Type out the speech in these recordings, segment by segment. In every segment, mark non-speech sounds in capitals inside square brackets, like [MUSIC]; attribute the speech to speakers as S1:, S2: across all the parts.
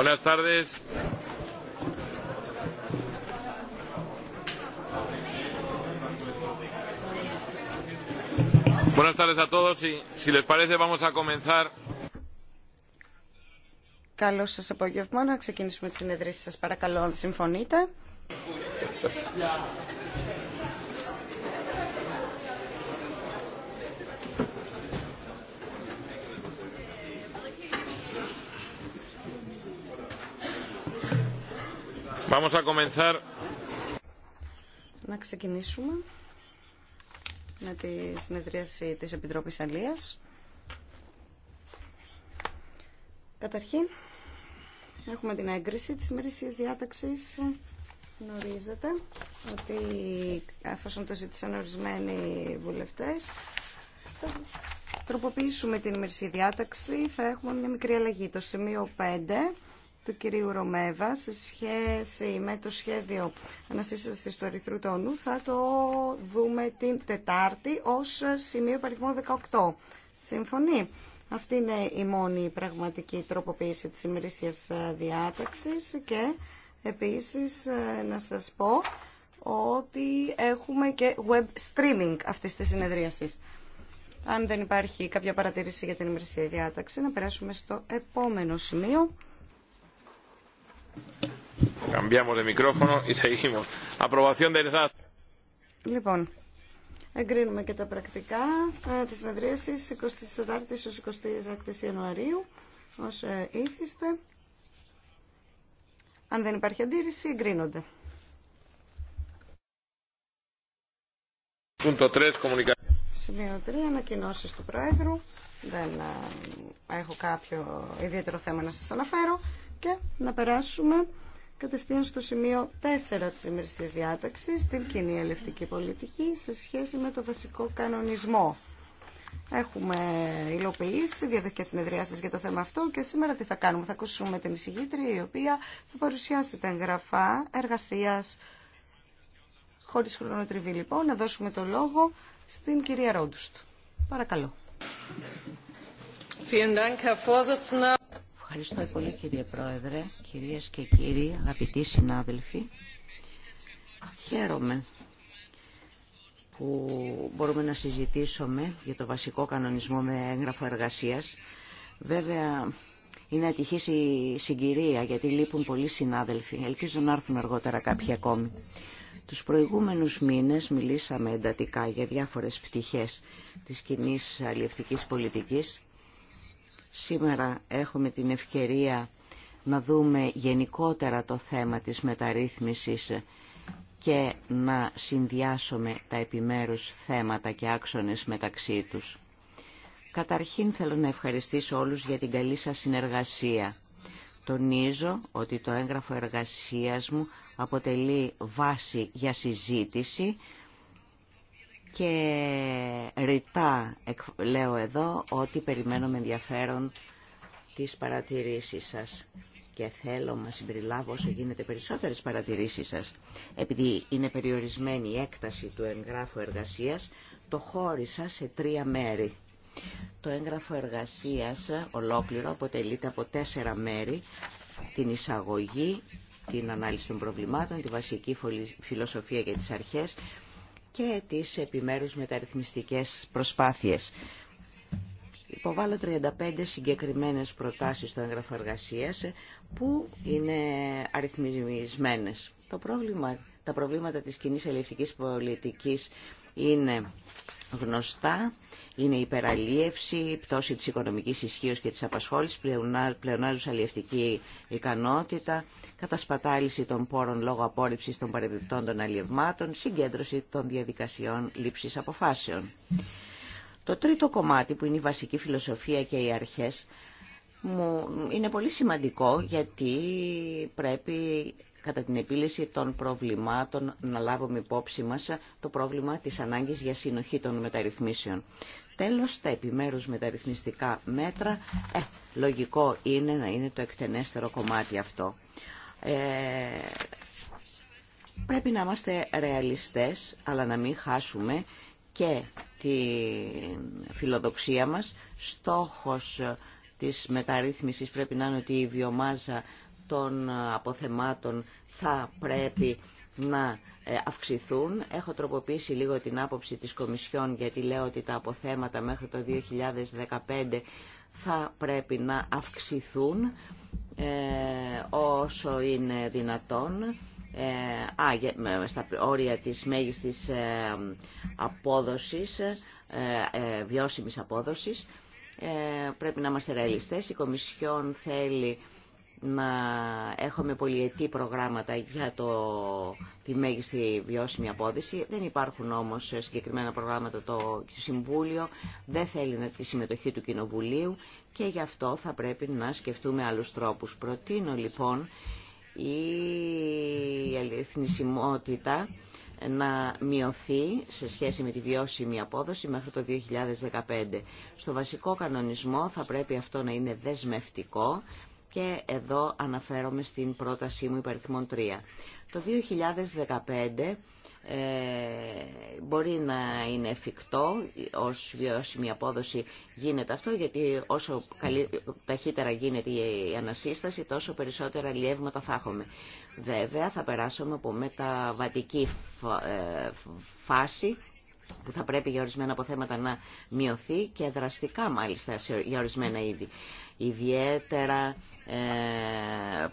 S1: Buenas tardes. Buenas tardes a todos y si les parece vamos a comenzar.
S2: Καλό σας απόγευμα. Να ξεκινήσουμε τη συνεδρίαση σας παρακαλώ αν συμφωνείτε.
S1: Vamos a comenzar.
S2: Να ξεκινήσουμε με τη συνεδρίαση της Επιτροπής Αλίας. Καταρχήν, έχουμε την έγκριση της ημερησίας διάταξης. Γνωρίζετε ότι εφόσον το ζήτησαν ορισμένοι βουλευτές, θα τροποποιήσουμε την ημερησία διάταξη. Θα έχουμε μια μικρή αλλαγή. Το σημείο 5 του κυρίου Ρωμέβα σε σχέση με το σχέδιο ανασύστασης του αριθρού τόνου θα το δούμε την Τετάρτη ως σημείο παριθμό 18. Συμφωνεί. Αυτή είναι η μόνη πραγματική τροποποίηση της ημερήσιας διάταξης και επίσης ε, να σας πω ότι έχουμε και web streaming αυτής της συνεδρίασης. Αν δεν υπάρχει κάποια παρατηρήση για την ημερησία διάταξη, να περάσουμε στο επόμενο σημείο. Λοιπόν, εγκρίνουμε και τα πρακτικά τη συνεδρίαση 24η ω 26η Ιανουαρίου ω ε, ήθιστε. Αν δεν υπάρχει αντίρρηση, εγκρίνονται. Σημείο 3, ανακοινώσει του Προέδρου. Δεν ε, έχω κάποιο ιδιαίτερο θέμα να σα αναφέρω και να περάσουμε κατευθείαν στο σημείο 4 της ημερησίας διάταξης, την κοινή ελευτική πολιτική σε σχέση με το βασικό κανονισμό. Έχουμε υλοποιήσει διαδοχικές συνεδριάσεις για το θέμα αυτό και σήμερα τι θα κάνουμε. Θα ακούσουμε την εισηγήτρια η οποία θα παρουσιάσει τα εγγραφά εργασίας χωρίς χρονοτριβή λοιπόν. Να δώσουμε το λόγο στην κυρία Ρόντουστ. Παρακαλώ. Ευχαριστώ
S3: πολύ κύριε Πρόεδρε, κυρίες και κύριοι, αγαπητοί συνάδελφοι. Χαίρομαι που μπορούμε να συζητήσουμε για το βασικό κανονισμό με έγγραφο εργασίας. Βέβαια, είναι ατυχής η συγκυρία γιατί λείπουν πολλοί συνάδελφοι. Ελπίζω να έρθουν αργότερα κάποιοι ακόμη. Τους προηγούμενους μήνες μιλήσαμε εντατικά για διάφορες πτυχές της κοινή αλληλευτικής πολιτικής Σήμερα έχουμε την ευκαιρία να δούμε γενικότερα το θέμα της μεταρρύθμισης και να συνδυάσουμε τα επιμέρους θέματα και άξονες μεταξύ τους. Καταρχήν θέλω να ευχαριστήσω όλους για την καλή σας συνεργασία. Τονίζω ότι το έγγραφο εργασίας μου αποτελεί βάση για συζήτηση και ρητά λέω εδώ ότι περιμένω με ενδιαφέρον τις παρατηρήσεις σας και θέλω να συμπεριλάβω όσο γίνεται περισσότερες παρατηρήσεις σας. Επειδή είναι περιορισμένη η έκταση του εγγράφου εργασίας, το χώρισα σε τρία μέρη. Το έγγραφο εργασίας ολόκληρο αποτελείται από τέσσερα μέρη, την εισαγωγή, την ανάλυση των προβλημάτων, τη βασική φιλοσοφία και τις αρχές, και τις επιμέρους μεταρρυθμιστικές προσπάθειες. Υποβάλλω 35 συγκεκριμένες προτάσεις στο έγγραφο που είναι αριθμισμένες. Το πρόβλημα, τα προβλήματα της κοινή ελευθερικής πολιτικής είναι γνωστά είναι η υπεραλίευση, η πτώση της οικονομικής ισχύω και της απασχόλησης, πλεονάζουσα αλλιευτική ικανότητα, κατασπατάληση των πόρων λόγω απόρριψης των παρεμπιπτών των αλλιευμάτων, συγκέντρωση των διαδικασιών λήψης αποφάσεων. Το τρίτο κομμάτι που είναι η βασική φιλοσοφία και οι αρχές μου είναι πολύ σημαντικό γιατί πρέπει κατά την επίλυση των προβλημάτων να λάβουμε υπόψη μας το πρόβλημα της ανάγκης για συνοχή των μεταρρυθμίσεων. Τέλος, τα επιμέρους μεταρρυθμιστικά μέτρα, ε, λογικό είναι να είναι το εκτενέστερο κομμάτι αυτό. Ε, πρέπει να είμαστε ρεαλιστές, αλλά να μην χάσουμε και τη φιλοδοξία μας. Στόχος της μεταρρύθμισης πρέπει να είναι ότι η βιομάζα των αποθεμάτων θα πρέπει να ε, αυξηθούν. Έχω τροποποιήσει λίγο την άποψη της Κομισιόν γιατί λέω ότι τα αποθέματα μέχρι το 2015 θα πρέπει να αυξηθούν ε, όσο είναι δυνατόν ε, α, στα όρια της μέγιστης απόδοσης, βιώσιμης απόδοσης. πρέπει να είμαστε ρεαλιστές. Η Κομισιόν θέλει να έχουμε πολυετή προγράμματα για το, τη μέγιστη βιώσιμη απόδοση. Δεν υπάρχουν όμως συγκεκριμένα προγράμματα το Συμβούλιο, δεν θέλει τη συμμετοχή του Κοινοβουλίου και γι' αυτό θα πρέπει να σκεφτούμε άλλους τρόπους. Προτείνω λοιπόν η αληθινισιμότητα να μειωθεί σε σχέση με τη βιώσιμη απόδοση μέχρι το 2015. Στο βασικό κανονισμό θα πρέπει αυτό να είναι δεσμευτικό, και εδώ αναφέρομαι στην πρότασή μου υπαριθμών 3. Το 2015 ε, μπορεί να είναι εφικτό ως βιώσιμη απόδοση γίνεται αυτό γιατί όσο καλύ, ταχύτερα γίνεται η ανασύσταση τόσο περισσότερα λιεύματα θα έχουμε. Βέβαια θα περάσουμε από μεταβατική ε, φάση που θα πρέπει για ορισμένα αποθέματα να μειωθεί και δραστικά μάλιστα για ορισμένα είδη. Ιδιαίτερα ε,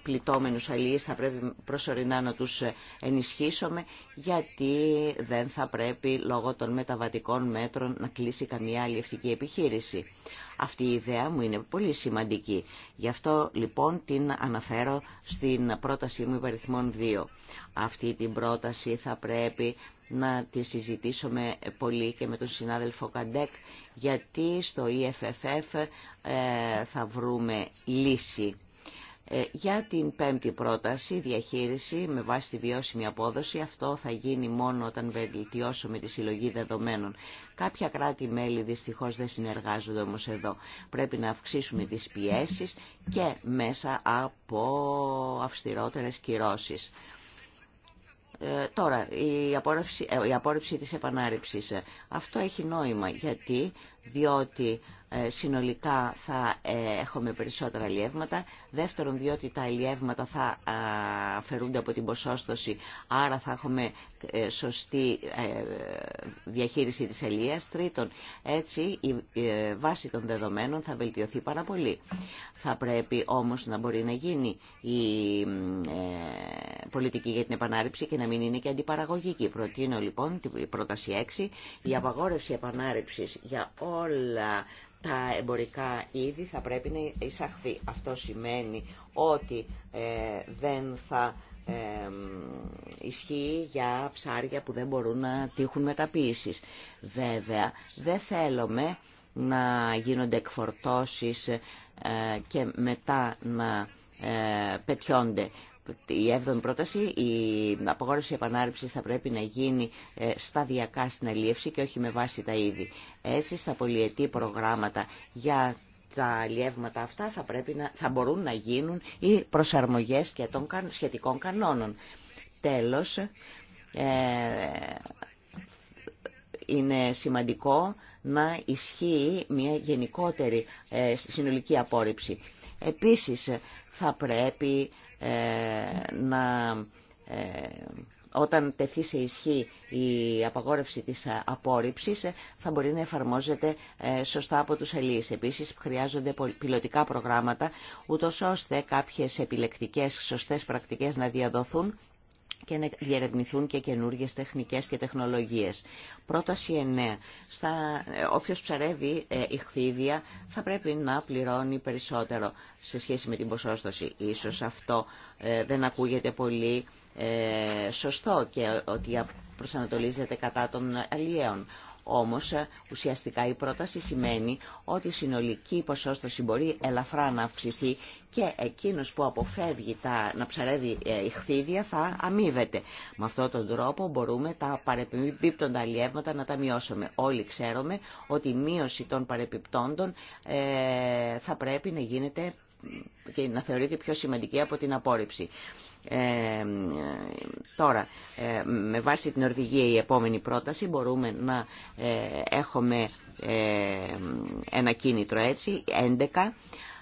S3: πληττόμενους θα πρέπει προσωρινά να τους ε, ενισχύσουμε γιατί δεν θα πρέπει λόγω των μεταβατικών μέτρων να κλείσει καμία αλληλευτική επιχείρηση. Αυτή η ιδέα μου είναι πολύ σημαντική. Γι' αυτό λοιπόν την αναφέρω στην πρότασή μου υπαριθμών 2. Αυτή την πρόταση θα πρέπει να τη συζητήσουμε πολύ και με τον συνάδελφο Καντέκ γιατί στο EFFF ε, θα βρούμε λύση. Ε, για την πέμπτη πρόταση, διαχείριση με βάση τη βιώσιμη απόδοση, αυτό θα γίνει μόνο όταν βελτιώσουμε τη συλλογή δεδομένων. Κάποια κράτη-μέλη δυστυχώς δεν συνεργάζονται όμως εδώ. Πρέπει να αυξήσουμε τις πιέσεις και μέσα από αυστηρότερες κυρώσεις. Ε, τώρα, η απόρριψη, ε, η απόρριψη της επανάρριψης. Ε, αυτό έχει νόημα γιατί διότι ε, συνολικά θα ε, έχουμε περισσότερα αλλιεύματα. Δεύτερον, διότι τα αλλιεύματα θα ε, αφαιρούνται από την ποσόστοση, άρα θα έχουμε σωστή διαχείριση της ελίας. Τρίτον, έτσι η βάση των δεδομένων θα βελτιωθεί πάρα πολύ. Θα πρέπει όμως να μπορεί να γίνει η πολιτική για την επανάρρηψη και να μην είναι και αντιπαραγωγική. Προτείνω λοιπόν την πρόταση 6, η απαγόρευση επανάρρηψης για όλα τα εμπορικά είδη θα πρέπει να εισαχθεί. Αυτό σημαίνει ότι ε, δεν θα ισχύει για ψάρια που δεν μπορούν να τύχουν μεταποίησης. Βέβαια, δεν θέλουμε να γίνονται εκφορτώσεις ε, και μετά να ε, πετιόνται η έβδομη πρόταση, η απογόρευση επανάρρευσης θα πρέπει να γίνει ε, σταδιακά στην αλίευση και όχι με βάση τα είδη. Έτσι στα πολυετή προγράμματα για τα αλλιεύματα αυτά θα, πρέπει να, θα μπορούν να γίνουν οι προσαρμογές και των σχετικών κανόνων. Τέλος, ε, είναι σημαντικό να ισχύει μια γενικότερη ε, συνολική απόρριψη. Επίσης, θα πρέπει ε, να ε, όταν τεθεί σε ισχύ η απαγόρευση της απόρριψης θα μπορεί να εφαρμόζεται σωστά από τους αλληλείς. Επίσης χρειάζονται πιλωτικά προγράμματα ούτως ώστε κάποιες επιλεκτικές σωστές πρακτικές να διαδοθούν και να διερευνηθούν και καινούργιες τεχνικές και τεχνολογίες. Πρόταση 9. Στα, ε, όποιος ψαρεύει ε, ηχθίδια θα πρέπει να πληρώνει περισσότερο σε σχέση με την ποσόστοση. Ίσως αυτό ε, δεν ακούγεται πολύ ε, σωστό και ότι προσανατολίζεται κατά των αλλιέων. Όμως ε, ουσιαστικά η πρόταση σημαίνει ότι η συνολική ποσόστοση μπορεί ελαφρά να αυξηθεί και εκείνος που αποφεύγει τα, να ψαρεύει ε, ηχθίδια θα αμείβεται. Με αυτόν τον τρόπο μπορούμε τα παρεπιπτόντα αλλιεύματα να τα μειώσουμε. Όλοι ξέρουμε ότι η μείωση των παρεπιπτόντων ε, θα πρέπει να γίνεται και να θεωρείται πιο σημαντική από την απόρριψη. Ε, τώρα, ε, με βάση την Ορβηγία η επόμενη πρόταση μπορούμε να ε, έχουμε ένα κίνητρο έτσι, 11.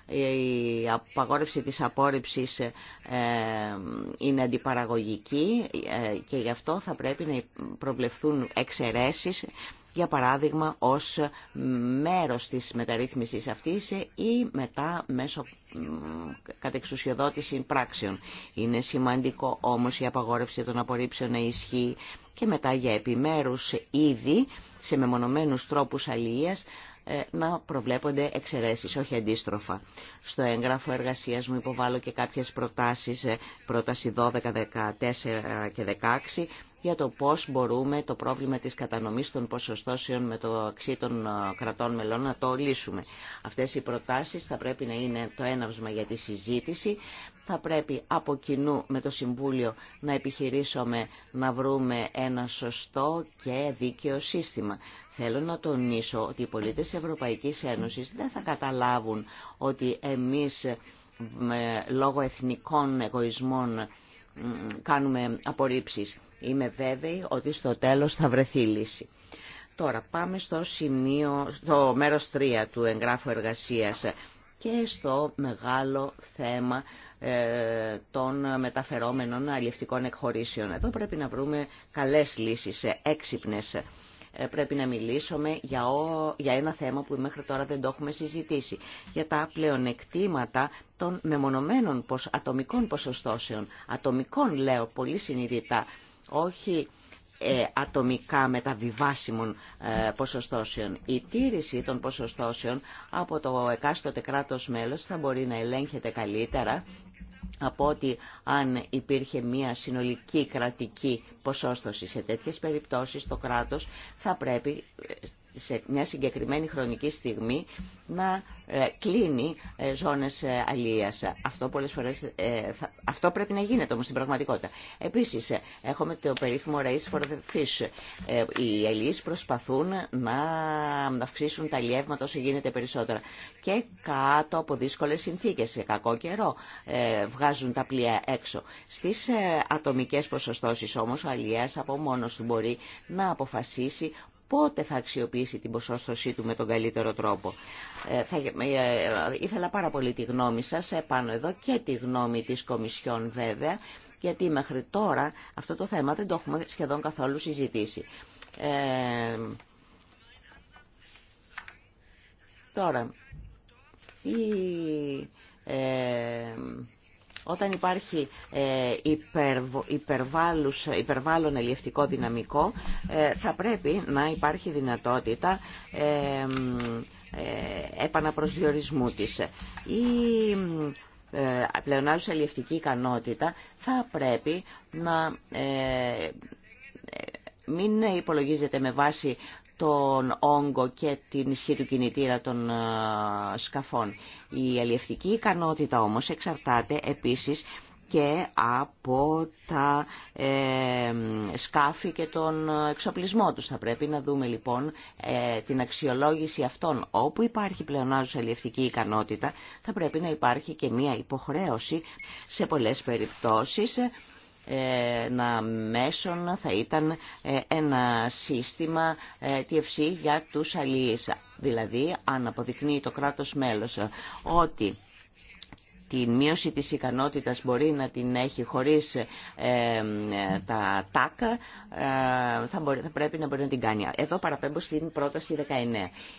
S3: Η απαγόρευση της απόρριψης είναι αντιπαραγωγική και γι' αυτό θα πρέπει να προβλεφθούν εξαιρέσεις για παράδειγμα ως μέρος της μεταρρύθμισης αυτής ή μετά μέσω κατεξουσιοδότηση πράξεων. Είναι σημαντικό όμως η απαγόρευση των απορρίψεων να ισχύει και μετά για επιμέρους ήδη, σε μεμονωμένους τρόπους αλληλείας ε, να προβλέπονται εξαιρέσει, όχι αντίστροφα. Στο έγγραφο εργασία μου υποβάλλω και κάποιε προτάσει, ε, πρόταση 12, 14 και 16, για το πώς μπορούμε το πρόβλημα της κατανομής των ποσοστώσεων με το αξί των ε, κρατών μελών να το λύσουμε. Αυτές οι προτάσεις θα πρέπει να είναι το έναυσμα για τη συζήτηση. Θα πρέπει από κοινού με το Συμβούλιο να επιχειρήσουμε να βρούμε ένα σωστό και δίκαιο σύστημα. Θέλω να τονίσω ότι οι πολίτες της Ευρωπαϊκής Ένωσης δεν θα καταλάβουν ότι εμείς ε, λόγω εθνικών εγωισμών κάνουμε απορρίψεις. Είμαι βέβαιη ότι στο τέλος θα βρεθεί λύση. Τώρα πάμε στο, σημείο, στο μέρος 3 του εγγράφου εργασίας και στο μεγάλο θέμα ε, των μεταφερόμενων αλληλευτικών εκχωρήσεων. Εδώ πρέπει να βρούμε καλές λύσεις, ε, έξυπνες. Ε, πρέπει να μιλήσουμε για, για ένα θέμα που μέχρι τώρα δεν το έχουμε συζητήσει. Για τα πλεονεκτήματα των μεμονωμένων ατομικών ποσοστώσεων. Ατομικών λέω πολύ συνειδητά όχι ε, ατομικά μεταβιβάσιμων ε, ποσοστώσεων. Η τήρηση των ποσοστώσεων από το εκάστοτε κράτος μέλος θα μπορεί να ελέγχεται καλύτερα από ότι αν υπήρχε μια συνολική κρατική ποσόστοση. Σε τέτοιες περιπτώσεις το κράτος θα πρέπει σε μια συγκεκριμένη χρονική στιγμή να ε, κλείνει ε, ζώνες ε, αλίας. Αυτό, πολλές αυτό πρέπει να γίνεται όμως στην πραγματικότητα. Επίσης, έχουμε το περίφημο Race for the Fish. Οι αλίες προσπαθούν να αυξήσουν τα αλληλεύματα... όσο γίνεται περισσότερα. Και κάτω από δύσκολες συνθήκες, σε κακό καιρό, βγάζουν τα πλοία έξω. Στις ατομικές ποσοστώσεις όμως, ο αλίας από μόνος του μπορεί να αποφασίσει πότε θα αξιοποιήσει την ποσόστοσή του με τον καλύτερο τρόπο. Ε, θα, ε, ε, ήθελα πάρα πολύ τη γνώμη σας επάνω εδώ και τη γνώμη της Κομισιόν βέβαια, γιατί μέχρι τώρα αυτό το θέμα δεν το έχουμε σχεδόν καθόλου συζητήσει. Ε, τώρα, Ε, όταν υπάρχει ε, υπερβάλλον ελιευτικό δυναμικό, ε, θα πρέπει να υπάρχει δυνατότητα ε, επαναπροσδιορισμού της. Η πλεονάζουσα ελιευτική ικανότητα θα πρέπει να μην υπολογίζεται με βάση τον όγκο και την ισχύ του κινητήρα των ε, σκαφών. Η αλλιευτική ικανότητα όμως εξαρτάται επίσης και από τα ε, σκάφη και τον εξοπλισμό τους. Θα πρέπει να δούμε λοιπόν ε, την αξιολόγηση αυτών. Όπου υπάρχει πλεονάζουσα αλλιευτική ικανότητα θα πρέπει να υπάρχει και μια υποχρέωση σε πολλές περιπτώσεις ε, ένα μέσον θα ήταν ε, ένα σύστημα ε, TFC για τους αλληλείς. Δηλαδή, αν αποδεικνύει το κράτος μέλος ότι την μείωση της ικανότητας μπορεί να την έχει χωρίς ε, ε, τα τάκα, ε, θα, πρέπει να μπορεί να την κάνει. Εδώ παραπέμπω στην πρόταση 19.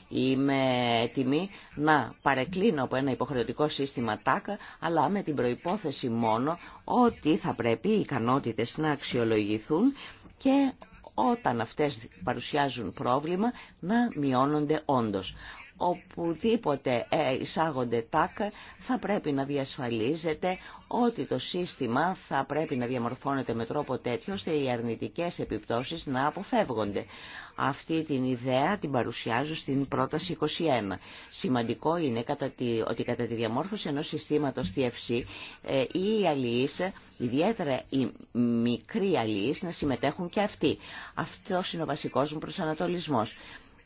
S3: Είμαι έτοιμη να παρεκκλίνω από ένα υποχρεωτικό σύστημα τάκα, αλλά με την προϋπόθεση μόνο ότι θα πρέπει οι ικανότητες να αξιολογηθούν και όταν αυτές παρουσιάζουν πρόβλημα να μειώνονται όντως. Οπουδήποτε ε, εισάγονται τάκ θα πρέπει να διασφαλίζεται ότι το σύστημα θα πρέπει να διαμορφώνεται με τρόπο τέτοιο ώστε οι αρνητικές επιπτώσεις να αποφεύγονται. Αυτή την ιδέα την παρουσιάζω στην πρόταση 21. Σημαντικό είναι ότι κατά τη διαμόρφωση ενός συστήματος TFC ε, οι αλληλείς, ιδιαίτερα οι μικροί αλληλείς, να συμμετέχουν και αυτοί. Αυτό είναι ο βασικός μου προσανατολισμός.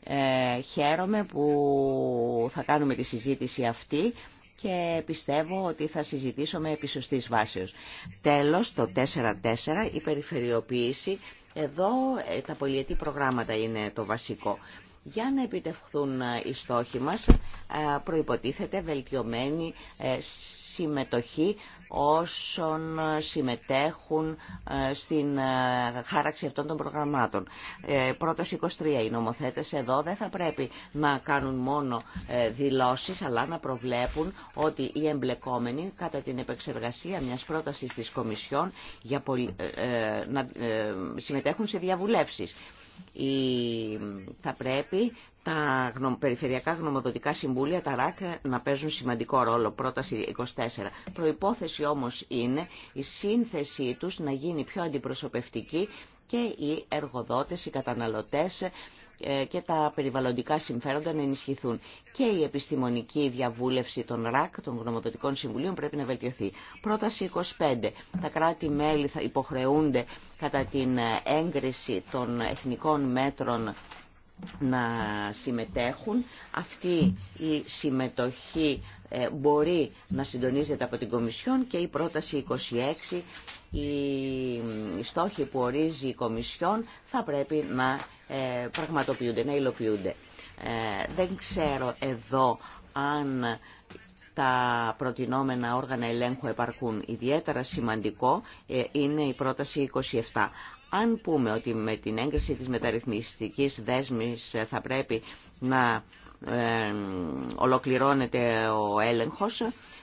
S3: Ε, χαίρομαι που θα κάνουμε τη συζήτηση αυτή και πιστεύω ότι θα συζητήσω με επισωστής βάσεως. Τέλος, το 4-4, η περιφερειοποίηση. Εδώ ε, τα πολιετή προγράμματα είναι το βασικό. Για να επιτευχθούν ε, οι στόχοι μας ε, προϋποτίθεται βελτιωμένη ε, συμμετοχή όσων συμμετέχουν στην χάραξη αυτών των προγραμμάτων. Πρόταση 23. Οι νομοθέτες εδώ δεν θα πρέπει να κάνουν μόνο δηλώσεις, αλλά να προβλέπουν ότι οι εμπλεκόμενοι κατά την επεξεργασία μιας πρότασης της Κομισιόν για να συμμετέχουν σε διαβουλεύσεις θα πρέπει τα περιφερειακά γνωμοδοτικά συμβούλια, τα ΡΑΚ, να παίζουν σημαντικό ρόλο, πρόταση 24. Προϋπόθεση όμως είναι η σύνθεσή τους να γίνει πιο αντιπροσωπευτική και οι εργοδότες, οι καταναλωτές ε, και τα περιβαλλοντικά συμφέροντα να ενισχυθούν. Και η επιστημονική διαβούλευση των ΡΑΚ, των γνωμοδοτικών συμβουλίων, πρέπει να βελτιωθεί. Πρόταση 25. Τα κράτη-μέλη θα υποχρεούνται κατά την ε, έγκριση των εθνικών μέτρων να συμμετέχουν. Αυτή η συμμετοχή ε, μπορεί να συντονίζεται από την Κομισιόν και η πρόταση 26, η στόχοι που ορίζει η Κομισιόν θα πρέπει να ε, πραγματοποιούνται, να υλοποιούνται. Ε, δεν ξέρω εδώ αν τα προτινόμενα όργανα ελέγχου επαρκούν. Ιδιαίτερα σημαντικό είναι η πρόταση 27. Αν πούμε ότι με την έγκριση της μεταρρυθμιστικής δέσμης θα πρέπει να ε, ολοκληρώνεται ο έλεγχος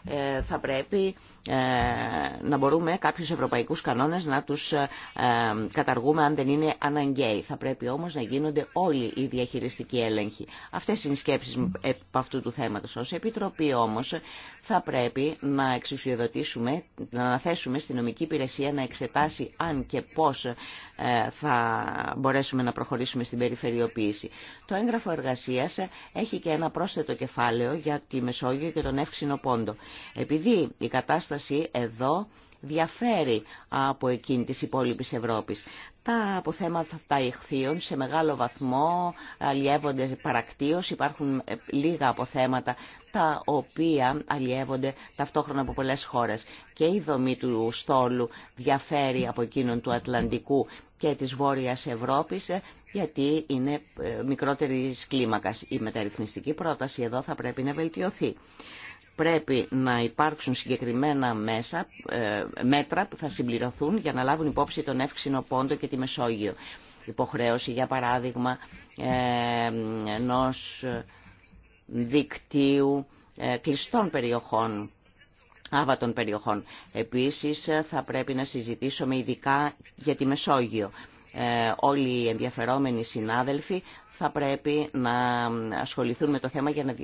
S3: ε, θα πρέπει ε, να μπορούμε κάποιους ευρωπαϊκούς κανόνες να τους ε, καταργούμε αν δεν είναι αναγκαίοι. Θα πρέπει όμως να γίνονται όλοι οι διαχειριστικοί έλεγχοι. Αυτές είναι οι σκέψεις από αυτού του θέματος. Ως Επιτροπή όμως θα πρέπει να εξουσιοδοτήσουμε, να αναθέσουμε στην νομική υπηρεσία να εξετάσει αν και πώς ε, θα μπορέσουμε να προχωρήσουμε στην περιφερειοποίηση. Το έγγραφο εργασίας έχει και ένα πρόσθετο κεφάλαιο για τη Μεσόγειο και τον Εύξηνο Πόντο. Επειδή η κατάσταση κατάσταση εδώ διαφέρει από εκείνη της υπόλοιπης Ευρώπης. Τα αποθέματα τα ηχθείων σε μεγάλο βαθμό αλλιεύονται παρακτίως. Υπάρχουν ε, λίγα αποθέματα τα οποία αλλιεύονται ταυτόχρονα από πολλές χώρες. Και η δομή του στόλου διαφέρει από εκείνον του Ατλαντικού και της Βόρειας Ευρώπης ε, γιατί είναι ε, μικρότερης κλίμακας. Η μεταρρυθμιστική πρόταση εδώ θα πρέπει να βελτιωθεί πρέπει να υπάρξουν συγκεκριμένα μέσα, ε, μέτρα που θα συμπληρωθούν για να λάβουν υπόψη τον εύξηνο πόντο και τη Μεσόγειο. Υποχρέωση, για παράδειγμα, ε, ενό δικτύου ε, κλειστών περιοχών άβατων περιοχών. Επίσης θα πρέπει να συζητήσουμε ειδικά για τη Μεσόγειο. Ε, όλοι οι ενδιαφερόμενοι συνάδελφοι θα πρέπει να ασχοληθούν με το θέμα για να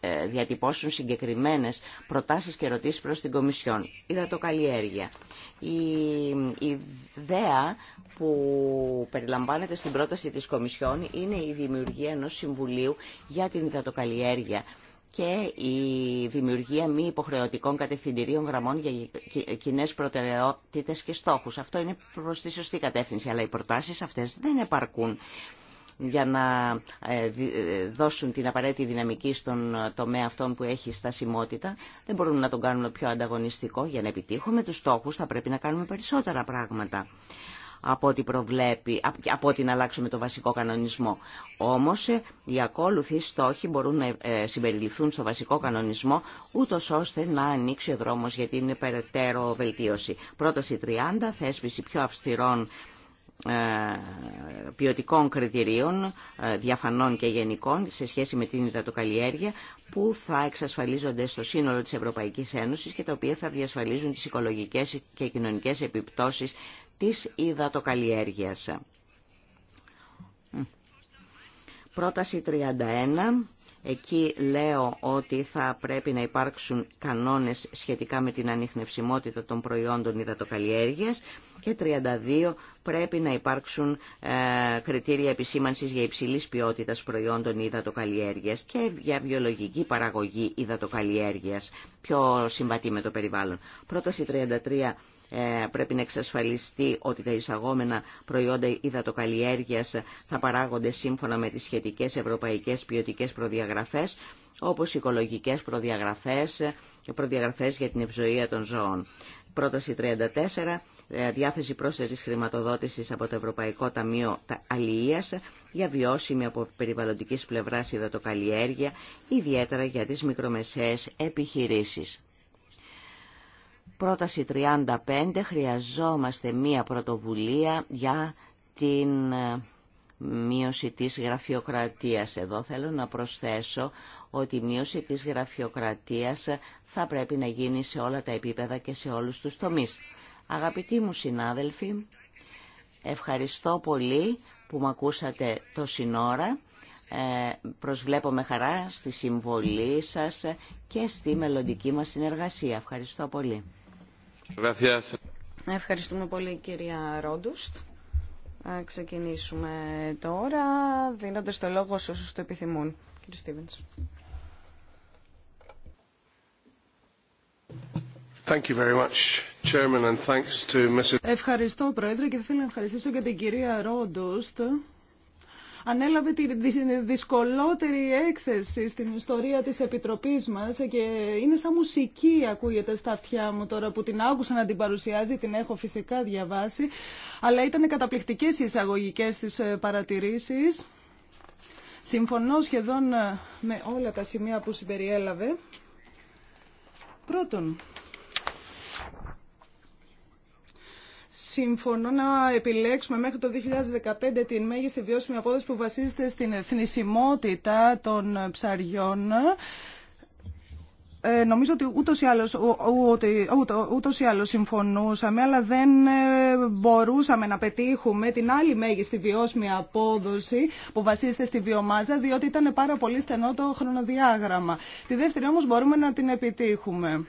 S3: ε, διατυπώσουν συγκεκριμένες προτάσεις και ερωτήσεις προς την Κομισιόν. Η το Η ιδέα που περιλαμβάνεται στην πρόταση της Κομισιόν είναι η δημιουργία ενός Συμβουλίου για την υδατοκαλλιέργεια και η δημιουργία μη υποχρεωτικών κατευθυντηρίων γραμμών για κοινέ προτεραιότητε και στόχου. Αυτό είναι προ τη σωστή κατεύθυνση, αλλά οι προτάσει αυτέ δεν επαρκούν για να ε, ε, δώσουν την απαραίτητη δυναμική στον τομέα αυτόν που έχει στασιμότητα. Δεν μπορούμε να τον κάνουμε πιο ανταγωνιστικό. Για να επιτύχουμε τους στόχους θα πρέπει να κάνουμε περισσότερα πράγματα από ό,τι προβλέπει, από ό,τι να αλλάξουμε το βασικό κανονισμό. Όμως ε, οι ακόλουθοι στόχοι μπορούν να ε, συμπεριληφθούν στο βασικό κανονισμό, ούτω ώστε να ανοίξει ο δρόμος για την περαιτέρω βελτίωση. Πρόταση 30, θέσπιση πιο αυστηρών ε, ποιοτικών κριτηρίων, ε, διαφανών και γενικών, σε σχέση με την υδατοκαλλιέργεια, που θα εξασφαλίζονται στο σύνολο της Ευρωπαϊκής Ένωσης και τα οποία θα διασφαλίζουν τις οικολογικές και κοινωνικές επιπτώσεις της υδατοκαλλιέργειας. Πρόταση 31 Εκεί λέω ότι θα πρέπει να υπάρξουν κανόνες σχετικά με την ανιχνευσιμότητα των προϊόντων υδατοκαλλιέργειας και 32 πρέπει να υπάρξουν ε, κριτήρια επισήμανσης για υψηλής ποιότητας προϊόντων υδατοκαλλιέργειας και για βιολογική παραγωγή υδατοκαλλιέργειας πιο συμβατή με το περιβάλλον. Πρόταση 33 ε, πρέπει να εξασφαλιστεί ότι τα εισαγόμενα προϊόντα υδατοκαλλιέργειας θα παράγονται σύμφωνα με τις σχετικές ευρωπαϊκές ποιοτικέ προδιαγραφές, όπως οικολογικές προδιαγραφές και προδιαγραφές για την ευζοία των ζώων. Πρόταση 34, ε, διάθεση πρόσθετης χρηματοδότησης από το Ευρωπαϊκό Ταμείο Αλληλείας για βιώσιμη από περιβαλλοντικής πλευράς υδατοκαλλιέργεια, ιδιαίτερα για τις μικρομεσαίες επιχειρήσεις. Πρόταση 35. Χρειαζόμαστε μία πρωτοβουλία για την ε, μείωση της γραφειοκρατίας. Εδώ θέλω να προσθέσω ότι η μείωση της γραφειοκρατίας θα πρέπει να γίνει σε όλα τα επίπεδα και σε όλους τους τομείς. Αγαπητοί μου συνάδελφοι, ευχαριστώ πολύ που με ακούσατε το σύνορα. Ε, προσβλέπω με χαρά στη συμβολή σας και στη μελλοντική μας συνεργασία. Ευχαριστώ πολύ.
S2: Ευχαριστούμε πολύ κυρία Ρόντουστ. Θα ξεκινήσουμε τώρα δίνοντας το λόγο σε όσους το επιθυμούν. Κύριε Στίβενς.
S1: Ευχαριστώ Πρόεδρε και θέλω να ευχαριστήσω και την κυρία Ρόντουστ ανέλαβε τη δυσκολότερη έκθεση στην ιστορία της Επιτροπής μας και είναι σαν μουσική ακούγεται στα αυτιά μου τώρα που την άκουσα να την παρουσιάζει, την έχω φυσικά διαβάσει, αλλά ήταν καταπληκτικές οι εισαγωγικές της ε, παρατηρήσεις. Συμφωνώ σχεδόν ε, με όλα τα σημεία που συμπεριέλαβε. Πρώτον, Συμφωνώ να επιλέξουμε μέχρι το 2015 την μέγιστη βιώσιμη απόδοση που βασίζεται στην εθνισμότητα των ψαριών. Ε, νομίζω ότι ούτως ή, άλλως, ο, ούτως ή άλλως συμφωνούσαμε, αλλά δεν ε, μπορούσαμε να πετύχουμε την άλλη μέγιστη βιώσιμη απόδοση που βασίζεται στη βιομάζα, διότι ήταν πάρα πολύ στενό το χρονοδιάγραμμα. Τη δεύτερη όμως μπορούμε να την επιτύχουμε.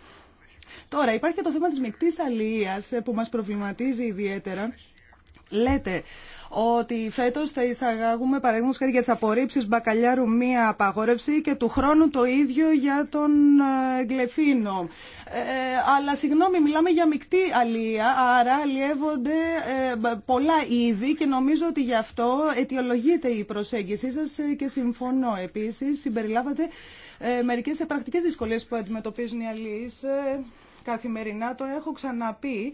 S1: Τώρα υπάρχει και το θέμα της μεικτής αλληλείας ε, που μας προβληματίζει ιδιαίτερα. Λέτε ότι φέτος θα εισαγάγουμε παραδείγματος χάρη για τις απορρίψεις μπακαλιάρου μία απαγόρευση και του χρόνου το ίδιο για τον ε, εγκλεφίνο. Ε, ε, αλλά συγγνώμη, μιλάμε για μεικτή αλία, άρα αλλιεύονται ε, πολλά είδη και νομίζω ότι γι' αυτό αιτιολογείται η προσέγγιση σας και συμφωνώ. Επίσης, συμπεριλάβατε ε, μερικές πρακτικές δυσκολίες που αντιμετωπίζουν οι αλίες καθημερινά, το έχω ξαναπεί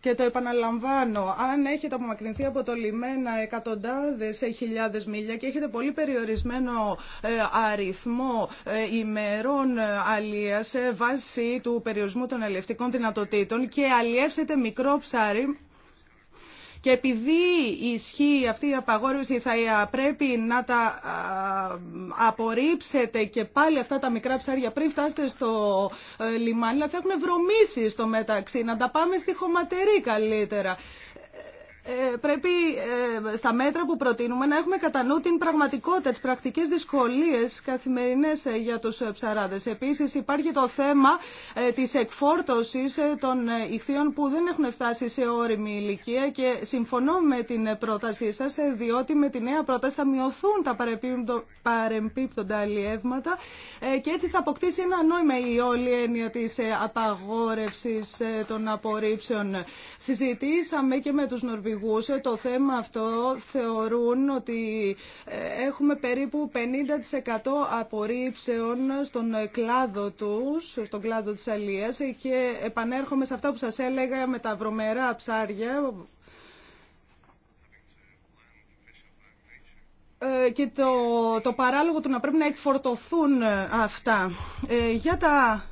S1: και το επαναλαμβάνω. Αν έχετε απομακρυνθεί από το λιμένα εκατοντάδες ε, χιλιάδες μίλια και έχετε πολύ περιορισμένο ε, αριθμό ε, ημερών αλίας βάσει του περιορισμού των αλλιευτικών δυνατοτήτων και αλλιεύσετε μικρό ψάρι, και επειδή ισχύει αυτή η απαγόρευση θα πρέπει να τα απορρίψετε και πάλι αυτά τα μικρά ψάρια πριν φτάσετε στο ε, λιμάνι, να θα έχουν βρωμίσει στο μεταξύ. Να τα πάμε στη χωματερή καλύτερα. Ε, πρέπει ε, στα μέτρα που προτείνουμε να έχουμε κατά νου την πραγματικότητα, τις πρακτικές δυσκολίες καθημερινές ε, για τους ψαράδες. Επίσης υπάρχει το θέμα της εκφόρτωσης των ηχθείων που δεν έχουν φτάσει σε όριμη ηλικία και συμφωνώ με την πρότασή σας διότι με τη νέα πρόταση θα μειωθούν τα παρεμπίπτοντα αλλιεύματα και έτσι θα αποκτήσει ένα νόημα η όλη έννοια της απαγόρευσης των απορρίψεων. Συζητήσαμε και με τους το θέμα αυτό θεωρούν ότι ε, έχουμε περίπου 50% απορρίψεων στον κλάδο τους, στον κλάδο της αλίας και επανέρχομαι σε αυτά που σας έλεγα με τα βρωμερά ψάρια ε, και το, το παράλογο του να πρέπει να εκφορτωθούν αυτά. Ε, για τα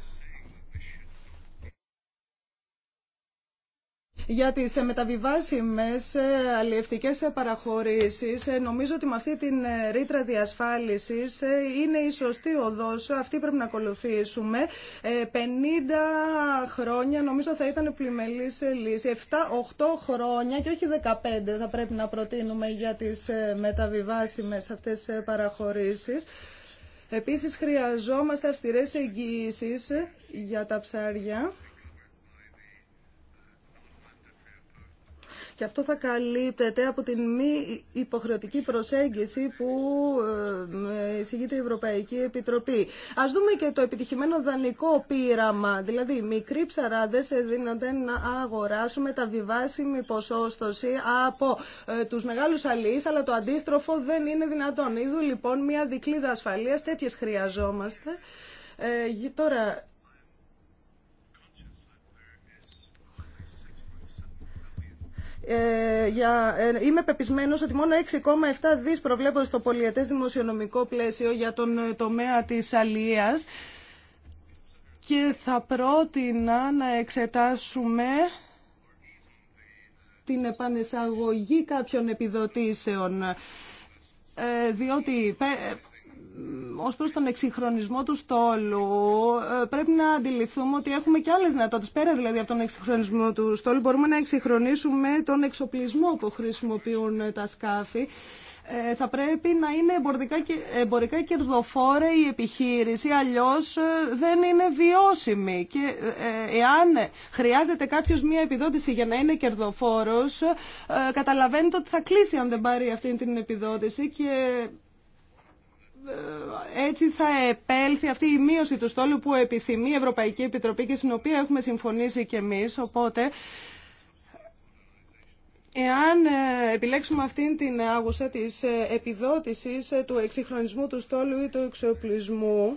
S1: για τις ε, μεταβιβάσιμες ε, αλλιευτικές ε, παραχωρήσεις. Νομίζω ότι με αυτή την ρήτρα διασφάλισης είναι η σωστή οδός, αυτή πρέπει να ακολουθήσουμε. 50 χρόνια νομίζω θα ήταν πλημελής λύση. 7-8 χρόνια και όχι 15 θα πρέπει να προτείνουμε για τις μεταβιβάσιμες αυτές παραχωρήσεις. Επίσης χρειαζόμαστε αυστηρές εγγυήσεις για τα ψάρια. και αυτό θα καλύπτεται από την μη υποχρεωτική προσέγγιση που ε, ε, εισηγείται η Ευρωπαϊκή Επιτροπή. Ας δούμε και το επιτυχημένο δανεικό πείραμα, δηλαδή μικροί ψαράδε δίνονται να αγοράσουν βιβάσιμη ποσόστοση από ε, τους μεγάλους αλληλεί, αλλά το αντίστροφο δεν είναι δυνατόν. Είδου λοιπόν μια δικλίδα ασφαλεία, Τέτοιε χρειαζόμαστε. Ε, τώρα, Ε, για, ε, είμαι πεπισμένος ότι μόνο 6,7 δις προβλέπονται στο πολιετές δημοσιονομικό πλαίσιο για τον ε, τομέα της αλίας και θα πρότεινα να εξετάσουμε την επανεσαγωγή κάποιων επιδοτήσεων διότι ως προς τον εξυγχρονισμό του στόλου ε, πρέπει να αντιληφθούμε ότι έχουμε και άλλες δυνατότητες πέρα δηλαδή από τον εξυγχρονισμό του στόλου μπορούμε να εξυγχρονίσουμε τον εξοπλισμό που χρησιμοποιούν τα σκάφη ε, θα πρέπει να είναι εμπορικά, και, εμπορικά κερδοφόρα η επιχείρηση, αλλιώς ε, δεν είναι βιώσιμη. Και εάν χρειάζεται κάποιος μία επιδότηση για να είναι κερδοφόρος, καταλαβαίνετε ότι θα κλείσει αν δεν πάρει αυτή την επιδότηση και έτσι θα επέλθει αυτή η μείωση του στόλου που επιθυμεί η Ευρωπαϊκή Επιτροπή και στην οποία έχουμε συμφωνήσει και εμείς. Οπότε, εάν ε, επιλέξουμε αυτήν την άγουσα της ε, επιδότησης ε, του εξυγχρονισμού του στόλου ή του εξοπλισμού,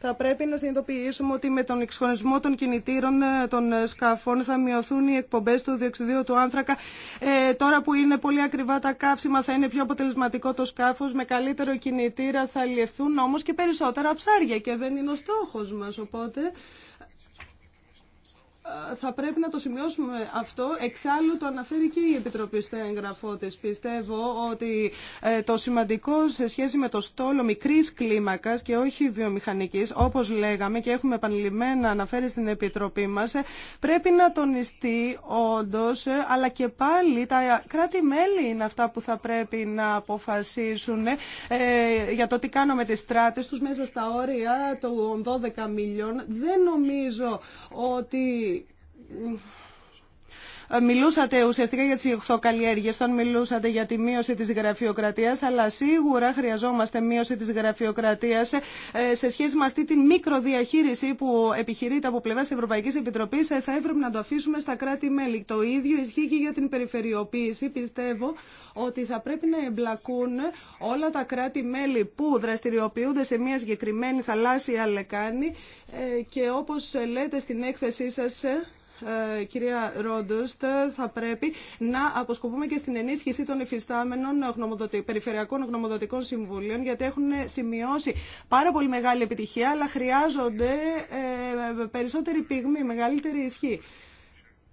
S1: θα πρέπει να συνειδητοποιήσουμε ότι με τον εξχωνισμό των κινητήρων ε, των ε, σκαφών θα μειωθούν οι εκπομπέ του διοξιδίου του άνθρακα. Ε, τώρα που είναι πολύ ακριβά τα καύσιμα, θα είναι πιο αποτελεσματικό το σκάφο. Με καλύτερο κινητήρα θα λιευθούν όμω και περισσότερα ψάρια και δεν είναι ο στόχο μα. Οπότε θα πρέπει να το σημειώσουμε αυτό. Εξάλλου το αναφέρει και η Επιτροπή στο έγγραφό Πιστεύω ότι ε, το σημαντικό σε σχέση με το στόλο μικρή κλίμακας και όχι βιομηχανικής, όπως λέγαμε και έχουμε επανειλημμένα αναφέρει στην Επιτροπή μας, ε, πρέπει να τονιστεί όντως, ε, αλλά και πάλι τα κράτη-μέλη είναι αυτά που θα πρέπει να αποφασίσουν για το τι κάνουμε τι στρατε τους μέσα στα όρια των 12 μιλιών. Δεν νομίζω ότι ε, μιλούσατε ουσιαστικά για τις οχθοκαλλιέργειες, όταν μιλούσατε για τη μείωση τη γραφειοκρατίας, αλλά σίγουρα χρειαζόμαστε μείωση τη γραφειοκρατίας ε, σε σχέση με αυτή τη μικροδιαχείριση που επιχειρείται από πλευρά της Ευρωπαϊκής ε, θα έπρεπε να το αφήσουμε στα κράτη-μέλη. Το ίδιο ισχύει και για την περιφερειοποίηση. Πιστεύω ότι θα πρέπει να εμπλακούν όλα τα κράτη-μέλη που δραστηριοποιούνται σε μια συγκεκριμένη θαλάσσια λεκάνη και όπω λέτε στην έκθεσή σα. Ε, κυρία Ρόντουστ, θα πρέπει να αποσκοπούμε και στην ενίσχυση των υφιστάμενων περιφερειακών γνωμοδοτικών συμβουλίων, γιατί έχουν σημειώσει πάρα πολύ μεγάλη επιτυχία, αλλά χρειάζονται ε, περισσότερη πυγμή, μεγαλύτερη ισχύ.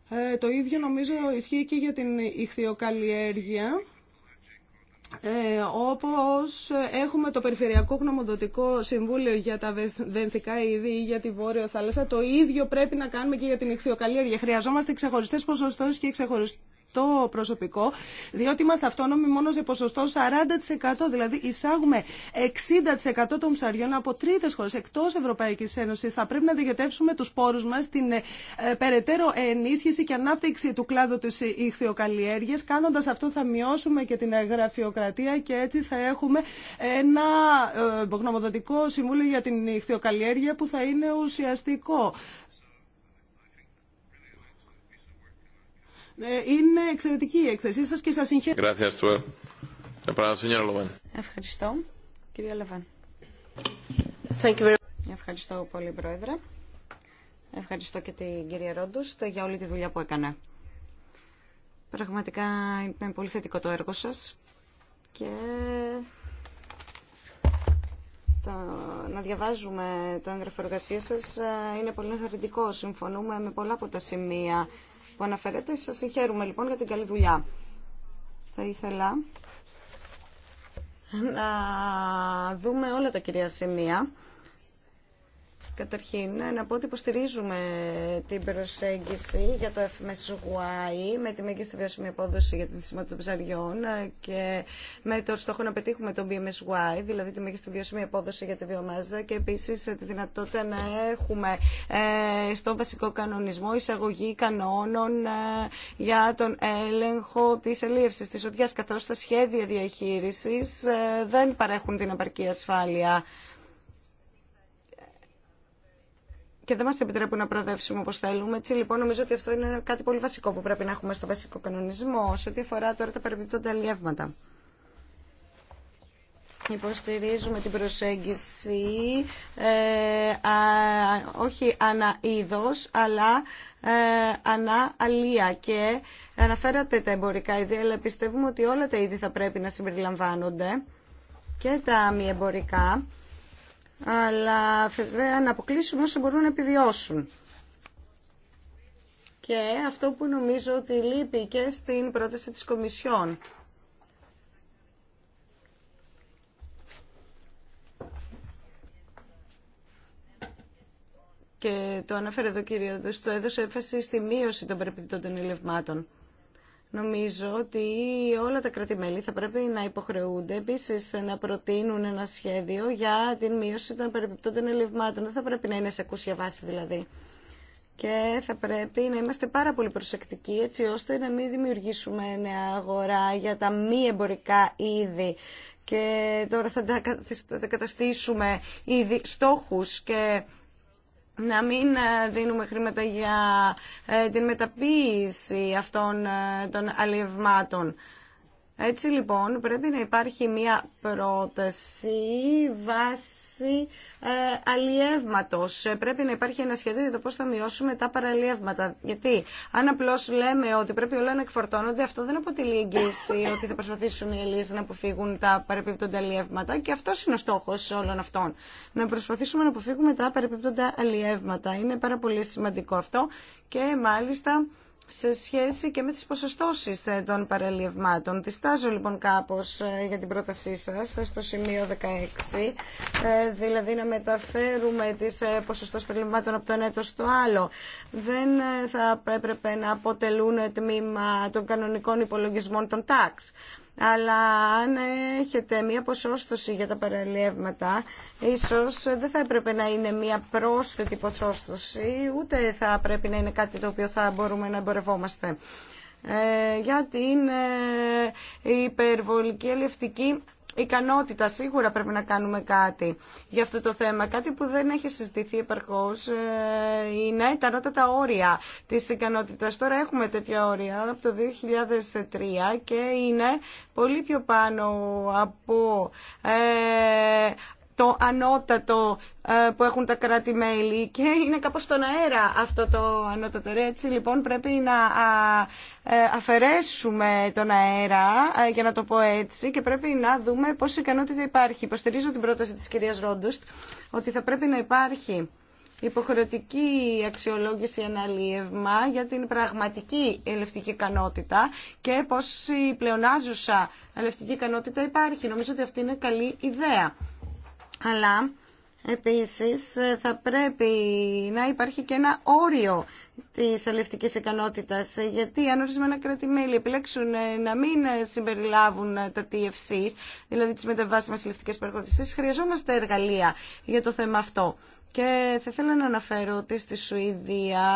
S1: Ε, το ίδιο νομίζω ισχύει και για την ηχθειοκαλλιέργεια ε, όπως έχουμε το Περιφερειακό Γνωμοδοτικό Συμβούλιο για τα βενθικά είδη ή για τη Βόρειο Θάλασσα, το ίδιο πρέπει να κάνουμε και για την ηχθειοκαλλιέργεια. Χρειαζόμαστε ξεχωριστές ποσοστώσεις και ξεχωριστές το προσωπικό, διότι είμαστε αυτόνομοι μόνο σε ποσοστό 40%. Δηλαδή, εισάγουμε 60% των ψαριών από τρίτε χώρε εκτό Ευρωπαϊκή Ένωση. Θα πρέπει να διοικητεύσουμε του πόρου μα στην ε, περαιτέρω ενίσχυση και ανάπτυξη του κλάδου τη ηχθειοκαλλιέργεια. Κάνοντα αυτό, θα μειώσουμε και την γραφειοκρατία και έτσι θα έχουμε ένα ε, γνωμοδοτικό συμβούλιο για την ηχθειοκαλλιέργεια που θα είναι ουσιαστικό. Ε, είναι εξαιρετική η έκθεσή σας και σας συγχαίρω. Ευχαριστώ. Κυρία Λεβάν.
S2: Ευχαριστώ πολύ, Πρόεδρε. Ευχαριστώ και την κυρία Ρόντους για όλη τη δουλειά που έκανε. Πραγματικά είναι πολύ θετικό το έργο σας και το, να διαβάζουμε το έγγραφο εργασία σας ε, είναι πολύ ενθαρρυντικό. Συμφωνούμε με πολλά από τα σημεία που αναφέρετε. σα συγχαίρουμε λοιπόν για την καλή δουλειά. Θα ήθελα να δούμε όλα τα κυρία σημεία Καταρχήν, να πω ότι υποστηρίζουμε την προσέγγιση για το FMSY με τη μέγιστη βιώσιμη απόδοση για την θυσιμότητα των ψαριών και με το στόχο να πετύχουμε το BMSY, δηλαδή τη μέγιστη βιώσιμη απόδοση για τη βιομάζα και επίση τη δυνατότητα να έχουμε ε, στο βασικό κανονισμό εισαγωγή κανόνων ε, για τον έλεγχο τη ελίευση τη οδειά, καθώ τα σχέδια διαχείριση ε, δεν παρέχουν την απαρκή ασφάλεια. και δεν μας επιτρέπουν να προοδεύσουμε όπως θέλουμε. Έτσι λοιπόν νομίζω ότι αυτό είναι κάτι πολύ βασικό που πρέπει να έχουμε στο βασικό κανονισμό σε ό,τι αφορά τώρα τα περιπτώτα αλλιεύματα. Υποστηρίζουμε την προσέγγιση ε, όχι ανά είδος, αλλά ε, ανά αλία και αναφέρατε τα εμπορικά είδη, αλλά πιστεύουμε ότι όλα τα είδη θα πρέπει να συμπεριλαμβάνονται και τα μη εμπορικά αλλά βέβαια να αποκλείσουμε όσο μπορούν να επιβιώσουν. Και αυτό που νομίζω ότι λείπει και στην πρόταση της Κομισιόν. Και το ανέφερε εδώ κύριο, το έδωσε έμφαση στη μείωση των περιπτωτών ελευμάτων. Νομίζω ότι όλα τα κρατημέλη θα πρέπει να υποχρεούνται επίση να προτείνουν ένα σχέδιο για την μείωση των περιπτώτων ελευμάτων. Δεν θα πρέπει να είναι σε ακούσια βάση δηλαδή. Και θα πρέπει να είμαστε πάρα πολύ προσεκτικοί έτσι ώστε να μην δημιουργήσουμε νέα αγορά για τα μη εμπορικά είδη και τώρα θα τα καταστήσουμε ήδη στόχους και να μην ε, δίνουμε χρήματα για ε, την μεταποίηση αυτών ε, των αλλιευμάτων. Έτσι λοιπόν πρέπει να υπάρχει μια πρόταση βάση ε, ε, Πρέπει να υπάρχει ένα σχέδιο για το πώς θα μειώσουμε τα παραλιεύματα. Γιατί αν απλώ λέμε ότι πρέπει όλα να εκφορτώνονται, αυτό δεν αποτελεί εγγύηση ότι θα προσπαθήσουν οι Έλληνες να αποφύγουν τα παρεπίπτοντα αλλιεύματα και αυτό είναι ο στόχος όλων αυτών. Να προσπαθήσουμε να αποφύγουμε τα παρεπίπτοντα αλλιεύματα. Είναι πάρα πολύ σημαντικό αυτό και μάλιστα σε σχέση και με τις ποσοστώσεις ε, των παραλιευμάτων. Διστάζω λοιπόν κάπως ε, για την πρότασή σας ε, στο σημείο 16, δηλαδή να μεταφέρουμε τις ποσοστώσεις παραλιευμάτων από το ένα έτος στο άλλο. Δεν θα έπρεπε να αποτελούν τμήμα των κανονικών υπολογισμών των τάξ αλλά αν έχετε μία ποσόστοση για τα παραλίευματα, ίσως δεν θα έπρεπε να είναι μία πρόσθετη ποσόστοση, ούτε θα πρέπει να είναι κάτι το οποίο θα μπορούμε να εμπορευόμαστε. Ε, για την ε, υπερβολική ελευτική ικανότητα. Σίγουρα πρέπει να κάνουμε κάτι για αυτό το θέμα. Κάτι που δεν έχει συζητηθεί ε, είναι τα ανώτατα όρια της ικανότητας. Τώρα έχουμε τέτοια όρια από το 2003 και είναι πολύ πιο πάνω από ε, το ανώτατο ε, που έχουν τα κράτη-μέλη και είναι κάπως στον αέρα αυτό το ανώτατο. Έτσι λοιπόν πρέπει να ε, αφαιρέσουμε τον αέρα, ε, για να το πω έτσι, και πρέπει να δούμε πόση ικανότητα υπάρχει. Υποστηρίζω την πρόταση της κυρίας Ρόντουστ ότι θα πρέπει να υπάρχει υποχρεωτική αξιολόγηση αναλύευμα για την πραγματική ελευτική ικανότητα και πόση πλεονάζουσα ελευτική ικανότητα υπάρχει. Νομίζω ότι αυτή είναι καλή ιδέα αλλά Επίσης θα πρέπει να υπάρχει και ένα όριο της αλληλευτικής ικανότητας γιατί αν ορισμένα κράτη-μέλη επιλέξουν ε, να μην ε, συμπεριλάβουν ε, τα TFCs, δηλαδή τις μεταβάσιμες αλληλευτικές παρακολουθήσεις, χρειαζόμαστε εργαλεία για το θέμα αυτό. Και θα ήθελα να αναφέρω ότι στη Σουηδία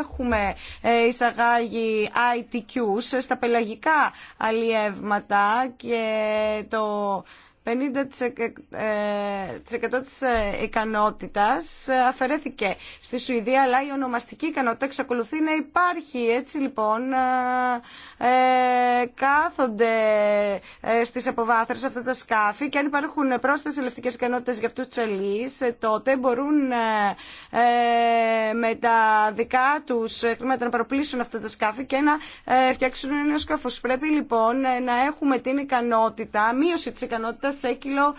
S2: έχουμε εισαγάγει ITQs στα πελαγικά αλλιεύματα και το 50% ε, της ε, ικανότητας ε, αφαιρέθηκε στη Σουηδία, αλλά η ονομαστική ικανότητα εξακολουθεί να υπάρχει. Έτσι λοιπόν κάθονται στις αποβάθρες αυτά τα σκάφη και αν υπάρχουν πρόσθετες ελευτικές ικανότητες για αυτούς τους ελείς, τότε μπορούν με τα δικά τους χρήματα να παροπλήσουν αυτά τα σκάφη και να φτιάξουν ένα νέο σκάφος. Πρέπει λοιπόν να έχουμε την ικανότητα, μείωση της ικανότητας σε κιλο...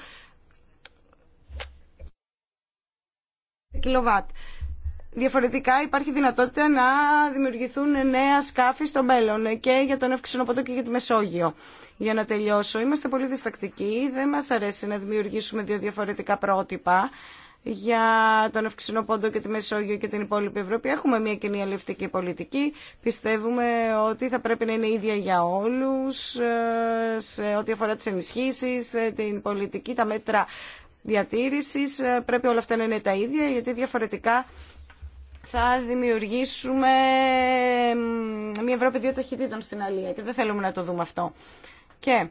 S2: κιλοβάτ. Διαφορετικά υπάρχει δυνατότητα να δημιουργηθούν νέα σκάφη στο μέλλον και για τον Εύξηνο Ποτό και για τη Μεσόγειο. Για να τελειώσω, είμαστε πολύ διστακτικοί, δεν μας αρέσει να δημιουργήσουμε δύο διαφορετικά πρότυπα για τον Ευξηνό Πόντο και τη Μεσόγειο και την υπόλοιπη Ευρώπη. Έχουμε μια κοινή αλληλευτική πολιτική. Πιστεύουμε ότι θα πρέπει να είναι ίδια για όλους ε, σε ό,τι αφορά τις ενισχύσεις, ε, την πολιτική, τα μέτρα διατήρησης. Ε, πρέπει όλα αυτά να είναι τα ίδια γιατί διαφορετικά θα δημιουργήσουμε μια Ευρώπη δύο ταχυτήτων στην Αλία και δεν θέλουμε να το δούμε αυτό. Και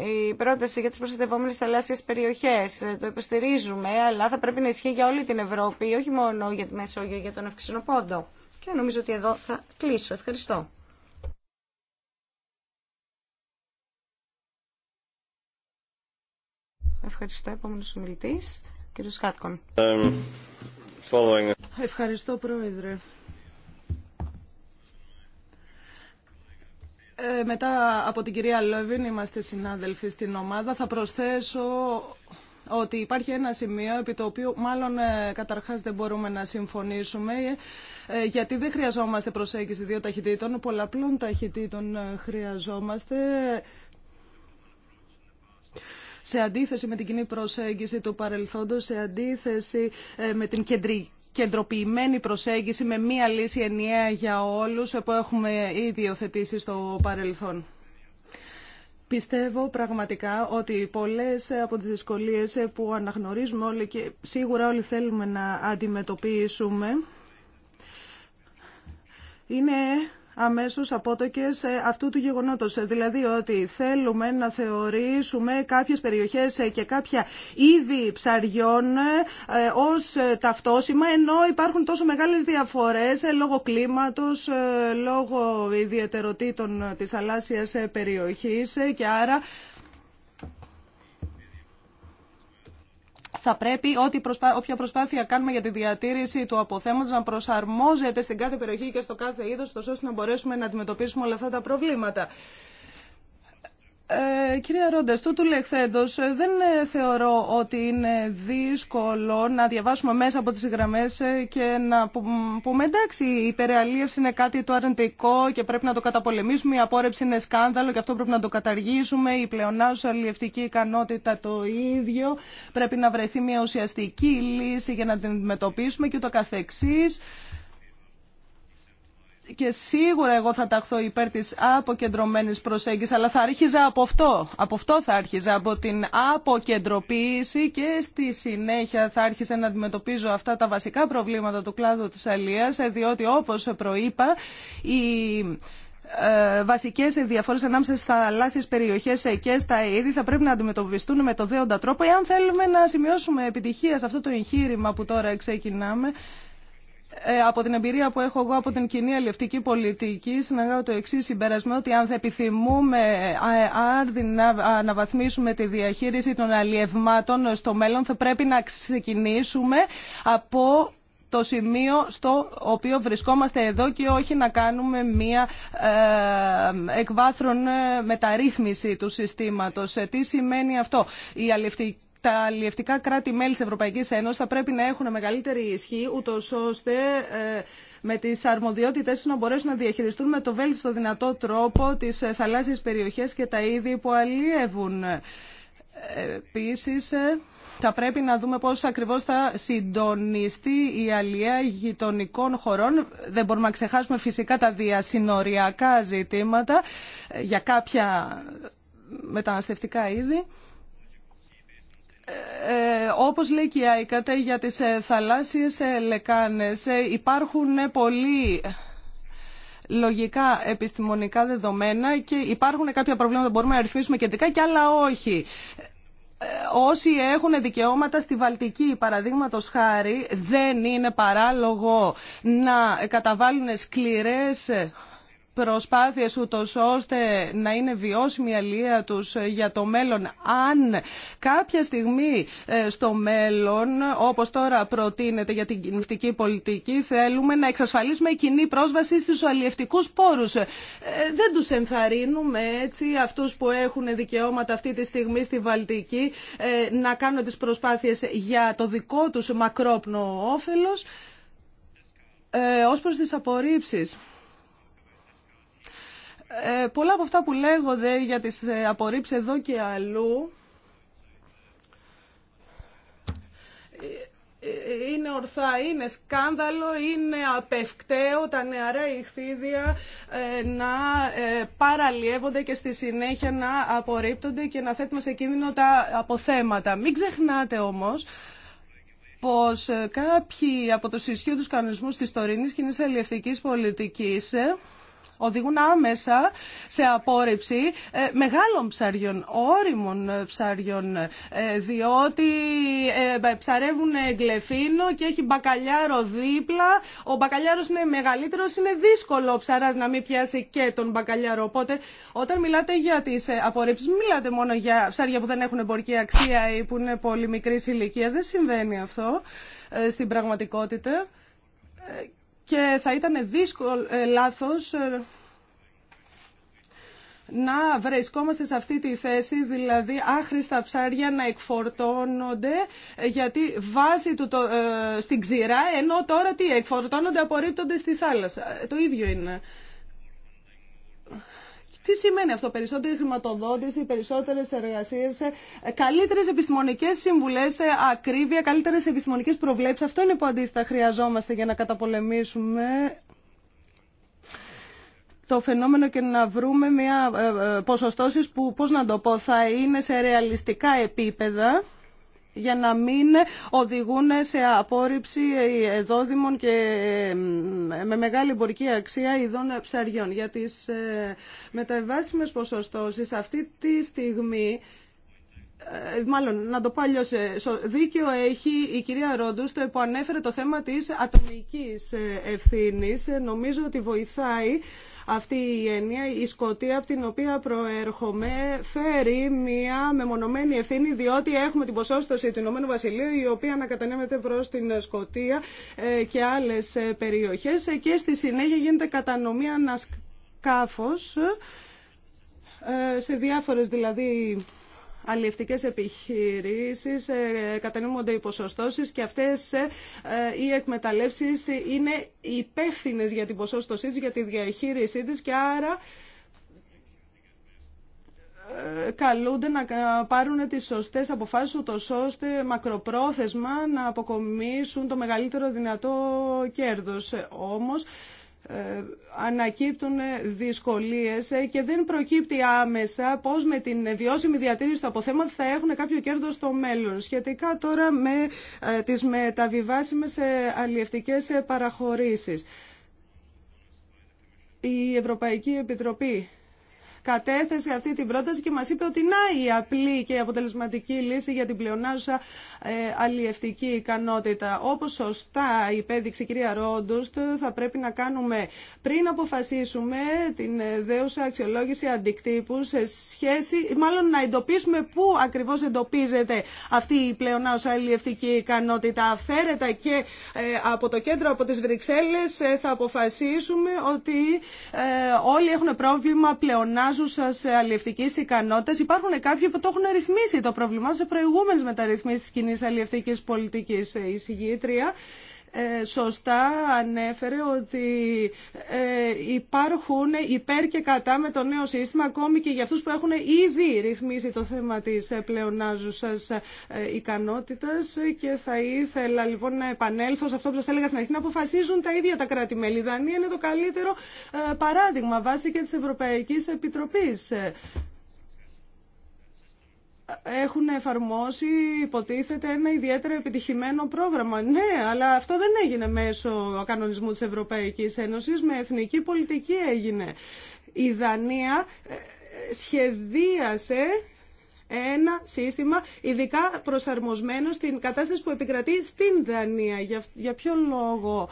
S2: η πρόταση για τι προστατευόμενε θαλάσσιε περιοχές. Ε, το υποστηρίζουμε, αλλά θα πρέπει να ισχύει για όλη την Ευρώπη, όχι μόνο για τη Μεσόγειο, για τον Ευξηνοπόντο. Πόντο. Και νομίζω ότι εδώ θα κλείσω. Ευχαριστώ. Ευχαριστώ, επόμενο ομιλητή. Χάτκον. Um, Ευχαριστώ,
S1: Πρόεδρε. Ε, μετά από την κυρία Λόβιν, είμαστε συνάδελφοι στην ομάδα, θα προσθέσω ότι υπάρχει ένα σημείο επί το οποίο μάλλον ε, καταρχάς δεν μπορούμε να συμφωνήσουμε ε, γιατί δεν χρειαζόμαστε προσέγγιση δύο ταχυτήτων, πολλαπλών ταχυτήτων χρειαζόμαστε σε αντίθεση με την κοινή προσέγγιση του παρελθόντος, σε αντίθεση με την κεντρική κεντροποιημένη προσέγγιση με μία λύση ενιαία για όλους που έχουμε ήδη υιοθετήσει στο παρελθόν. Πιστεύω πραγματικά ότι πολλές από τις δυσκολίες που αναγνωρίζουμε όλοι και σίγουρα όλοι θέλουμε να αντιμετωπίσουμε είναι αμέσως απότοκες ε, αυτού του γεγονότος. Ε, δηλαδή ότι θέλουμε να θεωρήσουμε κάποιες περιοχές ε, και κάποια είδη ψαριών ως ταυτόσημα ενώ υπάρχουν τόσο μεγάλες διαφορές λόγω κλίματος, λόγω ιδιαιτεροτήτων της θαλάσσιας περιοχής και άρα θα πρέπει ό,τι όποια προσπάθεια κάνουμε για τη διατήρηση του αποθέματος να προσαρμόζεται στην κάθε περιοχή και στο κάθε είδος, ώστε να μπορέσουμε να αντιμετωπίσουμε όλα αυτά τα προβλήματα. Ε, κυρία Ρόντες, τούτου λεχθέντος, ε, δεν ε, θεωρώ ότι είναι δύσκολο να διαβάσουμε μέσα από τις γραμμές ε, και να πούμε εντάξει η υπεραλίευση είναι κάτι το αρνητικό και πρέπει να το καταπολεμήσουμε, η απόρρεψη είναι σκάνδαλο και αυτό πρέπει να το καταργήσουμε, η πλεονάζουσα αλληλευτική ικανότητα το ίδιο, πρέπει να βρεθεί μια ουσιαστική λύση για να την αντιμετωπίσουμε και το καθεξής και σίγουρα εγώ θα ταχθώ υπέρ της αποκεντρωμένης προσέγγισης, αλλά θα άρχιζα από αυτό. Από αυτό θα άρχιζα, από την αποκεντροποίηση και στη συνέχεια θα άρχισα να αντιμετωπίζω αυτά τα βασικά προβλήματα του κλάδου της αλίας, διότι όπως προείπα, η ε, βασικέ διαφορέ ανάμεσα στι θαλάσσιε περιοχέ και στα είδη θα πρέπει να αντιμετωπιστούν με το δέοντα τρόπο, εάν θέλουμε να σημειώσουμε επιτυχία σε αυτό το εγχείρημα που τώρα ξεκινάμε ε, από την εμπειρία που έχω εγώ από την κοινή αλληλευτική πολιτική, συναγάω το εξή συμπέρασμα, ότι αν θα επιθυμούμε ε, να αναβαθμίσουμε τη διαχείριση των αλλιευμάτων στο μέλλον, θα πρέπει να ξεκινήσουμε από το σημείο στο οποίο βρισκόμαστε εδώ και όχι να κάνουμε μία ε, εκβάθρον ε, μεταρρύθμιση του συστήματος. Τι σημαίνει αυτό. Η αλληλευτική τα αλλιευτικά κράτη-μέλη της Ευρωπαϊκής Ένωσης θα πρέπει να έχουν μεγαλύτερη ισχύ, ούτω ώστε ε, με τις αρμοδιότητες τους να μπορέσουν να διαχειριστούν με το βέλτιστο δυνατό τρόπο τι ε, θαλάσσιες περιοχές και τα είδη που αλλιεύουν. Ε, Επίση, θα πρέπει να δούμε πώ ακριβώ θα συντονιστεί η αλληλεία γειτονικών χωρών. Δεν μπορούμε να ξεχάσουμε φυσικά τα διασυνοριακά ζητήματα για κάποια μεταναστευτικά είδη. Ε, όπως λέει και η ΆΙΚΑΤΕ για τις ε, θαλάσσιες ε, λεκάνες υπάρχουν πολλοί λογικά επιστημονικά δεδομένα και υπάρχουν κάποια προβλήματα που μπορούμε να ρυθμίσουμε κεντρικά και άλλα όχι. Όσοι έχουν δικαιώματα στη Βαλτική, παραδείγματο χάρη, δεν είναι παράλογο να καταβάλουν σκληρές προσπάθειες ούτως ώστε να είναι βιώσιμη η αλληλεία τους για το μέλλον. Αν κάποια στιγμή ε, στο μέλλον, όπως τώρα προτείνεται για την κινητική πολιτική, θέλουμε να εξασφαλίσουμε κοινή πρόσβαση στους αλληλευτικούς πόρους. Ε, δεν τους ενθαρρύνουμε έτσι αυτούς που έχουν δικαιώματα αυτή τη στιγμή στη Βαλτική ε, να κάνουν τι προσπάθειες για το δικό τους μακρόπνο όφελος. Ε, ως προς τις απορρίψεις. Ε, πολλά από αυτά που λέγονται για τις ε, απορρίψεις εδώ και αλλού ε, είναι ορθά, είναι σκάνδαλο, είναι απευκταίο τα νεαρά ηχθίδια να παραλιεύονται και στη συνέχεια να απορρίπτονται και να θέτουμε σε κίνδυνο τα αποθέματα. Μην ξεχνάτε όμως πως κάποιοι από τους ισχύοντους κανονισμούς της τωρινής κοινής αλληλευτικής πολιτικής οδηγούν άμεσα σε απόρριψη ε, μεγάλων ψαριών, όριμων ε, ψαριών, ε, διότι ψαρεύουν εγκλεφίνο και έχει μπακαλιάρο δίπλα. Ο μπακαλιάρος είναι μεγαλύτερος, είναι δύσκολο ο ψαράς να μην πιάσει και τον μπακαλιάρο. Οπότε όταν μιλάτε για τις απορρίψεις, μιλάτε μόνο για ψάρια που δεν έχουν εμπορική αξία ή που είναι πολύ μικρής ηλικίας. Δεν συμβαίνει αυτό στην πραγματικότητα και θα ήταν δύσκολο, ε, λάθος ε, να βρισκόμαστε σε αυτή τη θέση, δηλαδή άχρηστα ψάρια να εκφορτώνονται, ε, γιατί βάζει το, το ε, στην ξηρά, ενώ τώρα τι, εκφορτώνονται, απορρίπτονται στη θάλασσα. Το ίδιο είναι. Τι σημαίνει αυτό, περισσότερη χρηματοδότηση, περισσότερες εργασίες, ε, καλύτερες επιστημονικές συμβουλές, ε, ακρίβεια, καλύτερες επιστημονικές προβλέψεις. Αυτό είναι που αντίθετα χρειαζόμαστε για να καταπολεμήσουμε το φαινόμενο και να βρούμε μια ε, ποσοστώσεις που, πώς να το πω, θα είναι σε ρεαλιστικά επίπεδα για να μην οδηγούν σε απόρριψη εδόδημων και με μεγάλη εμπορική αξία ειδών ψαριών. Για τις ε, μεταβάσιμες ποσοστώσεις αυτή τη στιγμή ε, μάλλον να το πάλι αλλιώς, ε, δίκαιο έχει η κυρία στο που ανέφερε το θέμα της ατομικής ευθύνης. Νομίζω ότι βοηθάει αυτή η έννοια, η σκοτία από την οποία προέρχομαι, φέρει μια μεμονωμένη ευθύνη, διότι έχουμε την ποσόστοση του Ηνωμένου Βασιλείου, η οποία ανακατανέμεται προ την Σκοτία ε, και άλλε περιοχέ ε, και στη συνέχεια γίνεται κατανομή ανασκάφο ε, σε διάφορες δηλαδή αλληλευτικές επιχειρήσεις, ε, κατανοήμονται οι ποσοστώσεις και αυτές ε, ε, οι εκμεταλλεύσεις είναι υπεύθυνε για την ποσόστοσή του για τη διαχείρισή της και άρα καλούνται να πάρουν τις σωστές αποφάσεις το ώστε μακροπρόθεσμα να αποκομίσουν το μεγαλύτερο δυνατό κέρδος. Όμως ανακύπτουν δυσκολίες και δεν προκύπτει άμεσα πώς με την βιώσιμη διατήρηση του αποθέματο θα έχουν κάποιο κέρδος στο μέλλον. Σχετικά τώρα με ε, τις μεταβιβάσιμες ε, αλλιευτικές ε, παραχωρήσεις. Η Ευρωπαϊκή Επιτροπή κατέθεσε αυτή την πρόταση και μας είπε ότι να η απλή και αποτελεσματική λύση για την πλεονάζουσα ε, αλλιευτική ικανότητα. Όπω σωστά υπέδειξε η κυρία Ρόντουστ, θα πρέπει να κάνουμε πριν αποφασίσουμε την δέουσα αξιολόγηση αντικτύπου σε σχέση, μάλλον να εντοπίσουμε πού ακριβώ εντοπίζεται αυτή η πλεονάωσα αλλιευτική ικανότητα. Αυθαίρετα και ε, από το κέντρο, από τις Βρυξέλλες, ε, θα αποφασίσουμε ότι όλοι έχουν πρόβλημα πλεονάζουσας αλλιευτική ικανότητα. Υπάρχουν κάποιοι που το έχουν ρυθμίσει το πρόβλημά σε προηγούμενε τη κοινή κοινή αλληλευτικής πολιτικής εισηγήτρια ε, σωστά ανέφερε ότι ε, υπάρχουν υπέρ και κατά με το νέο σύστημα ακόμη και για αυτούς που έχουν ήδη ρυθμίσει το θέμα της ε, πλεονάζουσας ικανότητας και θα ήθελα λοιπόν να επανέλθω σε αυτό που σας έλεγα στην αρχή να αποφασίζουν τα ίδια τα κράτη-μέλη. Η Δανία είναι το καλύτερο παράδειγμα βάσει και της Ευρωπαϊκής Επιτροπής έχουν εφαρμόσει, υποτίθεται, ένα ιδιαίτερα επιτυχημένο πρόγραμμα. Ναι, αλλά αυτό δεν έγινε μέσω κανονισμού της Ευρωπαϊκής Ένωσης, με εθνική πολιτική έγινε. Η Δανία ε, σχεδίασε ένα σύστημα ειδικά προσαρμοσμένο στην κατάσταση που επικρατεί στην Δανία. Για, για ποιο λόγο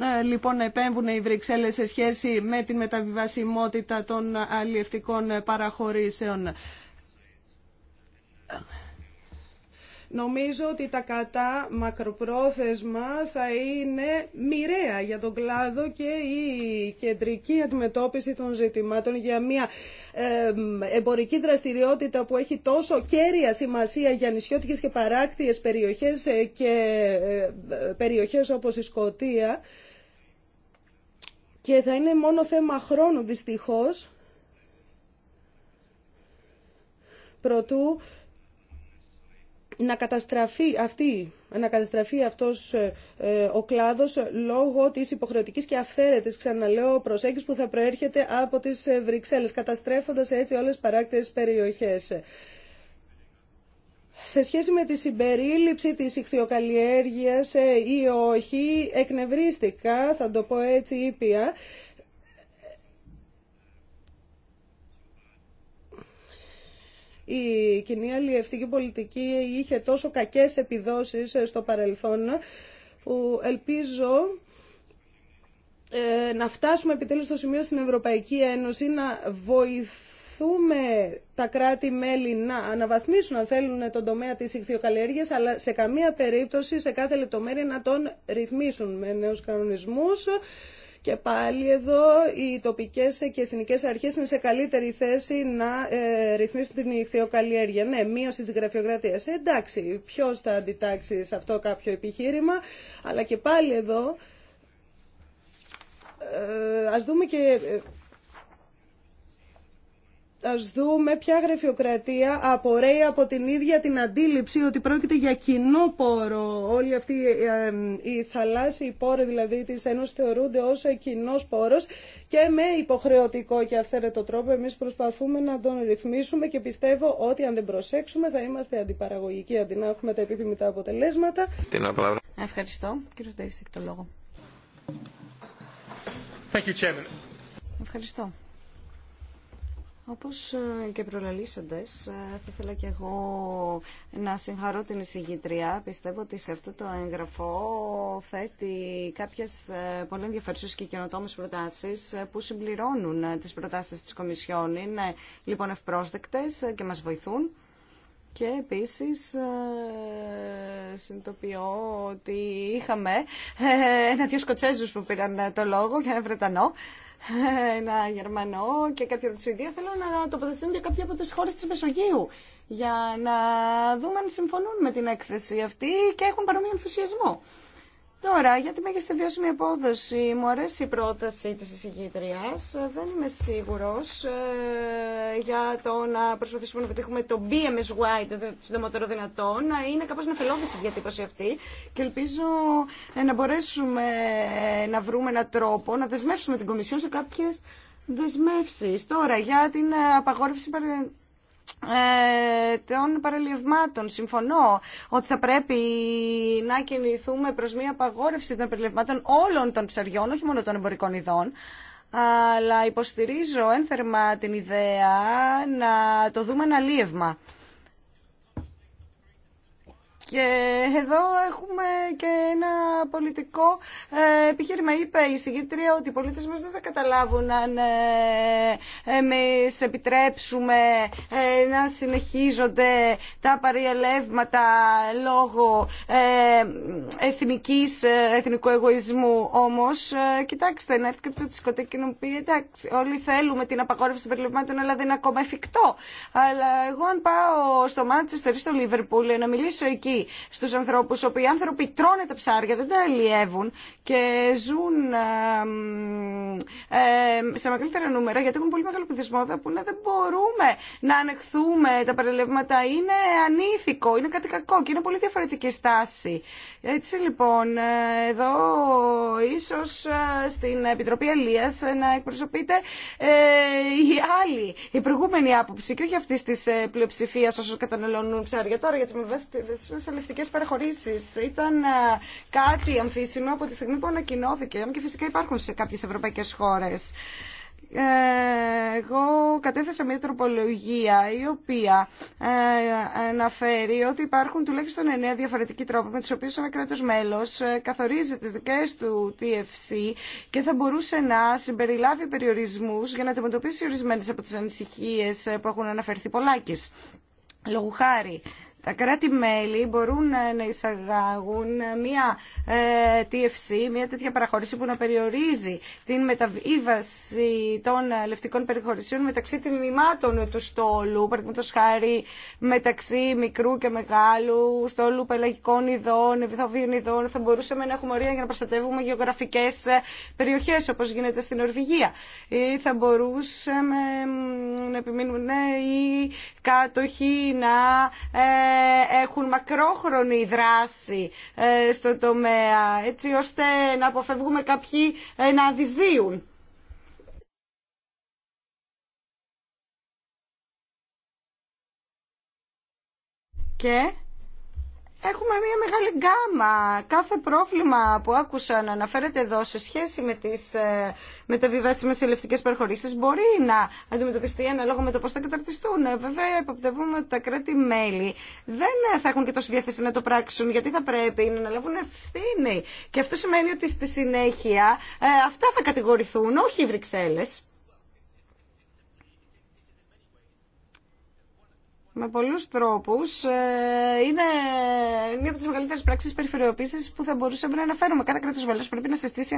S1: ε, λοιπόν να επέμβουν οι Βρυξέλλες σε σχέση με την μεταβιβασιμότητα των αλλιευτικών παραχωρήσεων. Νομίζω ότι τα κατά μακροπρόθεσμα θα είναι μοιραία για τον κλάδο και η κεντρική αντιμετώπιση των ζητημάτων για μια εμπορική δραστηριότητα που έχει τόσο κέρια σημασία για νησιώτικες και παράκτιες περιοχές ε, και ε, περιοχές όπως η Σκοτία και θα είναι μόνο θέμα χρόνου δυστυχώς προτού να καταστραφεί, αυτή, να καταστραφεί αυτός ε, ε, ο κλάδος ε, λόγω της υποχρεωτικής και αυθαίρετης, ξαναλέω, προσέγγισης που θα προέρχεται από τις Βρυξέλλες, καταστρέφοντας έτσι όλες τις παράκτες περιοχές. Σε σχέση με τη συμπερίληψη της ηχθειοκαλλιέργειας ή όχι, εκνευρίστηκα, θα το πω έτσι ήπια, η κοινή αλλιευτική πολιτική είχε τόσο κακές επιδόσεις στο παρελθόν που ελπίζω ε, να φτάσουμε επιτέλους στο σημείο στην Ευρωπαϊκή Ένωση να βοηθούμε τα κράτη-μέλη να αναβαθμίσουν αν θέλουν τον τομέα της ηχθειοκαλλιέργειας αλλά σε καμία περίπτωση σε κάθε λεπτομέρεια να τον ρυθμίσουν με νέους κανονισμούς και πάλι εδώ οι τοπικές και εθνικές αρχές είναι σε καλύτερη θέση να ε, ρυθμίσουν την ηχθειοκαλλιέργεια. Ναι, μείωση της γραφειοκρατίας. Ε, εντάξει, ποιος θα αντιτάξει σε αυτό κάποιο επιχείρημα, αλλά και πάλι εδώ... Ε, ας δούμε και ε, Ας δούμε ποια γραφειοκρατία απορρέει από την ίδια την αντίληψη ότι πρόκειται για κοινό πόρο. Όλοι αυτοί οι η πόροι δηλαδή της Ένωσης θεωρούνται ως κοινό πόρος και με υποχρεωτικό και αυθαίρετο τρόπο εμείς προσπαθούμε να τον ρυθμίσουμε και πιστεύω ότι αν δεν προσέξουμε θα είμαστε αντιπαραγωγικοί αντί να έχουμε τα επιθυμητά αποτελέσματα. Ευχαριστώ. Κύριο έχει το λόγο. Ευχαριστώ.
S2: Όπως ε, και προλαλήσαντες, ε, θα ήθελα και εγώ να συγχαρώ την εισηγήτρια. Πιστεύω ότι σε αυτό το έγγραφο θέτει κάποιες ε, πολύ ενδιαφέρουσες και καινοτόμες προτάσεις που συμπληρώνουν τις προτάσεις της Κομισιόν. Είναι λοιπόν ευπρόσδεκτες και μας βοηθούν. Και επίσης συνειδητοποιώ ότι είχαμε ένα-δυο Σκοτσέζους που πήραν το λόγο για ένα Βρετανό [LAUGHS] ένα Γερμανό και κάποιο από τη Σουηδία θέλουν να τοποθετηθούν για κάποια από τι χώρε τη Μεσογείου για να δούμε αν συμφωνούν με την έκθεση αυτή και έχουν παρόμοιο ενθουσιασμό. Τώρα, για τη μέγιστη βιώσιμη απόδοση, μου αρέσει η πρόταση της εισηγήτρια. Δεν είμαι σίγουρος ε, για το να προσπαθήσουμε να πετύχουμε το BMSY, το συντομότερο δυνατόν. Είναι κάπως να η διατύπωση αυτή και ελπίζω ε, να μπορέσουμε ε, να βρούμε έναν τρόπο να δεσμεύσουμε την Κομισιόν σε κάποιες δεσμεύσεις. Τώρα, για την απαγόρευση ε, των παραλιευμάτων. Συμφωνώ ότι θα πρέπει να κινηθούμε προς μια απαγόρευση των παραλιευμάτων όλων των ψαριών, όχι μόνο των εμπορικών ειδών, αλλά υποστηρίζω ένθερμα την ιδέα να το δούμε ένα λίευμα. Και εδώ έχουμε και ένα πολιτικό ε, επιχείρημα. Είπε η συγκεκριτρία ότι οι πολίτες μας δεν θα καταλάβουν αν ε, εμείς επιτρέψουμε ε, να συνεχίζονται τα παρελεύματα λόγω εθνικής, εθνικού εγωισμού. Όμως, κοιτάξτε, να έρθει και τη σκοτή και να πει εντάξει, όλοι θέλουμε την απαγόρευση των περιλημμάτων, αλλά δεν είναι ακόμα εφικτό. Αλλά εγώ αν πάω στο Μάντσεστερ, στο Λίβερπουλ, να μιλήσω εκεί Στου ανθρώπου ανθρώπους, όπου οι άνθρωποι τρώνε τα ψάρια, δεν τα αλλιεύουν και ζουν ε, σε μεγαλύτερα νούμερα, γιατί έχουν πολύ μεγάλο πληθυσμό, θα πούνε δεν μπορούμε να ανεχθούμε τα παρελεύματα, είναι ανήθικο, είναι κάτι κακό και είναι πολύ διαφορετική στάση. Έτσι λοιπόν, εδώ ίσως ε, στην Επιτροπή ε, να εκπροσωπείται ε, η άλλη, η προηγούμενη άποψη και όχι αυτή τη ε, πλειοψηφία όσο καταναλώνουν ψάρια. Τώρα για τι μεβέ αλληλευτικές παραχωρήσεις. Ήταν ε, κάτι αμφίσιμο από τη στιγμή που ανακοινώθηκε, και φυσικά υπάρχουν σε κάποιες ευρωπαϊκές χώρες ε, εγώ κατέθεσα μια τροπολογία η οποία ε, αναφέρει ότι υπάρχουν τουλάχιστον εννέα διαφορετικοί τρόποι με τους οποίους ένα κράτος μέλος καθορίζει τις δικές του TFC και θα μπορούσε να συμπεριλάβει περιορισμούς για να αντιμετωπίσει ορισμένες από τις ανησυχίες που έχουν αναφερθεί πολλάκις. Λόγου χάρη, τα κράτη-μέλη μπορούν να εισαγάγουν μια ε, TFC, μια τέτοια παραχώρηση που να περιορίζει την μεταβίβαση των ε, λευτικών περιχωρησιών μεταξύ τμήματων του στόλου, παραδείγματο χάρη μεταξύ μικρού και μεγάλου στόλου πελαγικών ειδών, ευηθοβίων ειδών. Θα μπορούσαμε να έχουμε ωρία για να προστατεύουμε γεωγραφικέ ε, περιοχέ όπω γίνεται στην Ορβηγία. Ή θα μπορούσαμε να επιμείνουν ναι, οι κάτοχοι να έχουν μακρόχρονη δράση ε, στο τομέα, έτσι ώστε να αποφεύγουμε κάποιοι ε, να δυσδύουν. Και Έχουμε μια μεγάλη γκάμα. Κάθε πρόβλημα που άκουσα να αναφέρεται εδώ σε σχέση με τις ε, βιβάσιμες ελευτικές παραχωρήσει μπορεί να αντιμετωπιστεί ανάλογα με το πώς θα καταρτιστούν. Ε, βέβαια, υποπτευούμε ότι τα κράτη-μέλη δεν θα έχουν και τόση διάθεση να το πράξουν γιατί θα πρέπει να αναλάβουν ευθύνη. Και αυτό σημαίνει ότι στη συνέχεια ε, αυτά θα κατηγορηθούν, όχι οι Βρυξέλλες. με πολλούς τρόπους ε, είναι μία από τι μεγαλύτερε πράξει περιφερειοποίησης που θα μπορούσαμε να αναφέρουμε. Κάθε κράτο βαλός πρέπει να συστήσει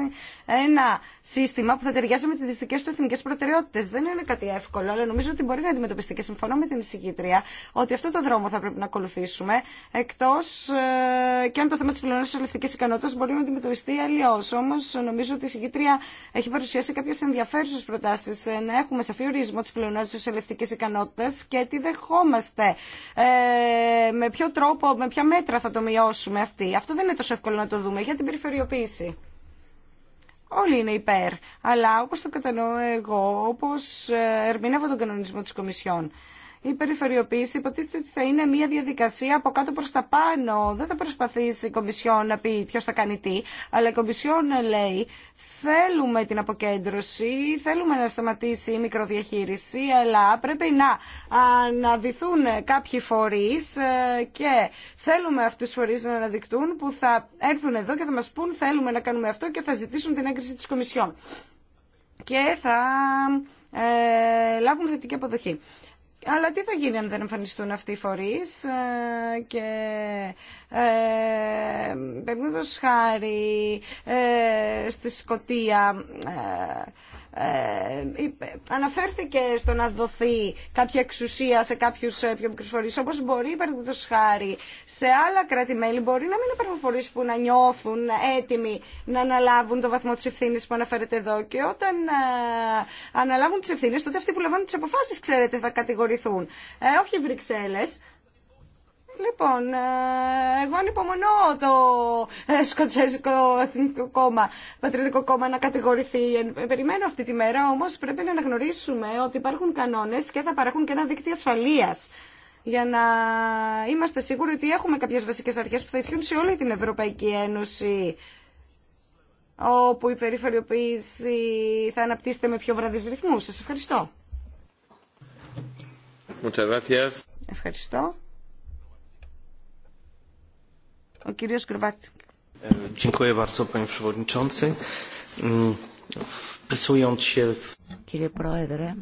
S2: ένα σύστημα που θα ταιριάζει με τι δυστικέ του εθνικέ προτεραιότητε. Δεν είναι κάτι εύκολο, αλλά νομίζω ότι μπορεί να αντιμετωπιστεί και συμφωνώ με την εισηγήτρια ότι αυτό το δρόμο θα πρέπει να ακολουθήσουμε, εκτός ε, και αν το θέμα της τη ελευθερικής ικανότητας μπορεί να αντιμετωπιστεί αλλιώ. Όμω, νομίζω ότι η εισηγήτρια έχει παρουσιάσει κάποιες ενδιαφέρουσες προτάσεις ε, να έχουμε σαφή ορισμό τη και δεχόμαστε ε, με ποιο τρόπο, με ποια μέτρα θα το μειώσουμε αυτή. Αυτό δεν είναι τόσο εύκολο να το δούμε για την περιφερειοποίηση. Όλοι είναι υπέρ, αλλά όπως το κατανοώ εγώ, όπως ε, ερμηνεύω τον κανονισμό της Κομισιόν, η περιφερειοποίηση υποτίθεται ότι θα είναι μια διαδικασία από κάτω προ τα πάνω. Δεν θα προσπαθήσει η Κομισιόν να πει ποιο θα κάνει τι, αλλά η Κομισιόν λέει θέλουμε την αποκέντρωση, θέλουμε να σταματήσει η μικροδιαχείριση, αλλά πρέπει να αναδυθούν κάποιοι φορεί ε, και θέλουμε αυτού του φορείς να αναδεικτούν που θα έρθουν εδώ και θα μα πούν θέλουμε να κάνουμε αυτό και θα ζητήσουν την έγκριση τη Κομισιόν. Και θα ε, λάβουν θετική αποδοχή. Αλλά τι θα γίνει αν δεν εμφανιστούν αυτοί οι φορείς ε, και ε, χάρη ε, στη Σκοτία ε, ε, αναφέρθηκε στο να δοθεί κάποια εξουσία σε κάποιου ε, πιο μικρού φορεί, όπω μπορεί, παραδείγματο χάρη, σε άλλα κράτη-μέλη μπορεί να μην υπάρχουν φορεί που να νιώθουν έτοιμοι να αναλάβουν το βαθμό τη ευθύνη που αναφέρεται εδώ. Και όταν ε, αναλάβουν τι ευθύνε, τότε αυτοί που λαμβάνουν τι αποφάσει, ξέρετε, θα κατηγορηθούν. Ε, όχι οι Βρυξέλλε, Λοιπόν, ε, εγώ ανυπομονώ το ε, Σκοτσέζικο Εθνικό Κόμμα, Πατριωτικό Κόμμα να κατηγορηθεί. Ε, περιμένω αυτή τη μέρα, όμως πρέπει να αναγνωρίσουμε ότι υπάρχουν κανόνες και θα παρέχουν και ένα δίκτυο ασφαλείας για να είμαστε σίγουροι ότι έχουμε κάποιες βασικές αρχές που θα ισχύουν σε όλη την Ευρωπαϊκή Ένωση όπου η περιφερειοποίηση θα αναπτύσσεται με πιο βραδείς ρυθμούς. Σας ευχαριστώ. Ευχαριστώ. Ο κύριος ε, mm, Κύριε Πρόεδρε,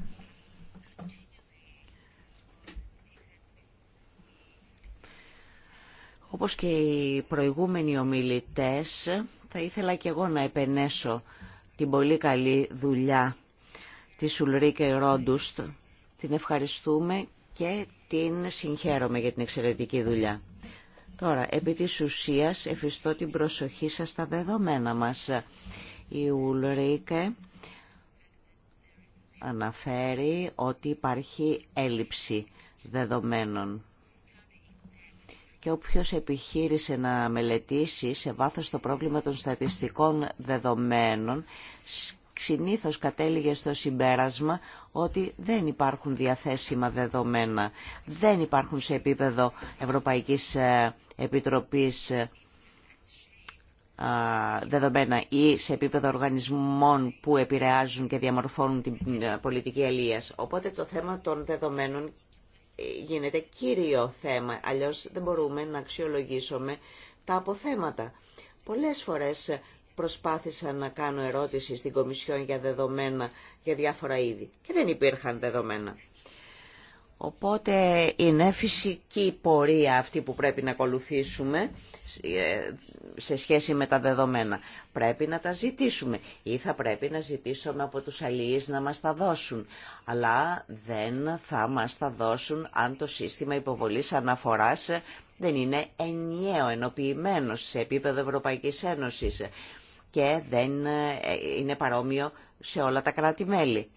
S3: όπως και οι προηγούμενοι ομιλητές, θα ήθελα και εγώ να επενέσω την πολύ καλή δουλειά της Ουλρίκε Ρόντουστ. Την ευχαριστούμε και την συγχαίρομαι για την εξαιρετική δουλειά. Τώρα, επί της ουσίας, εφιστώ την προσοχή σας στα δεδομένα μας. Η Ουλρίκε αναφέρει ότι υπάρχει έλλειψη δεδομένων. Και όποιος επιχείρησε να μελετήσει σε βάθος το πρόβλημα των στατιστικών δεδομένων συνήθως κατέληγε στο συμπέρασμα ότι δεν υπάρχουν διαθέσιμα δεδομένα, δεν υπάρχουν σε επίπεδο Ευρωπαϊκής ε, Επιτροπής ε, δεδομένα ή σε επίπεδο οργανισμών που επηρεάζουν και διαμορφώνουν την ε, πολιτική αλίας. Οπότε το θέμα των δεδομένων γίνεται κύριο θέμα, αλλιώς δεν μπορούμε να αξιολογήσουμε τα αποθέματα. Πολλές φορές προσπάθησα να κάνω ερώτηση στην Κομισιόν για δεδομένα για διάφορα είδη και δεν υπήρχαν δεδομένα. Οπότε είναι φυσική πορεία αυτή που πρέπει να ακολουθήσουμε ε, σε σχέση με τα δεδομένα. Πρέπει να τα ζητήσουμε ή θα πρέπει να ζητήσουμε από τους αλληλείς να μας τα δώσουν. Αλλά δεν θα μας τα δώσουν αν το σύστημα υποβολής αναφοράς δεν είναι ενιαίο, ενοποιημένο σε επίπεδο Ευρωπαϊκής Ένωσης και δεν ε, είναι παρόμοιο σε όλα τα κράτη-μέλη.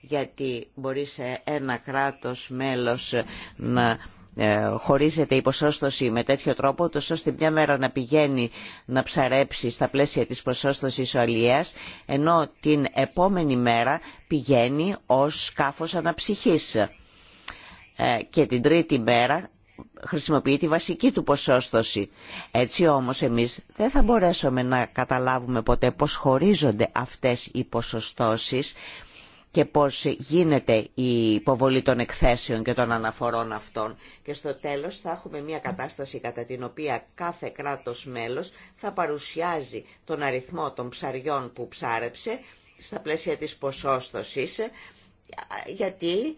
S3: Γιατί μπορεί σε ένα κράτος μέλος να ε, χωρίζεται η ποσόστοση με τέτοιο τρόπο, τόσο ώστε μια μέρα να πηγαίνει να ψαρέψει στα πλαίσια της ποσόστοσης ο αλιέας, ενώ την επόμενη μέρα πηγαίνει ως σκάφος αναψυχής. Ε, και την τρίτη μέρα χρησιμοποιεί τη βασική του ποσόστοση. Έτσι όμως εμείς δεν θα μπορέσουμε να καταλάβουμε ποτέ πώς χωρίζονται αυτές οι ποσοστώσεις και πώς γίνεται η υποβολή των εκθέσεων και των αναφορών αυτών. Και στο τέλος θα έχουμε μια κατάσταση κατά την οποία κάθε κράτος μέλος θα παρουσιάζει τον αριθμό των ψαριών που ψάρεψε στα πλαίσια της ποσόστοσης, γιατί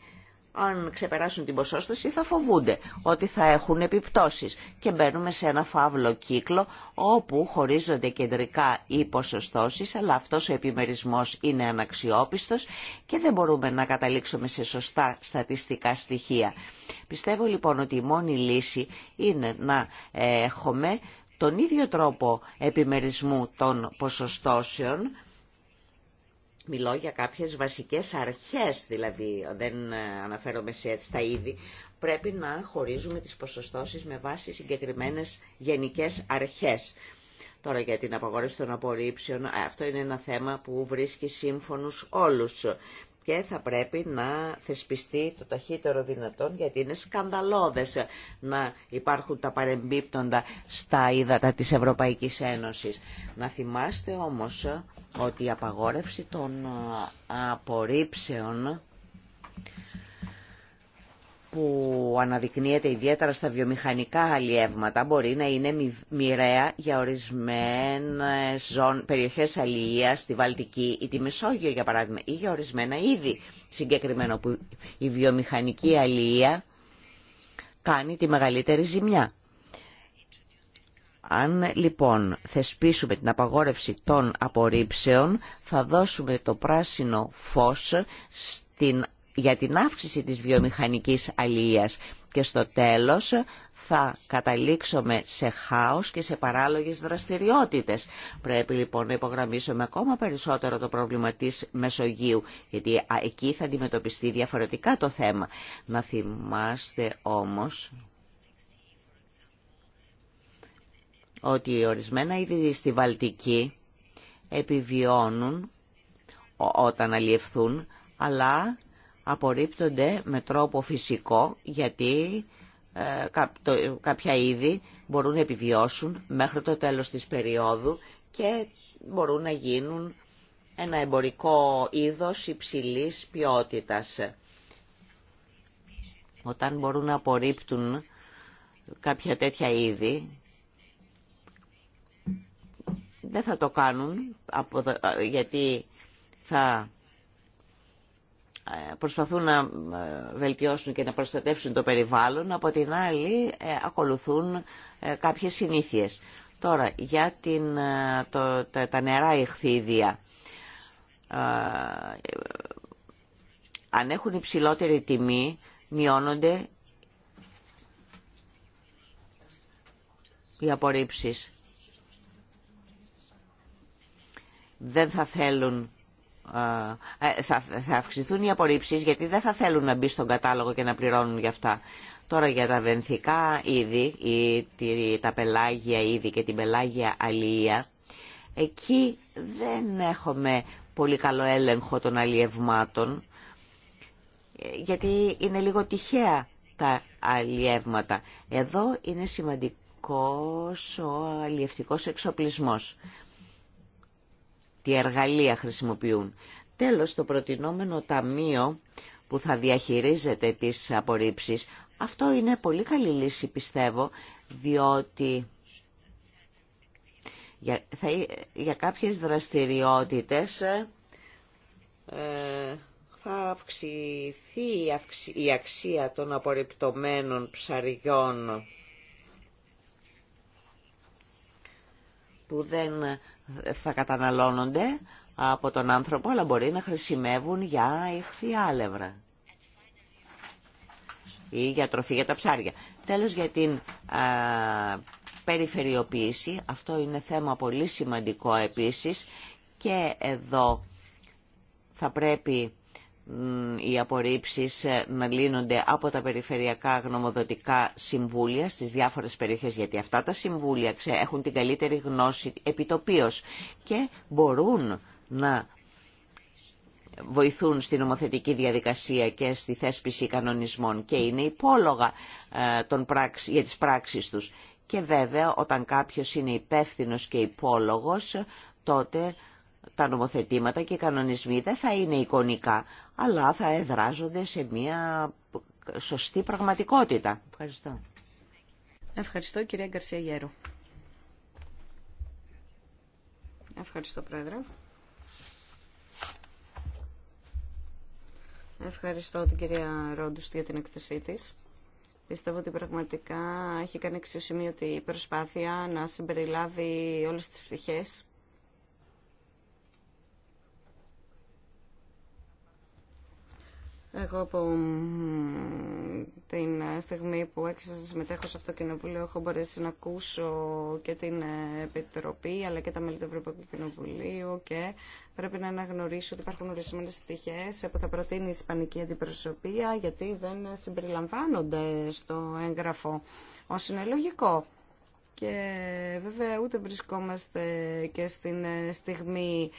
S3: αν ξεπεράσουν την ποσόστοση θα φοβούνται ότι θα έχουν επιπτώσεις και μπαίνουμε σε ένα φαύλο κύκλο όπου χωρίζονται κεντρικά οι ποσοστώσεις αλλά αυτός ο επιμερισμός είναι αναξιόπιστος και δεν μπορούμε να καταλήξουμε σε σωστά στατιστικά στοιχεία. Πιστεύω λοιπόν ότι η μόνη λύση είναι να ε, έχουμε τον ίδιο τρόπο επιμερισμού των ποσοστώσεων Μιλώ για κάποιες βασικές αρχές, δηλαδή δεν ε, αναφέρομαι σε, στα είδη. Πρέπει να χωρίζουμε τις ποσοστώσεις με βάση συγκεκριμένες γενικές αρχές. Τώρα για την απαγόρευση των απορρίψεων, ε, αυτό είναι ένα θέμα που βρίσκει σύμφωνους όλους και θα πρέπει να θεσπιστεί το ταχύτερο δυνατόν γιατί είναι σκανδαλώδες να υπάρχουν τα παρεμπίπτοντα στα ύδατα της Ευρωπαϊκής Ένωσης. Να θυμάστε όμως ότι η απαγόρευση των ε, απορρίψεων που αναδεικνύεται ιδιαίτερα στα βιομηχανικά αλλιεύματα μπορεί να είναι μοιραία για ορισμένες ζων, περιοχές αλληλείας στη Βαλτική ή τη Μεσόγειο για παράδειγμα ή για ορισμένα είδη συγκεκριμένο που η βιομηχανική αλληλεία κάνει τη μεγαλύτερη ζημιά. Αν λοιπόν θεσπίσουμε την απαγόρευση των απορρίψεων, θα δώσουμε το πράσινο φως στην, για την αύξηση της βιομηχανικής αλληλείας και στο τέλος θα καταλήξουμε σε χάος και σε παράλογες δραστηριότητες. Πρέπει λοιπόν να υπογραμμίσουμε ακόμα περισσότερο το πρόβλημα της Μεσογείου, γιατί εκεί θα αντιμετωπιστεί διαφορετικά το θέμα. Να θυμάστε όμως ότι ορισμένα είδη στη Βαλτική επιβιώνουν όταν αλλιευθούν, αλλά απορρίπτονται με τρόπο φυσικό γιατί ε, κάποια είδη μπορούν να επιβιώσουν μέχρι το τέλος της περίοδου και μπορούν να γίνουν ένα εμπορικό είδος υψηλής ποιότητας. Όταν μπορούν να απορρίπτουν κάποια τέτοια είδη, δεν θα το κάνουν γιατί θα ε, προσπαθούν να ε, βελτιώσουν και να προστατεύσουν το περιβάλλον, από την άλλη ε, ακολουθούν κάποιες συνήθειες. Τώρα, για την, το, τα, νερά ηχθίδια, αν έχουν υψηλότερη τιμή, μειώνονται οι απορρίψεις. δεν θα θέλουν ε, θα, θα αυξηθούν οι απορρίψεις γιατί δεν θα θέλουν να μπει στον κατάλογο και να πληρώνουν για αυτά. Τώρα για τα βενθικά είδη, ή, τα πελάγια είδη και την πελάγια αλία, εκεί δεν έχουμε πολύ καλό έλεγχο των αλλιευμάτων, γιατί είναι λίγο τυχαία τα αλλιεύματα. Εδώ είναι σημαντικός ο αλιευτικός εξοπλισμός τι εργαλεία χρησιμοποιούν. Τέλος, το προτινόμενο ταμείο που θα διαχειρίζεται τις απορρίψεις, αυτό είναι πολύ καλή λύση πιστεύω, διότι για, θα, για κάποιες δραστηριότητες ε, θα αυξηθεί η, αξία των απορριπτωμένων ψαριών που δεν θα καταναλώνονται από τον άνθρωπο, αλλά μπορεί να χρησιμεύουν για ηχθιάλευρα ή για τροφή για τα ψάρια. Τέλος για την α, περιφερειοποίηση, αυτό είναι θέμα πολύ σημαντικό επίσης και εδώ θα πρέπει οι απορρίψεις ε, να λύνονται από τα περιφερειακά γνωμοδοτικά συμβούλια στις διάφορες περιοχές, γιατί αυτά τα συμβούλια έχουν την καλύτερη γνώση επιτοπίως και μπορούν να βοηθούν στην νομοθετική διαδικασία και στη θέσπιση κανονισμών και είναι υπόλογα ε, των για τις πράξεις τους. Και βέβαια όταν κάποιος είναι υπεύθυνο και υπόλογος, τότε τα νομοθετήματα και οι κανονισμοί δεν θα είναι εικονικά, αλλά θα εδράζονται σε μια σωστή πραγματικότητα. Ευχαριστώ.
S2: Ευχαριστώ κυρία Γκαρσία Γέρου. Ευχαριστώ πρόεδρε. Ευχαριστώ την κυρία Ρόντουστ για την εκθεσή της. Πιστεύω ότι πραγματικά έχει κάνει αξιοσημείωτη προσπάθεια να συμπεριλάβει όλες τις πτυχές Εγώ από την στιγμή που άρχισα να συμμετέχω σε αυτό το κοινοβούλιο έχω μπορέσει να ακούσω και την Επιτροπή αλλά και τα μέλη του Ευρωπαϊκού Κοινοβουλίου και πρέπει να αναγνωρίσω ότι υπάρχουν ορισμένε πτυχέ που θα προτείνει η Ισπανική Αντιπροσωπεία γιατί δεν συμπεριλαμβάνονται στο έγγραφο. Ω είναι λογικό. Και βέβαια ούτε βρισκόμαστε και στην ε, στιγμή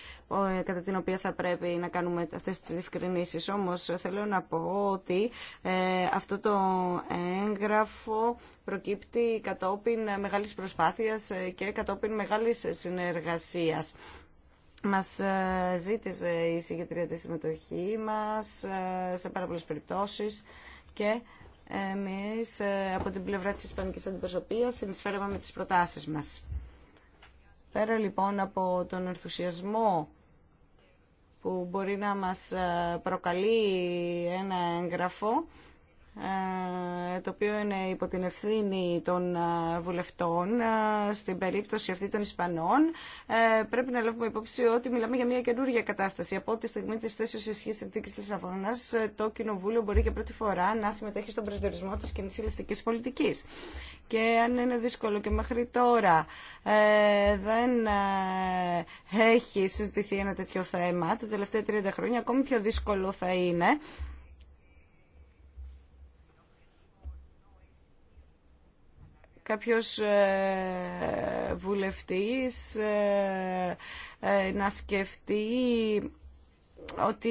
S2: ε, κατά την οποία θα πρέπει να κάνουμε αυτές τις διευκρινήσεις. Όμως θέλω να πω ότι ε, αυτό το έγγραφο προκύπτει κατόπιν μεγάλης προσπάθειας και κατόπιν μεγάλης συνεργασίας. Μας ζήτησε η συγκεκριμένη συμμετοχή μας σε πάρα πολλές περιπτώσεις και εμείς ε, από την πλευρά της Ισπανικής Αντιπροσωπείας συνεισφέραμε με τις προτάσεις μας. Πέρα λοιπόν από τον ενθουσιασμό που μπορεί να μας ε, προκαλεί ένα έγγραφο, ε, το οποίο είναι υπό την ευθύνη των ε, βουλευτών ε, στην περίπτωση αυτή των Ισπανών πρέπει να λάβουμε υπόψη ότι μιλάμε για μια καινούργια κατάσταση. Από τη στιγμή της θέσεως ισχύς συνθήκης Λισαβόνας το Κοινοβούλιο μπορεί για πρώτη φορά να συμμετέχει στον προσδιορισμό της κοινής πολιτικής. Και αν είναι δύσκολο και μέχρι τώρα δεν έχει συζητηθεί ένα τέτοιο θέμα τα τελευταία 30 χρόνια ακόμη πιο δύσκολο θα είναι κάποιος ε, βουλευτής ε, ε, να σκεφτεί ότι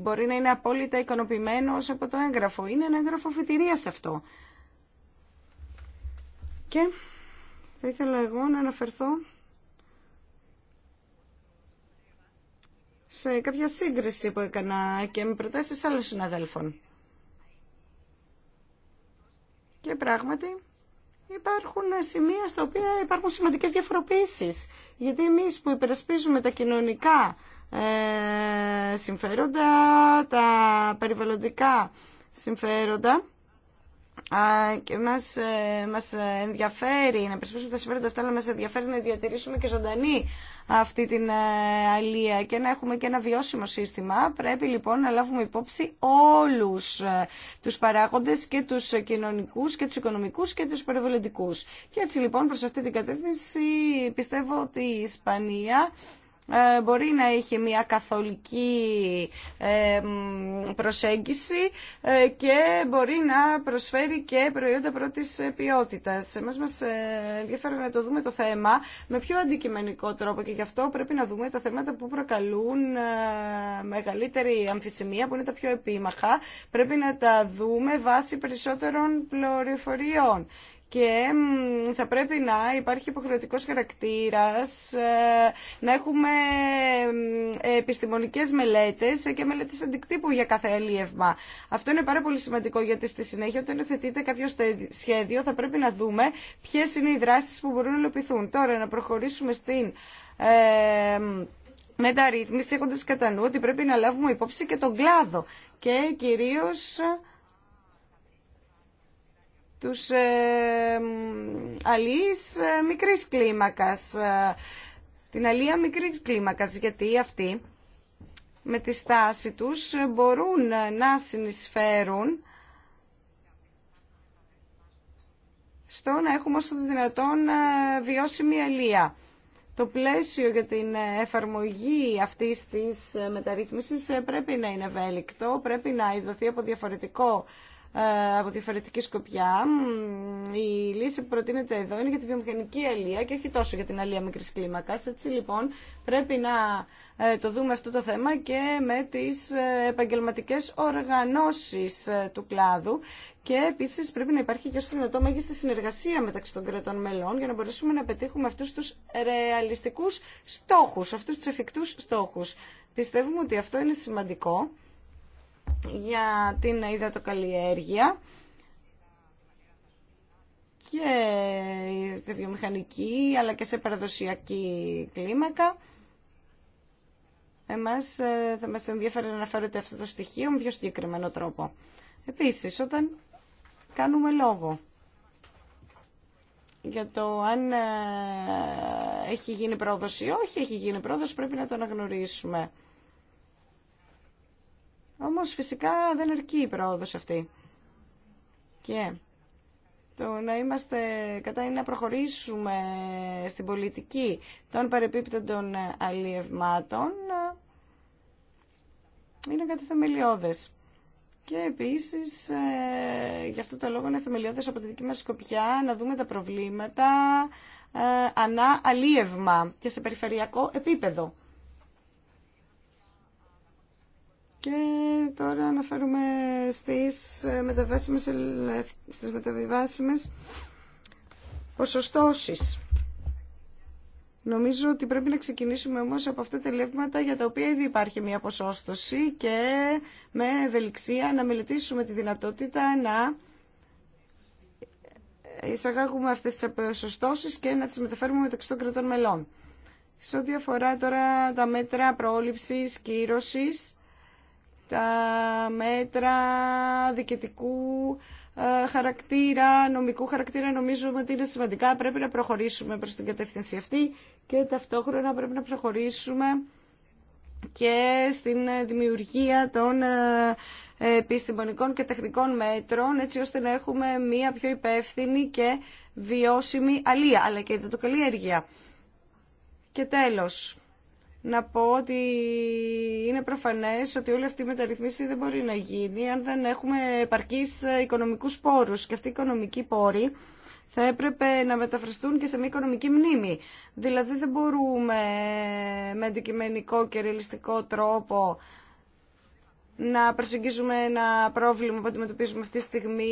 S2: μπορεί να είναι απόλυτα ικανοποιημένος από το έγγραφο. Είναι ένα έγγραφο φοιτηρίας αυτό. Και θα ήθελα εγώ να αναφερθώ σε κάποια σύγκριση που έκανα και με προτάσεις άλλων συναδέλφων. Και πράγματι, υπάρχουν σημεία στα οποία υπάρχουν σημαντικές διαφοροποίησεις. Γιατί εμείς που υπερασπίζουμε τα κοινωνικά ε, συμφέροντα, τα περιβαλλοντικά συμφέροντα, και μας, ε, μας ενδιαφέρει να περισπίσουμε τα συμφέροντα αυτά, αλλά μας ενδιαφέρει να διατηρήσουμε και ζωντανή αυτή την ε, αλία και να έχουμε και ένα βιώσιμο σύστημα. Πρέπει λοιπόν να λάβουμε υπόψη όλους ε, τους παράγοντες και τους κοινωνικούς και τους οικονομικούς και τους περιβαλλοντικούς. Και έτσι λοιπόν προς αυτή την κατεύθυνση πιστεύω ότι η Ισπανία ε, μπορεί να έχει μια καθολική ε, προσέγγιση ε, και μπορεί να προσφέρει και προϊόντα πρώτης ποιότητας. Εμάς μας ενδιαφέρει να το δούμε το θέμα με πιο αντικειμενικό τρόπο και γι' αυτό πρέπει να δούμε τα θέματα που προκαλούν μεγαλύτερη αμφισημία, που είναι τα πιο επίμαχα. Πρέπει να τα δούμε βάσει περισσότερων πληροφοριών και θα πρέπει να υπάρχει υποχρεωτικός χαρακτήρας, ε, να έχουμε επιστημονικές μελέτες και μελέτες αντικτύπου για κάθε ελίευμα. Αυτό είναι πάρα πολύ σημαντικό γιατί στη συνέχεια όταν θετείται κάποιο σχέδιο θα πρέπει να δούμε ποιες είναι οι δράσεις που μπορούν να υλοποιηθούν. Τώρα να προχωρήσουμε στην... Ε, μεταρρύθμιση έχοντας κατά νου ότι πρέπει να λάβουμε υπόψη και τον κλάδο και κυρίως τους ε, αλληλείς ε, μικρής κλίμακας. Ε, την αλία μικρής κλίμακας, γιατί αυτοί με τη στάση τους μπορούν να συνεισφέρουν στο να έχουμε όσο το δυνατόν βιώσιμη αλία. Το πλαίσιο για την εφαρμογή αυτής της μεταρρύθμισης πρέπει να είναι ευέλικτο, πρέπει να ειδωθεί από διαφορετικό ε, από διαφορετική σκοπιά. Η λύση που προτείνεται εδώ είναι για τη βιομηχανική αλία και όχι τόσο για την αλία μικρή κλίμακα. Έτσι λοιπόν πρέπει να ε, το δούμε αυτό το θέμα και με τις ε, επαγγελματικές οργανώσεις του κλάδου και επίσης πρέπει να υπάρχει και στο δυνατό μέγιστη συνεργασία μεταξύ των κρατών μελών για να μπορέσουμε να πετύχουμε αυτούς τους ρεαλιστικούς στόχους, αυτούς τους εφικτούς στόχους. Πιστεύουμε ότι αυτό είναι σημαντικό για την υδατοκαλλιέργεια και στη βιομηχανική αλλά και σε παραδοσιακή κλίμακα. Εμάς ε, θα μας ενδιαφέρει να αναφέρεται αυτό το στοιχείο με πιο συγκεκριμένο τρόπο. Επίσης, όταν κάνουμε λόγο για το αν ε, έχει γίνει πρόοδος ή όχι έχει γίνει πρόοδος, πρέπει να το αναγνωρίσουμε. Όμως φυσικά δεν αρκεί η πρόοδος αυτή. Και το να είμαστε κατά είναι να προχωρήσουμε στην πολιτική των των αλλιευμάτων είναι κάτι θεμελιώδες. Και επίσης, ε, γι' αυτό το λόγο είναι θεμελιώδες από τη δική μας σκοπιά να δούμε τα προβλήματα ε, ανά αλλιεύμα και σε περιφερειακό επίπεδο. Και τώρα αναφέρουμε στις μεταβάσιμες, στις μεταβιβάσιμες ποσοστώσεις. Νομίζω ότι πρέπει να ξεκινήσουμε όμως από αυτά τα ελεύματα για τα οποία ήδη υπάρχει μια ποσόστοση και με ευελιξία να μελετήσουμε τη δυνατότητα να εισαγάγουμε αυτές τις ποσοστώσεις και να τις μεταφέρουμε μεταξύ των κρατών μελών. Σε ό,τι αφορά τώρα τα μέτρα πρόληψης, κύρωσης, τα μέτρα διοικητικού ε, χαρακτήρα, νομικού χαρακτήρα νομίζουμε ότι είναι σημαντικά. Πρέπει να προχωρήσουμε προς την κατεύθυνση αυτή και ταυτόχρονα πρέπει να προχωρήσουμε και στην δημιουργία των ε, επιστημονικών και τεχνικών μέτρων έτσι ώστε να έχουμε μία πιο υπεύθυνη και βιώσιμη αλία αλλά και καλλιέργεια. Και τέλος, να πω ότι είναι προφανές ότι όλη αυτή η μεταρρυθμίση δεν μπορεί να γίνει αν δεν έχουμε επαρκείς ε, οικονομικούς πόρους. Και αυτοί οι οικονομικοί πόροι θα έπρεπε να μεταφραστούν και σε μια οικονομική μνήμη. Δηλαδή δεν μπορούμε ε, με αντικειμενικό και ρεαλιστικό τρόπο να προσεγγίζουμε ένα πρόβλημα που αντιμετωπίζουμε αυτή τη στιγμή,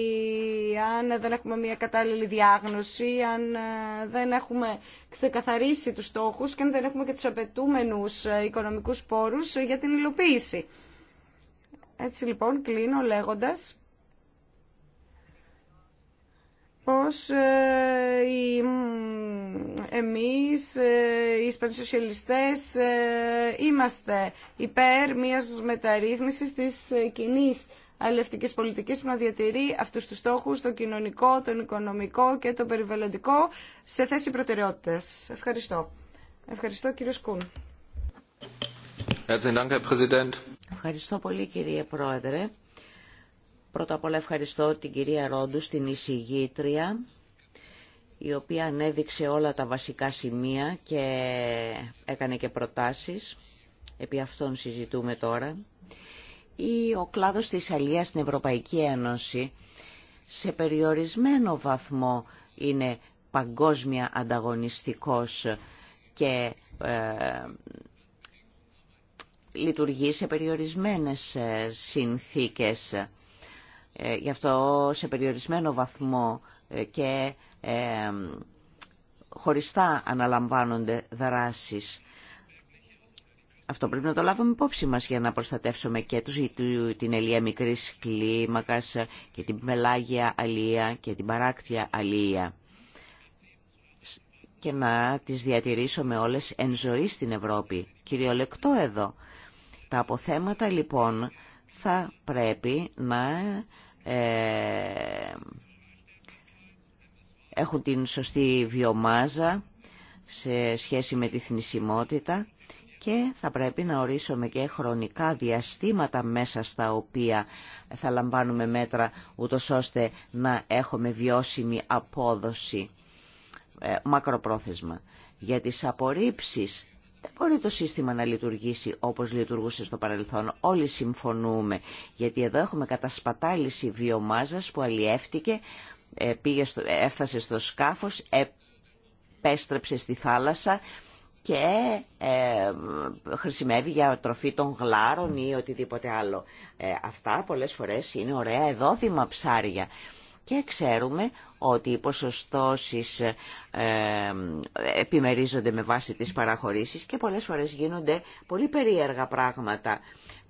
S2: αν δεν έχουμε μια κατάλληλη διάγνωση, αν ε, δεν έχουμε ξεκαθαρίσει τους στόχους και αν δεν έχουμε και τους απαιτούμενους ε, οικονομικούς πόρους για την υλοποίηση. Έτσι λοιπόν κλείνω λέγοντας πως ε, οι, εμείς ε, οι ε, είμαστε υπέρ μιας μεταρρύθμισης της ε, κοινή αλληλευτικής πολιτικής που να διατηρεί αυτούς τους στόχους, το κοινωνικό, το οικονομικό και το περιβαλλοντικό σε θέση προτεραιότητας. Ευχαριστώ. Ευχαριστώ κύριο Σκούν.
S3: Ευχαριστώ πολύ κύριε Πρόεδρε. Πρώτα απ' όλα ευχαριστώ την κυρία Ρόντου, στην εισηγήτρια, η οποία ανέδειξε όλα τα βασικά σημεία και έκανε και προτάσεις. Επί αυτών συζητούμε τώρα. Ή ο κλάδος της αλίας στην Ευρωπαϊκή Ένωση σε περιορισμένο βαθμό είναι παγκόσμια ανταγωνιστικός και ε, λειτουργεί σε περιορισμένες ε, συνθήκες ε, γι' αυτό σε περιορισμένο βαθμό ε, και ε, χωριστά αναλαμβάνονται δράσεις. Αυτό πρέπει να το λάβουμε υπόψη μας για να προστατεύσουμε και τους, την ελία μικρής κλίμακας και την μελάγια αλία και την παράκτια αλία και να τις διατηρήσουμε όλες εν ζωή στην Ευρώπη. Κυριολεκτό εδώ. Τα αποθέματα λοιπόν θα πρέπει να ε, έχουν την σωστή βιομάζα σε σχέση με τη θνησιμότητα και θα πρέπει να ορίσουμε και χρονικά διαστήματα μέσα στα οποία θα λαμβάνουμε μέτρα ούτω ώστε να έχουμε βιώσιμη απόδοση ε, μακροπρόθεσμα. Για τις απορρίψεις δεν μπορεί το σύστημα να λειτουργήσει όπως λειτουργούσε στο παρελθόν. Όλοι συμφωνούμε, γιατί εδώ έχουμε κατασπατάληση βιομάζας που αλλιεύτηκε, ε, πήγε στο, έφτασε στο σκάφος, επέστρεψε στη θάλασσα και ε, χρησιμεύει για τροφή των γλάρων ή οτιδήποτε άλλο. Ε, αυτά πολλές φορές είναι ωραία εδόδημα ψάρια. Και ξέρουμε ότι οι ποσοστώσεις ε, ε, επιμερίζονται με βάση τις παραχωρήσεις και πολλές φορές γίνονται πολύ περίεργα πράγματα.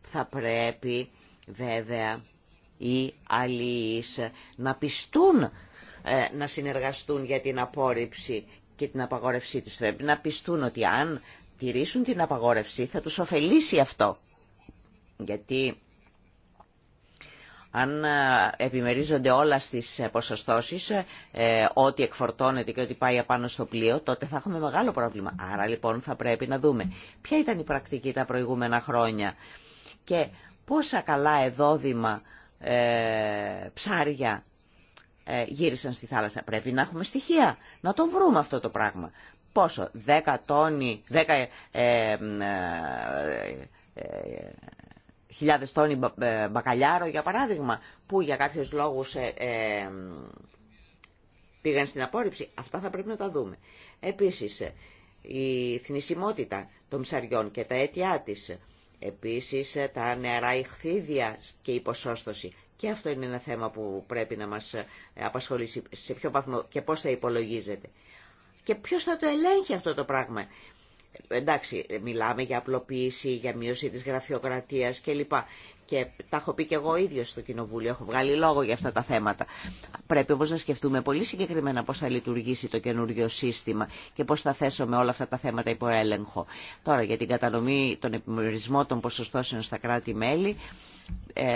S3: Θα πρέπει βέβαια οι αλληλείς να πιστούν ε, να συνεργαστούν για την απόρριψη και την απαγόρευσή τους. Πρέπει να πιστούν ότι αν τηρήσουν την απαγόρευση θα τους ωφελήσει αυτό. Γιατί αν ε, επιμερίζονται όλα στις ε, ποσοστώσεις, ε, ό,τι εκφορτώνεται και ό,τι πάει απάνω στο πλοίο, τότε θα έχουμε μεγάλο πρόβλημα. Άρα λοιπόν θα πρέπει να δούμε ποια ήταν η πρακτική τα προηγούμενα χρόνια και πόσα καλά εδόδημα ψάρια γύρισαν στη θάλασσα. Πρέπει να έχουμε στοιχεία, να το βρούμε αυτό το πράγμα. Πόσο, 10 τόνοι, 10 χιλιάδες τόνοι ε, μπακαλιάρο για παράδειγμα που για κάποιους λόγους ε, ε, πήγαν στην απόρριψη. Αυτά θα πρέπει να τα δούμε. Επίσης η θνησιμότητα των ψαριών και τα αίτια της. Επίσης τα νεαρά ηχθίδια και η ποσόστοση. Και αυτό είναι ένα θέμα που πρέπει να μας απασχολήσει σε ποιο βαθμό και πώς θα υπολογίζεται. Και ποιος θα το ελέγχει αυτό το πράγμα εντάξει, μιλάμε για απλοποίηση, για μείωση της γραφειοκρατίας κλπ. Και τα έχω πει και εγώ ίδιο στο Κοινοβούλιο, έχω βγάλει λόγο για αυτά τα θέματα. Πρέπει όμως να σκεφτούμε πολύ συγκεκριμένα πώς θα λειτουργήσει το καινούργιο σύστημα και πώς θα θέσουμε όλα αυτά τα θέματα υπό έλεγχο. Τώρα για την κατανομή, των επιμερισμών των ποσοστώσεων στα κράτη-μέλη, ε,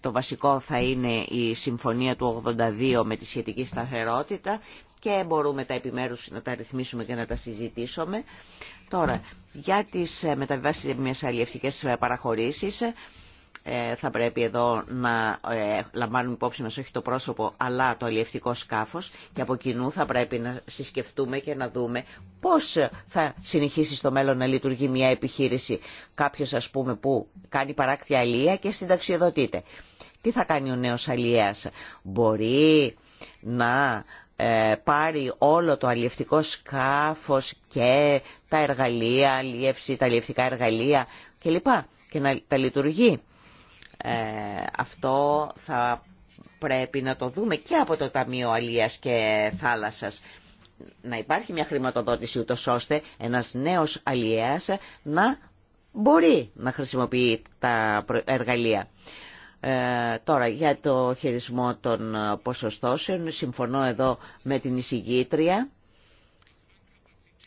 S3: το βασικό θα είναι η συμφωνία του 82 με τη σχετική σταθερότητα και μπορούμε τα επιμέρους να τα ρυθμίσουμε και να τα συζητήσουμε. Τώρα, για τις ε, μεταβιβάσεις μιας αλλιευτικές ε, παραχωρήσεις, ε, θα πρέπει εδώ να λαμβάνουμε υπόψη μας όχι το πρόσωπο αλλά το αλλιευτικό σκάφος και από κοινού θα πρέπει να συσκεφτούμε και να δούμε πώς θα συνεχίσει στο μέλλον να λειτουργεί μια επιχείρηση κάποιος ας πούμε που κάνει παράκτη αλληλεία και συνταξιοδοτείται. Τι θα κάνει ο νέος αλλιέας. Μπορεί να ε, πάρει όλο το αλλιευτικό σκάφος και τα εργαλεία, αλλιεύση, τα αλλιευτικά εργαλεία κλπ. Και να τα λειτουργεί. Ε, αυτό θα πρέπει να το δούμε και από το Ταμείο Αλίας και Θάλασσας. Να υπάρχει μια χρηματοδότηση ούτως ώστε ένας νέος αλιέας να μπορεί να χρησιμοποιεί τα εργαλεία. Ε, τώρα, για το χειρισμό των ε, ποσοστώσεων, συμφωνώ εδώ με την εισηγήτρια.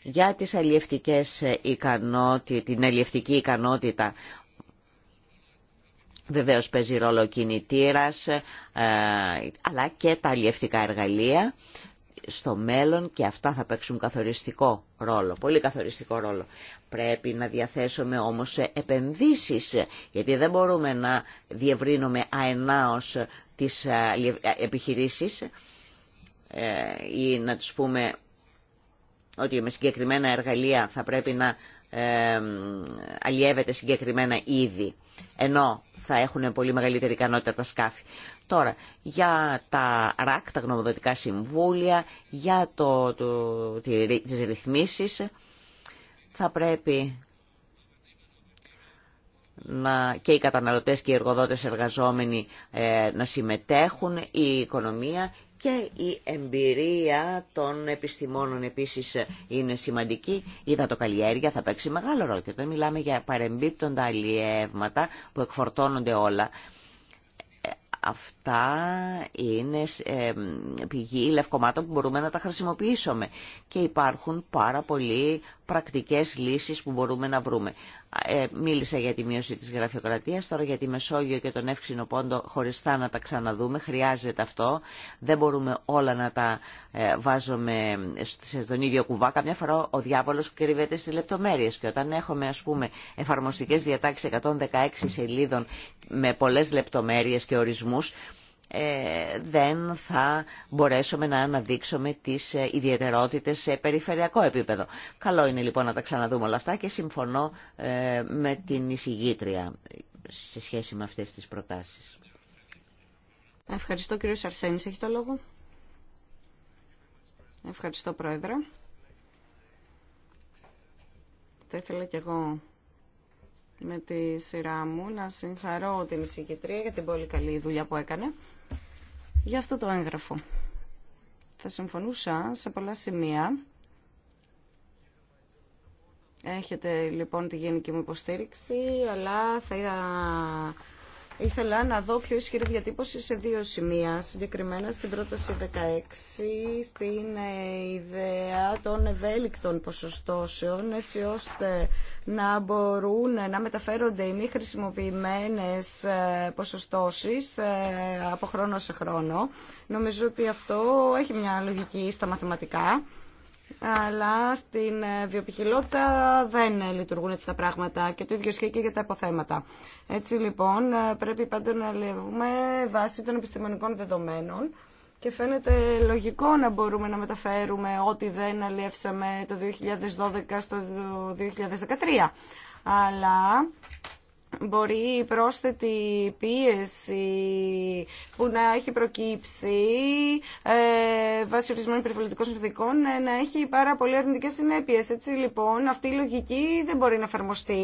S3: Για τις αλλιευτικές ε, ικανότητες, την αλλιευτική ικανότητα, βεβαίως παίζει ρόλο κινητήρας, αλλά και τα αλλιευτικά εργαλεία στο μέλλον και αυτά θα παίξουν καθοριστικό ρόλο, πολύ καθοριστικό ρόλο. Πρέπει να διαθέσουμε όμως επενδύσεις, γιατί δεν μπορούμε να διευρύνουμε αενάως τις ε, ε, επιχειρήσεις ε, ή να τους πούμε ότι με συγκεκριμένα εργαλεία θα πρέπει να αλλιεύεται συγκεκριμένα είδη. Ενώ θα έχουν πολύ μεγαλύτερη ικανότητα τα σκάφη. Τώρα, για τα ΡΑΚ, τα γνωμοδοτικά συμβούλια, για το, το, τις ρυθμίσεις, θα πρέπει να, και οι καταναλωτές και οι εργοδότες εργαζόμενοι ε, να συμμετέχουν, η οικονομία και η εμπειρία των επιστημόνων επίσης είναι σημαντική. Η καλλιέργεια, θα παίξει μεγάλο ρόλο και όταν μιλάμε για παρεμπίπτοντα αλλιεύματα που εκφορτώνονται όλα. Ε, αυτά είναι ε, πηγή λευκομάτων που μπορούμε να τα χρησιμοποιήσουμε. Και υπάρχουν πάρα πολλοί πρακτικές λύσεις που μπορούμε να βρούμε. Ε, μίλησα για τη μείωση της γραφειοκρατίας, τώρα για τη Μεσόγειο και τον Εύξηνο Πόντο χωριστά να τα ξαναδούμε, χρειάζεται αυτό. Δεν μπορούμε όλα να τα ε, βάζουμε στον ίδιο κουβά. Καμιά φορά ο διάβολος κρύβεται στις λεπτομέρειες και όταν έχουμε ας πούμε εφαρμοστικές διατάξεις 116 σελίδων με πολλές λεπτομέρειες και ορισμούς, ε, δεν θα μπορέσουμε να αναδείξουμε τις ε, ιδιαιτερότητες σε περιφερειακό επίπεδο. Καλό είναι λοιπόν να τα ξαναδούμε όλα αυτά και συμφωνώ ε, με την εισηγήτρια σε σχέση με αυτές τις προτάσεις.
S2: Ευχαριστώ κύριο Σαρσένης. Έχει το λόγο. Ευχαριστώ πρόεδρε. Θα ήθελα κι εγώ με τη σειρά μου να συγχαρώ την εισηγητρία για την πολύ καλή δουλειά που έκανε για αυτό το έγγραφο. Θα συμφωνούσα σε πολλά σημεία. Έχετε λοιπόν τη γενική μου υποστήριξη, αλλά θα είδα Ήθελα να δω πιο ισχυρή διατύπωση σε δύο σημεία. Συγκεκριμένα στην πρόταση 16, στην ε, ιδέα των ευέλικτων ποσοστώσεων, έτσι ώστε να μπορούν να μεταφέρονται οι μη χρησιμοποιημένε ε, ποσοστώσει ε, από χρόνο σε χρόνο. Νομίζω ότι αυτό έχει μια λογική στα μαθηματικά αλλά στην ε, βιοπικιλότητα δεν λειτουργούν έτσι τα πράγματα και το ίδιο ισχύει και για τα υποθέματα. Έτσι λοιπόν ε, πρέπει πάντα να λεβούμε βάσει των επιστημονικών δεδομένων και φαίνεται λογικό να μπορούμε να μεταφέρουμε ό,τι δεν αλλιεύσαμε το 2012 στο 2013. Αλλά μπορεί η πρόσθετη πίεση που να έχει προκύψει ε, βάσει ορισμένων περιβαλλοντικών συνθηκών ε, να έχει πάρα πολύ αρνητικές συνέπειες. Έτσι λοιπόν αυτή η λογική δεν μπορεί να εφαρμοστεί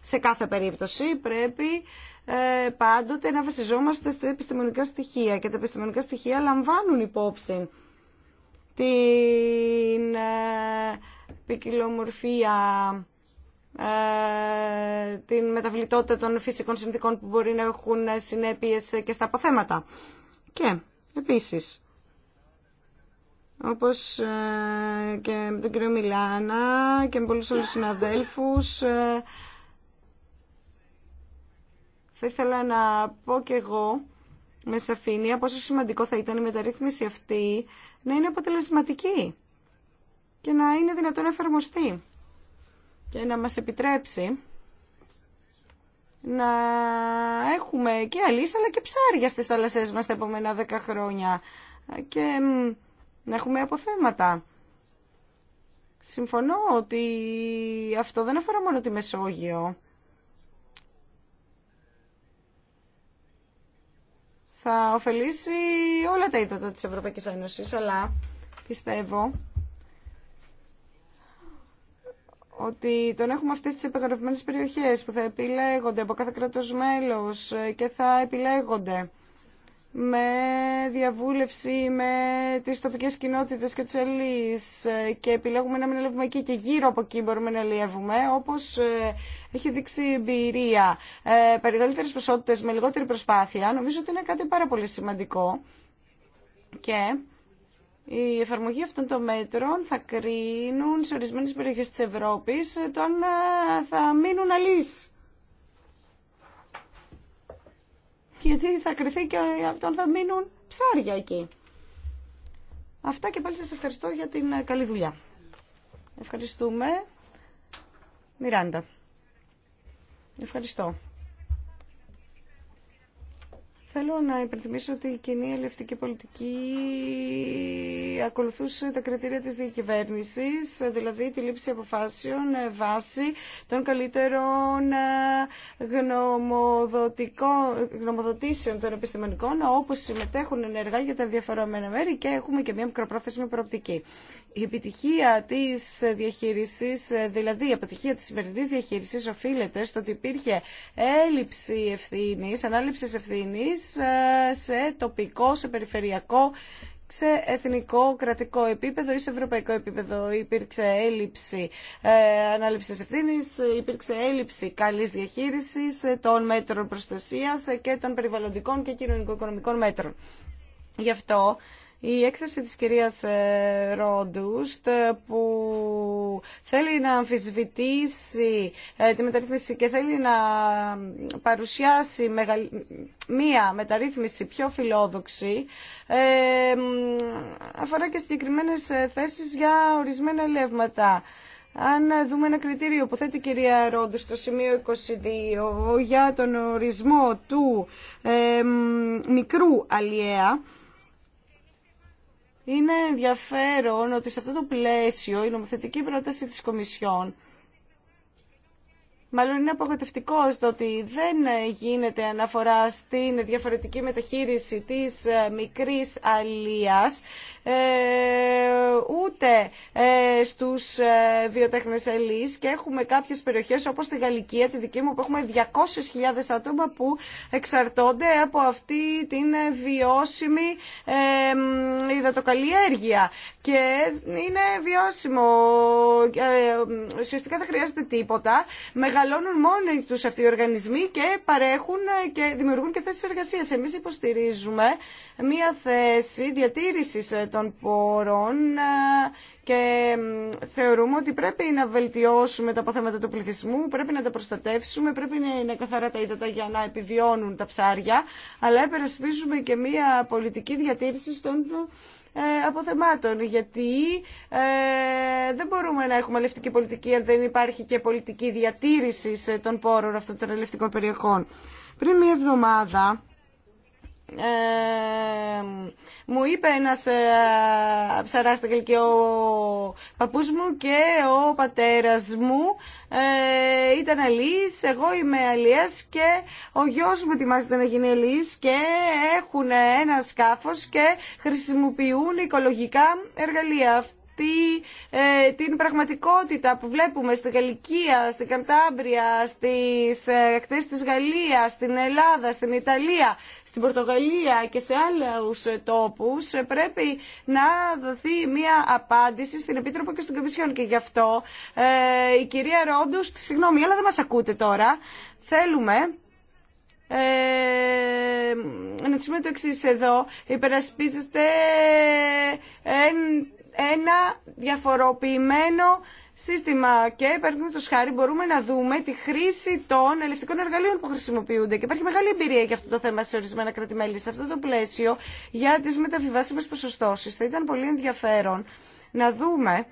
S2: σε κάθε περίπτωση. Πρέπει ε, πάντοτε να βασιζόμαστε στα επιστημονικά στοιχεία και τα επιστημονικά στοιχεία λαμβάνουν υπόψη την ε, ποικιλομορφία ε, την μεταβλητότητα των φυσικών συνθήκων που μπορεί να έχουν συνέπειες και στα αποθέματα. Και επίσης, όπως ε, και με τον κύριο Μιλάνα και με πολλούς άλλους συναδέλφους, ε, θα ήθελα να πω και εγώ με σαφήνεια πόσο σημαντικό θα ήταν η μεταρρύθμιση αυτή να είναι αποτελεσματική και να είναι δυνατόν να εφαρμοστεί και να μας επιτρέψει να έχουμε και αλείς αλλά και ψάρια στις θάλασσές μας τα επόμενα δέκα χρόνια και να έχουμε αποθέματα. Συμφωνώ ότι αυτό δεν αφορά μόνο τη Μεσόγειο. Θα ωφελήσει όλα τα ύδατα της Ευρωπαϊκής Ένωσης, αλλά πιστεύω ότι τον έχουμε αυτές τις επαγγελματικέ περιοχές που θα επιλέγονται από κάθε κράτο μέλο και θα επιλέγονται με διαβούλευση με τις τοπικές κοινότητες και τους ελλεί και επιλέγουμε να μην ελεύουμε εκεί και γύρω από εκεί μπορούμε να ελεύουμε όπως ε, έχει δείξει η εμπειρία ε, περιγαλύτερες με λιγότερη προσπάθεια νομίζω ότι είναι κάτι πάρα πολύ σημαντικό και η εφαρμογή αυτών των μέτρων θα κρίνουν σε ορισμένες περιοχές της Ευρώπης το αν ε, θα μείνουν αλείς. Γιατί θα κρυθεί και από το αν θα μείνουν ψάρια εκεί. Αυτά και πάλι σας ευχαριστώ για την ε, καλή δουλειά. Ευχαριστούμε. Μιράντα. Ευχαριστώ. Θέλω να υπενθυμίσω ότι η κοινή ελευτική πολιτική ακολουθούσε τα κριτήρια της διακυβέρνησης, δηλαδή τη λήψη αποφάσεων ε, βάσει των καλύτερων ε, γνωμοδοτήσεων των επιστημονικών, όπως συμμετέχουν ενεργά για τα διαφορεμένα μέρη και έχουμε και μια μικροπρόθεσμη προοπτική η επιτυχία της διαχείρισης, δηλαδή η αποτυχία της σημερινής διαχείρισης οφείλεται στο ότι υπήρχε έλλειψη ευθύνης, ανάληψη ευθύνης ε, σε τοπικό, σε περιφερειακό σε εθνικό, κρατικό επίπεδο ή σε ευρωπαϊκό επίπεδο υπήρξε έλλειψη ε, ανάληψης ευθύνης, υπήρξε έλλειψη καλής διαχείρισης ε, των μέτρων προστασίας ε, και των περιβαλλοντικών και κοινωνικο-οικονομικών μέτρων. Γι' αυτό η έκθεση της κυρίας ε, Ρόντουστ ε, που θέλει να αμφισβητήσει ε, τη μεταρρύθμιση και θέλει να παρουσιάσει μία μεταρρύθμιση πιο φιλόδοξη αφορά και συγκεκριμένες θέσεις για ορισμένα ελεύματα. Αν δούμε ένα κριτήριο που θέτει η κυρία Ρόντου στο σημείο 22 για τον ορισμό του μικρού αλιέα, είναι ενδιαφέρον ότι σε αυτό το πλαίσιο η νομοθετική πρόταση της Κομισιόν Μάλλον είναι απογοητευτικό το ότι δεν γίνεται αναφορά στην διαφορετική μεταχείριση της ε, μικρής αλίας ε, ούτε ε, στους βιοτέχνες αλής και έχουμε κάποιες περιοχές όπως τη Γαλλικία, τη δική μου, που έχουμε 200.000 άτομα που εξαρτώνται από αυτή την βιώσιμη υδατοκαλλιέργεια και είναι βιώσιμο ουσιαστικά δεν χρειάζεται τίποτα μεγαλώνουν μόνοι τους αυτοί οι οργανισμοί και παρέχουν ε, και δημιουργούν και θέσεις εργασίας. Εμείς υποστηρίζουμε μία θέση διατήρησης ε, των πόρων ε, και θεωρούμε ότι πρέπει να βελτιώσουμε τα αποθέματα του πληθυσμού, πρέπει να τα προστατεύσουμε, πρέπει να είναι καθαρά τα ύδατα για να επιβιώνουν τα ψάρια, αλλά επερασπίζουμε και μία πολιτική διατήρηση των ε, αποθεμάτων. Γιατί ε, δεν μπορούμε να έχουμε ελευτική πολιτική αν δεν υπάρχει και πολιτική διατήρηση των πόρων αυτών των ελευτικών περιοχών. Πριν μία εβδομάδα ε, μου είπε ένας ε, ψαράς ο παππούς μου και ο πατέρας μου ε, ήταν αλής, εγώ είμαι αλίας και ο γιος μου ετοιμάζεται να γίνει και έχουν ένα σκάφος και χρησιμοποιούν οικολογικά εργαλεία. Ε, την πραγματικότητα που βλέπουμε στην Γαλλικία, στην Καντάμπρια, στις ε, της Γαλλίας, στην Ελλάδα, στην Ιταλία, στην Πορτογαλία και σε άλλους ε, τόπους ε, πρέπει να δοθεί μια απάντηση στην Επίτροπο και στον Κομισιόν και γι' αυτό ε, η κυρία Ρόντους, συγγνώμη αλλά δεν μας ακούτε τώρα, θέλουμε ε, να σημαίνει το εδώ. Υπερασπίζεστε ένα διαφοροποιημένο σύστημα και το χάρη μπορούμε να δούμε τη χρήση των ελευτικών εργαλείων που χρησιμοποιούνται. Και υπάρχει μεγάλη εμπειρία για αυτό το θέμα σε ορισμένα κρατημέλη. Σε αυτό το πλαίσιο για τις μεταβιβάσιμε ποσοστώσει θα ήταν πολύ ενδιαφέρον να δούμε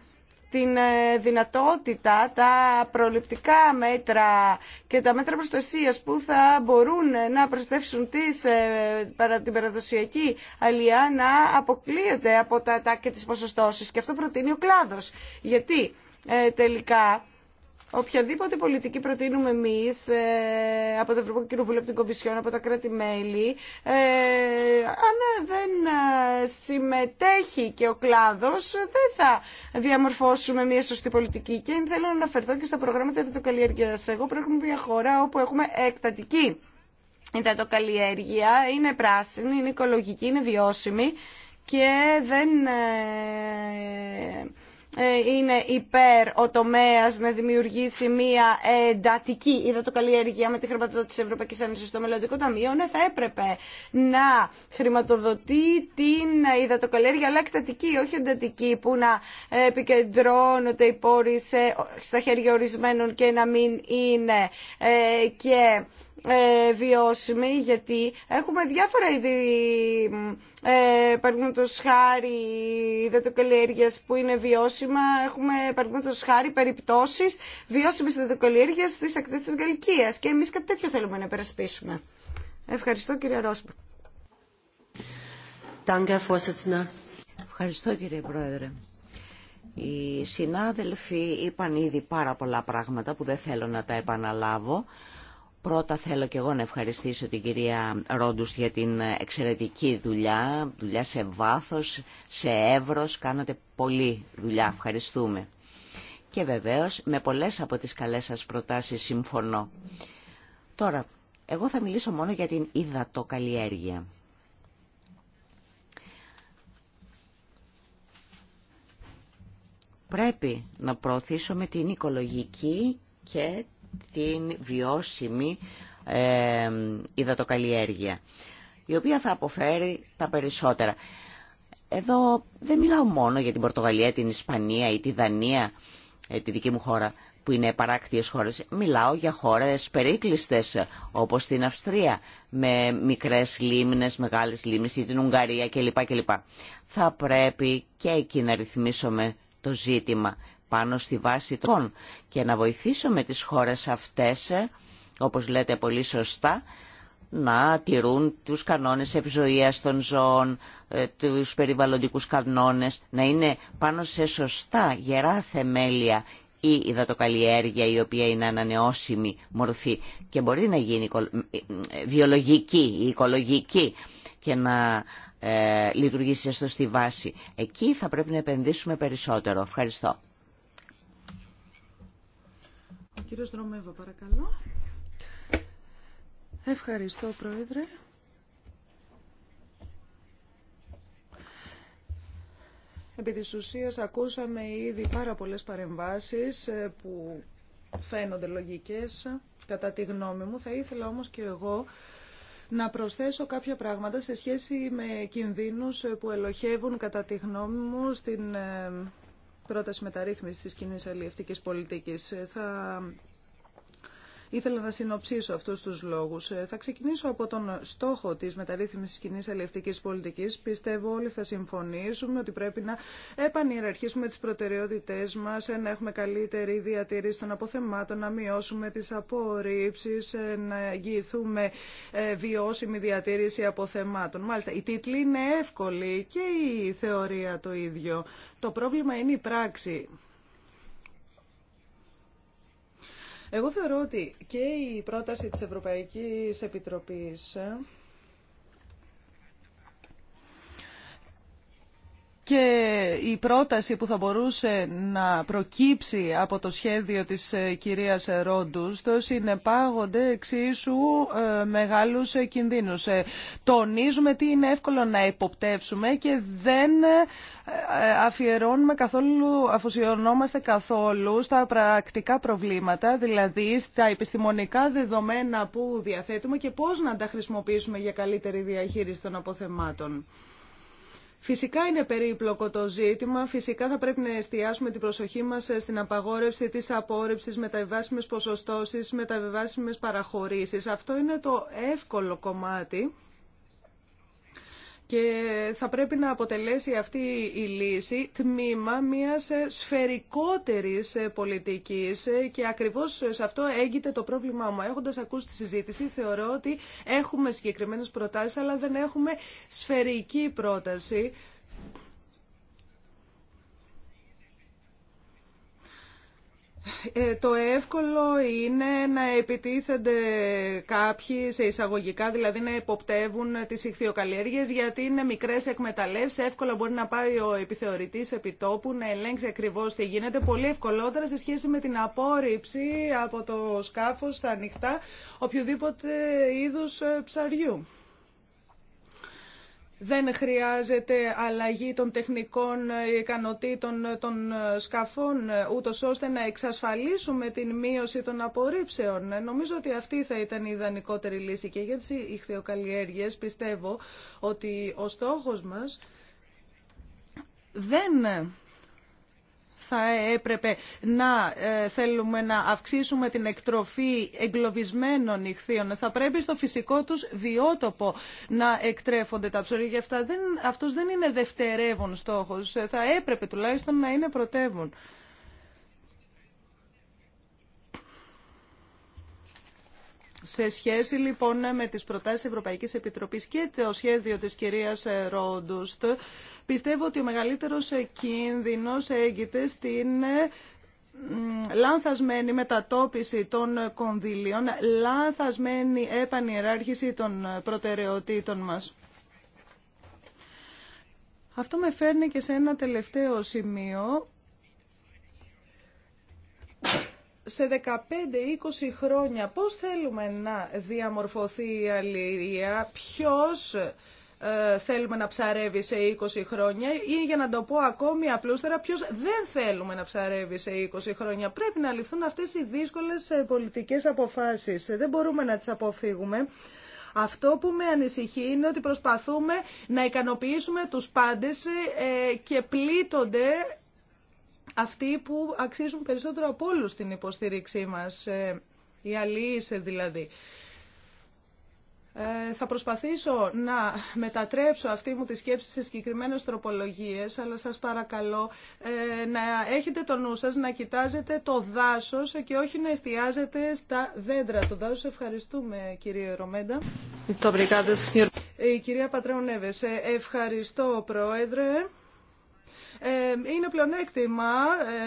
S2: την ε, δυνατότητα, τα προληπτικά μέτρα και τα μέτρα προστασίας που θα μπορούν να προστατεύσουν τις, ε, την παραδοσιακή αλία να αποκλείεται από τα τάκια τις ποσοστώσεις. Και αυτό προτείνει ο κλάδος. Γιατί ε, τελικά Οποιαδήποτε πολιτική προτείνουμε εμεί ε, από το Ευρωπαϊκό Κοινοβούλιο, από την Κομισιόν, από τα κράτη-μέλη, ε, αν δεν ε, συμμετέχει και ο κλάδο, δεν θα διαμορφώσουμε μια σωστή πολιτική. Και θέλω να αναφερθώ και στα προγράμματα διτοκαλλιέργεια. Εγώ προέρχομαι μια χώρα όπου έχουμε εκτατική υδατοκαλλιέργεια. Είναι πράσινη, είναι οικολογική, είναι βιώσιμη και δεν. Ε, ε, είναι υπέρ ο τομέα να δημιουργήσει μια εντατική υδατοκαλλιέργεια με τη χρηματοδότηση τη Ευρωπαϊκή Ένωση στο μελλοντικό ταμείο, ναι, θα έπρεπε να χρηματοδοτεί την υδατοκαλλιέργεια, αλλά εκτατική, όχι εντατική, που να επικεντρώνονται οι πόροι στα χέρια ορισμένων και να μην είναι ε, και ε, βιώσιμη γιατί έχουμε διάφορα είδη ε, παραδείγματο χάρη δεδοκαλλιέργεια που είναι βιώσιμα έχουμε το χάρη περιπτώσει βιώσιμη δεδοκαλλιέργεια στις ακτέ τη Γαλλικία. και εμεί κάτι τέτοιο θέλουμε να περασπίσουμε. Ευχαριστώ κύριε Ρόσπα.
S3: Ευχαριστώ κύριε Πρόεδρε. Οι συνάδελφοι είπαν ήδη πάρα πολλά πράγματα που δεν θέλω να τα επαναλάβω. Πρώτα θέλω και εγώ να ευχαριστήσω την κυρία Ρόντους για την εξαιρετική δουλειά, δουλειά σε βάθος, σε εύρος, κάνατε πολλή δουλειά, ευχαριστούμε. Και βεβαίως με πολλές από τις καλές σας προτάσεις συμφωνώ. Τώρα, εγώ θα μιλήσω μόνο για την υδατοκαλλιέργεια. Πρέπει να προωθήσουμε την οικολογική και την βιώσιμη ε, υδατοκαλλιέργεια, η οποία θα αποφέρει τα περισσότερα. Εδώ δεν μιλάω μόνο για την Πορτογαλία, την Ισπανία ή τη Δανία, ε, τη δική μου χώρα, που είναι παράκτιες χώρες. Μιλάω για χώρες περίκλειστες, όπως την Αυστρία, με μικρές λίμνες, μεγάλες λίμνες ή την Ουγγαρία κλπ. Θα πρέπει και εκεί να ρυθμίσουμε το ζήτημα πάνω στη βάση των και να βοηθήσουμε τις χώρες αυτές, ε, όπως λέτε πολύ σωστά, να τηρούν τους κανόνες ευζοίας των ζώων, ε, τους περιβαλλοντικούς κανόνες, να είναι πάνω σε σωστά γερά θεμέλια η υδατοκαλλιέργεια η οποία είναι ανανεώσιμη μορφή και μπορεί να γίνει ε, βιολογική ή οικολογική και να ε, λειτουργήσει έστω στη βάση. Εκεί θα πρέπει να επενδύσουμε περισσότερο. Ευχαριστώ.
S1: Ο κύριος Δρομεύα, παρακαλώ. Ευχαριστώ, Πρόεδρε. Επί της ουσίας ακούσαμε ήδη πάρα πολλές παρεμβάσεις ε, που φαίνονται λογικές κατά τη γνώμη μου. Θα ήθελα όμως και εγώ να προσθέσω κάποια πράγματα σε σχέση με κινδύνους ε, που ελοχεύουν κατά τη γνώμη μου στην ε, πρόταση μεταρρύθμισης της κοινή αλληλευτικής πολιτικής. Ε, θα Ήθελα να συνοψίσω αυτούς τους λόγους. Ε, θα ξεκινήσω από τον στόχο της μεταρρύθμισης κοινή αλληλευτικής πολιτικής. Πιστεύω όλοι θα συμφωνήσουμε ότι πρέπει να επανειεραρχήσουμε τις προτεραιότητές μας, ε, να έχουμε καλύτερη διατήρηση των αποθεμάτων, να μειώσουμε τις απορρίψεις, ε, να εγγυηθούμε βιώσιμη διατήρηση αποθεμάτων. Μάλιστα, η τίτλοι είναι εύκολη και η θεωρία το ίδιο. Το πρόβλημα είναι η πράξη. Εγώ θεωρώ ότι και η πρόταση της Ευρωπαϊκής Επιτροπής και η πρόταση που θα μπορούσε να προκύψει από το σχέδιο της ε, κυρίας Ρόντους το συνεπάγονται εξίσου ε, μεγάλους ε, κινδύνους. Τονίζουμε τι είναι εύκολο να υποπτεύσουμε και δεν αφιερώνουμε καθόλου, αφοσιωνόμαστε καθόλου στα πρακτικά προβλήματα, δηλαδή στα επιστημονικά δεδομένα που διαθέτουμε και πώς να τα χρησιμοποιήσουμε για καλύτερη διαχείριση των αποθεμάτων. Φυσικά είναι περίπλοκο το ζήτημα. Φυσικά θα πρέπει να εστιάσουμε την προσοχή μας στην απαγόρευση της απόρριψης, μεταβιβάσιμε ποσοστώσεις, μεταβιβάσιμε παραχωρήσεις. Αυτό είναι το εύκολο κομμάτι και θα πρέπει να αποτελέσει αυτή η λύση τμήμα μιας ε, σφαιρικότερης ε, πολιτικής ε, και ακριβώς σε αυτό έγκυται το πρόβλημά μου. Έχοντας ακούσει τη συζήτηση θεωρώ ότι έχουμε συγκεκριμένες προτάσεις αλλά δεν έχουμε σφαιρική πρόταση Ε, το εύκολο είναι να επιτίθενται κάποιοι σε εισαγωγικά, δηλαδή να υποπτεύουν τις ηχθειοκαλλιέργειες, γιατί είναι μικρές εκμεταλλεύσεις, εύκολα μπορεί να πάει ο επιθεωρητής επιτόπου να ελέγξει ακριβώς τι γίνεται, πολύ ευκολότερα σε σχέση με την απόρριψη από το σκάφος στα ανοιχτά οποιοδήποτε είδους ψαριού δεν χρειάζεται αλλαγή των τεχνικών ικανοτήτων των σκαφών, ούτως ώστε να εξασφαλίσουμε την μείωση των απορρίψεων. Νομίζω ότι αυτή θα ήταν η ιδανικότερη λύση και για τις ηχθειοκαλλιέργειες πιστεύω ότι ο στόχος μας δεν θα έπρεπε να ε, θέλουμε να αυξήσουμε την εκτροφή εγκλωβισμένων ηχθείων. Θα πρέπει στο φυσικό τους βιότοπο να εκτρέφονται τα ψωρία. Γι' δεν, αυτός δεν είναι δευτερεύον στόχος. Θα έπρεπε τουλάχιστον να είναι πρωτεύον. Σε σχέση λοιπόν με τις προτάσεις Ευρωπαϊκής Επιτροπής και το σχέδιο της κυρίας Ρόντουστ, πιστεύω ότι ο μεγαλύτερος κίνδυνος έγκυται στην λανθασμένη μετατόπιση των κονδύλιων, λανθασμένη επανειεράρχηση των προτεραιοτήτων μας. Αυτό με φέρνει και σε ένα τελευταίο σημείο σε 15-20 χρόνια πώς θέλουμε να διαμορφωθεί η αλληλεία, ποιος ε, θέλουμε να ψαρεύει σε 20 χρόνια ή για να το πω ακόμη απλούστερα ποιος δεν θέλουμε να ψαρεύει σε 20 χρόνια. Πρέπει να ληφθούν αυτές οι δύσκολες ε, πολιτικές αποφάσεις. Δεν μπορούμε να τις αποφύγουμε. Αυτό που με ανησυχεί είναι ότι προσπαθούμε να ικανοποιήσουμε τους πάντες ε, και πλήττονται αυτοί που αξίζουν περισσότερο από όλου την υποστήριξή μας, ε, οι αλληλείς ε, δηλαδή. Ε, θα προσπαθήσω να μετατρέψω αυτή μου τη σκέψη σε συγκεκριμένε τροπολογίες, αλλά σας παρακαλώ να έχετε το νου σας, να κοιτάζετε το δάσος και όχι να εστιάζετε στα δέντρα Το δάσους. Ευχαριστούμε κύριε Ρομέντα. Η κυρία Πατρέων Εύεσε, ευχαριστώ πρόεδρε. Ε, είναι πλεονέκτημα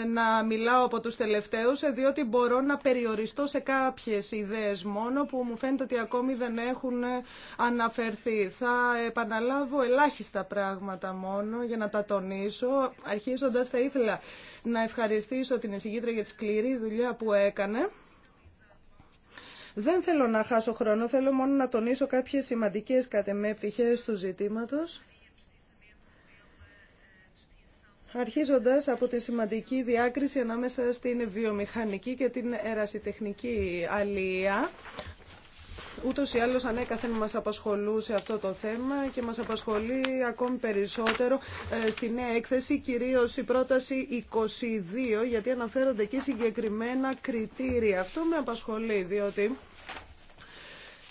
S1: ε, να μιλάω από τους τελευταίους, ε, διότι μπορώ να περιοριστώ σε κάποιες ιδέες μόνο που μου φαίνεται ότι ακόμη δεν έχουν αναφερθεί. Θα επαναλάβω ελάχιστα πράγματα μόνο για να τα τονίσω. Αρχίζοντας θα ήθελα να ευχαριστήσω την εισηγήτρια για τη σκληρή δουλειά που έκανε. Δεν θέλω να χάσω χρόνο, θέλω μόνο να τονίσω κάποιες σημαντικές κατεμεύτυχες του ζητήματος αρχίζοντας από τη σημαντική διάκριση ανάμεσα στην βιομηχανική και την ερασιτεχνική αλία. ούτω ή άλλως ανέκαθεν μας απασχολούσε αυτό το θέμα και μας απασχολεί ακόμη περισσότερο ε, στη νέα έκθεση, κυρίως η πρόταση 22, γιατί αναφέρονται εκεί συγκεκριμένα κριτήρια. Αυτό με απασχολεί, διότι...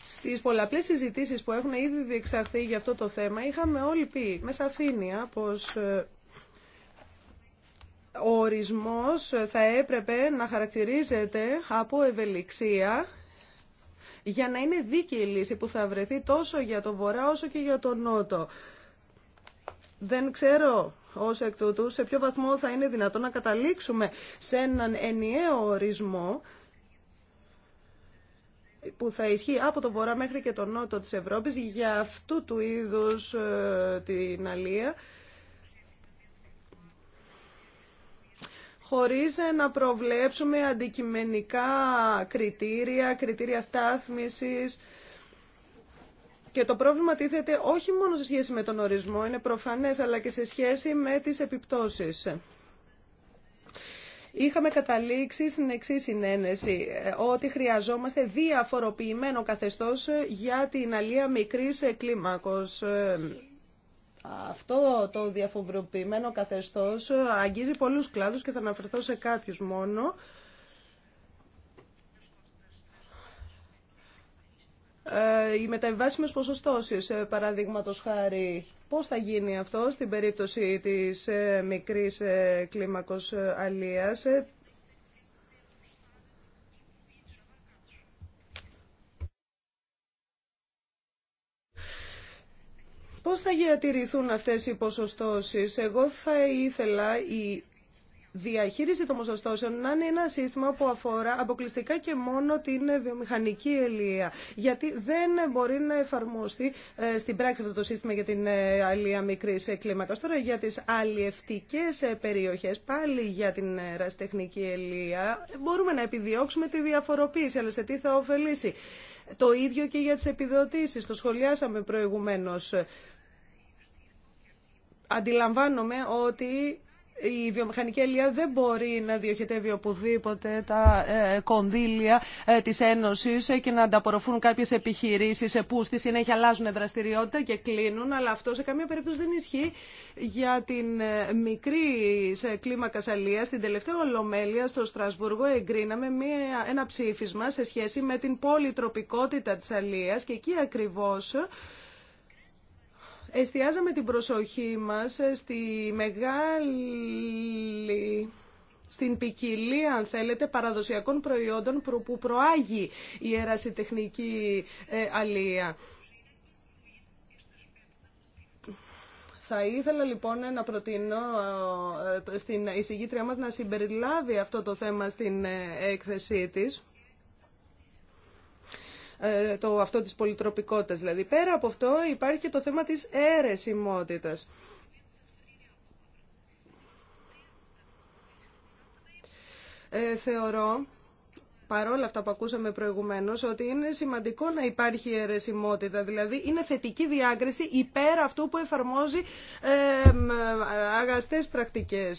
S1: Στι πολλαπλέ συζητήσει που έχουν ήδη διεξαχθεί για αυτό το θέμα, είχαμε όλοι πει με σαφήνεια πω ε, ο ορισμός θα έπρεπε να χαρακτηρίζεται από ευελιξία για να είναι δίκαιη η λύση που θα βρεθεί τόσο για τον Βορρά όσο και για τον Νότο. Δεν ξέρω ως εκ τούτου σε ποιο βαθμό θα είναι δυνατόν να καταλήξουμε σε έναν ενιαίο ορισμό που θα ισχύει από το Βορρά μέχρι και τον Νότο της Ευρώπης για αυτού του είδους ε, την αλία χωρίς ε, να προβλέψουμε αντικειμενικά κριτήρια, κριτήρια στάθμισης. Και το πρόβλημα τίθεται όχι μόνο σε σχέση με τον ορισμό, είναι προφανές, αλλά και σε σχέση με τις επιπτώσεις. Είχαμε καταλήξει στην εξή συνένεση, ε, ότι χρειαζόμαστε διαφοροποιημένο καθεστώς για την αλία μικρής κλίμακος. Ε, αυτό το διαφοβροποιημένο καθεστώς αγγίζει πολλούς κλάδους και θα αναφερθώ σε κάποιους μόνο. Ε, οι μεταβιβάσιμες ποσοστώσεις, παραδείγματο παραδείγματος χάρη, πώς θα γίνει αυτό στην περίπτωση της ε, μικρής ε, κλίμακος αλίας. Πώς θα διατηρηθούν αυτές οι ποσοστώσεις. Εγώ θα ήθελα η διαχείριση των ποσοστώσεων να είναι ένα σύστημα που αφορά αποκλειστικά και μόνο την βιομηχανική ελεία. Γιατί δεν μπορεί να εφαρμοστεί ε, στην πράξη αυτό το σύστημα για την ε, αλεία μικρή κλίμακα. Τώρα για τι αλλιευτικέ ε, περιοχέ, πάλι για την ραστεχνική ελεία, μπορούμε να επιδιώξουμε τη διαφοροποίηση, αλλά σε τι θα ωφελήσει. Το ίδιο και για τις επιδοτήσεις. Το σχολιάσαμε προηγουμένως αντιλαμβάνομαι ότι η βιομηχανική αλληλεία δεν μπορεί να διοχετεύει οπουδήποτε τα ε, κονδύλια ε, της Ένωσης ε, και να ανταπορροφούν κάποιες επιχειρήσεις που στη συνέχεια αλλάζουν δραστηριότητα και κλείνουν, αλλά αυτό σε καμία περίπτωση δεν ισχύει για την μικρή κλίμακα αλληλεία. Στην τελευταία ολομέλεια στο Στρασβούργο εγκρίναμε μία, ένα ψήφισμα σε σχέση με την πολυτροπικότητα της αλείας και εκεί ακριβώς εστιάζαμε την προσοχή μας στη μεγάλη στην ποικιλία, αν θέλετε, παραδοσιακών προϊόντων που προάγει η τεχνική ε, αλία. Θα ήθελα λοιπόν να προτείνω ε, στην εισηγήτρια μας να συμπεριλάβει αυτό το θέμα στην ε, έκθεσή της. Ε, το, αυτό της πολυτροπικότητας. Δηλαδή πέρα από αυτό υπάρχει και το θέμα της αίρεσιμότητας. Ε, θεωρώ παρόλα αυτά που ακούσαμε προηγουμένως, ότι είναι σημαντικό να υπάρχει αιρεσιμότητα. Δηλαδή, είναι θετική διάκριση υπέρ αυτού που εφαρμόζει ε, αγαστέ πρακτικέ.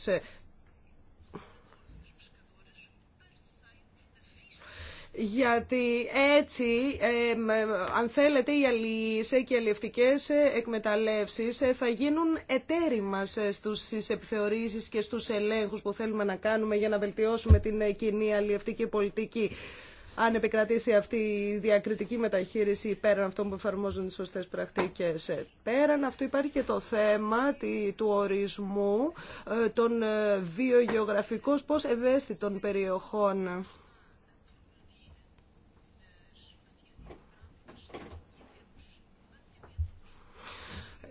S1: γιατί έτσι, αν θέλετε, οι αλληλείς και οι αλληλευτικές εκμεταλλεύσεις θα γίνουν εταίροι μας στις επιθεωρήσεις και στους ελέγχους που θέλουμε να κάνουμε για να βελτιώσουμε την κοινή αλληλευτική πολιτική. Αν επικρατήσει αυτή η διακριτική μεταχείριση πέραν αυτών που εφαρμόζουν τις σωστές πρακτικές. Πέραν αυτού υπάρχει και το θέμα του ορισμού ε, των ε, βιογεωγραφικών πώς ευαίσθητων περιοχών.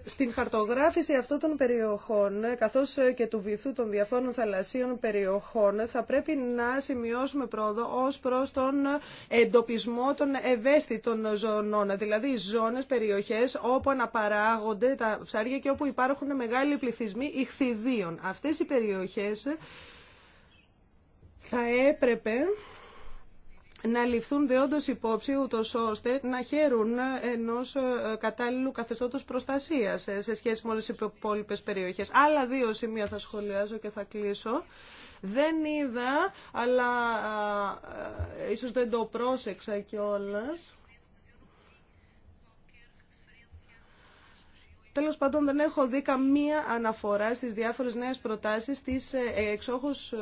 S1: Στην χαρτογράφηση αυτών των περιοχών, καθώς και του βυθού των διαφόρων θαλασσίων περιοχών, θα πρέπει να σημειώσουμε πρόοδο ως προς τον εντοπισμό των ευαίσθητων ζωνών, δηλαδή ζώνες, περιοχές όπου αναπαράγονται τα ψάρια και όπου υπάρχουν μεγάλοι πληθυσμοί ηχθιδίων. Αυτές οι περιοχές θα έπρεπε να ληφθούν δεόντως υπόψη ούτως ώστε να χαίρουν ενός ε, κατάλληλου καθεστώτος προστασίας σε σχέση με όλες τις υπόλοιπες περιοχές. Άλλα δύο σημεία θα σχολιάζω και θα κλείσω. Δεν είδα, αλλά α, ε, ίσως δεν το πρόσεξα κιόλας. Τέλος πάντων δεν έχω δει καμία αναφορά στις διάφορες νέες προτάσεις, της ε, εξόχους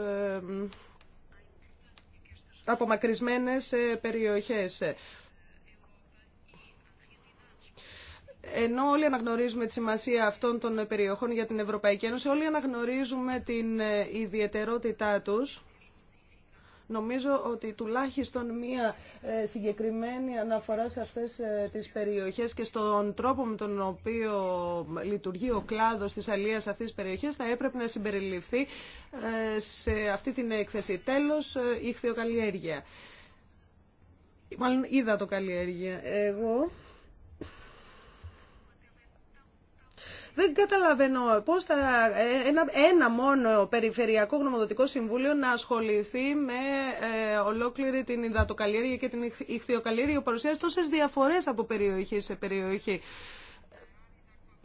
S1: απομακρυσμένες ε, περιοχές. Ε, ενώ όλοι αναγνωρίζουμε τη σημασία αυτών των περιοχών για την Ευρωπαϊκή Ένωση, όλοι αναγνωρίζουμε την ε, ιδιαιτερότητά τους Νομίζω ότι τουλάχιστον μία ε, συγκεκριμένη αναφορά σε αυτές ε, τις περιοχές και στον τρόπο με τον οποίο λειτουργεί ο κλάδος της αλίας αυτής της περιοχής θα έπρεπε να συμπεριληφθεί ε, σε αυτή την έκθεση. Τέλος, η χθιοκαλλιέργεια. Μάλλον είδα το καλλιέργεια. Εγώ Δεν καταλαβαίνω πώς θα ένα, ένα μόνο περιφερειακό γνωμοδοτικό συμβούλιο να ασχοληθεί με ε, ολόκληρη την υδατοκαλλιέργεια και την ηχθειοκαλλιέργεια που παρουσιάζει τόσε διαφορές από περιοχή σε περιοχή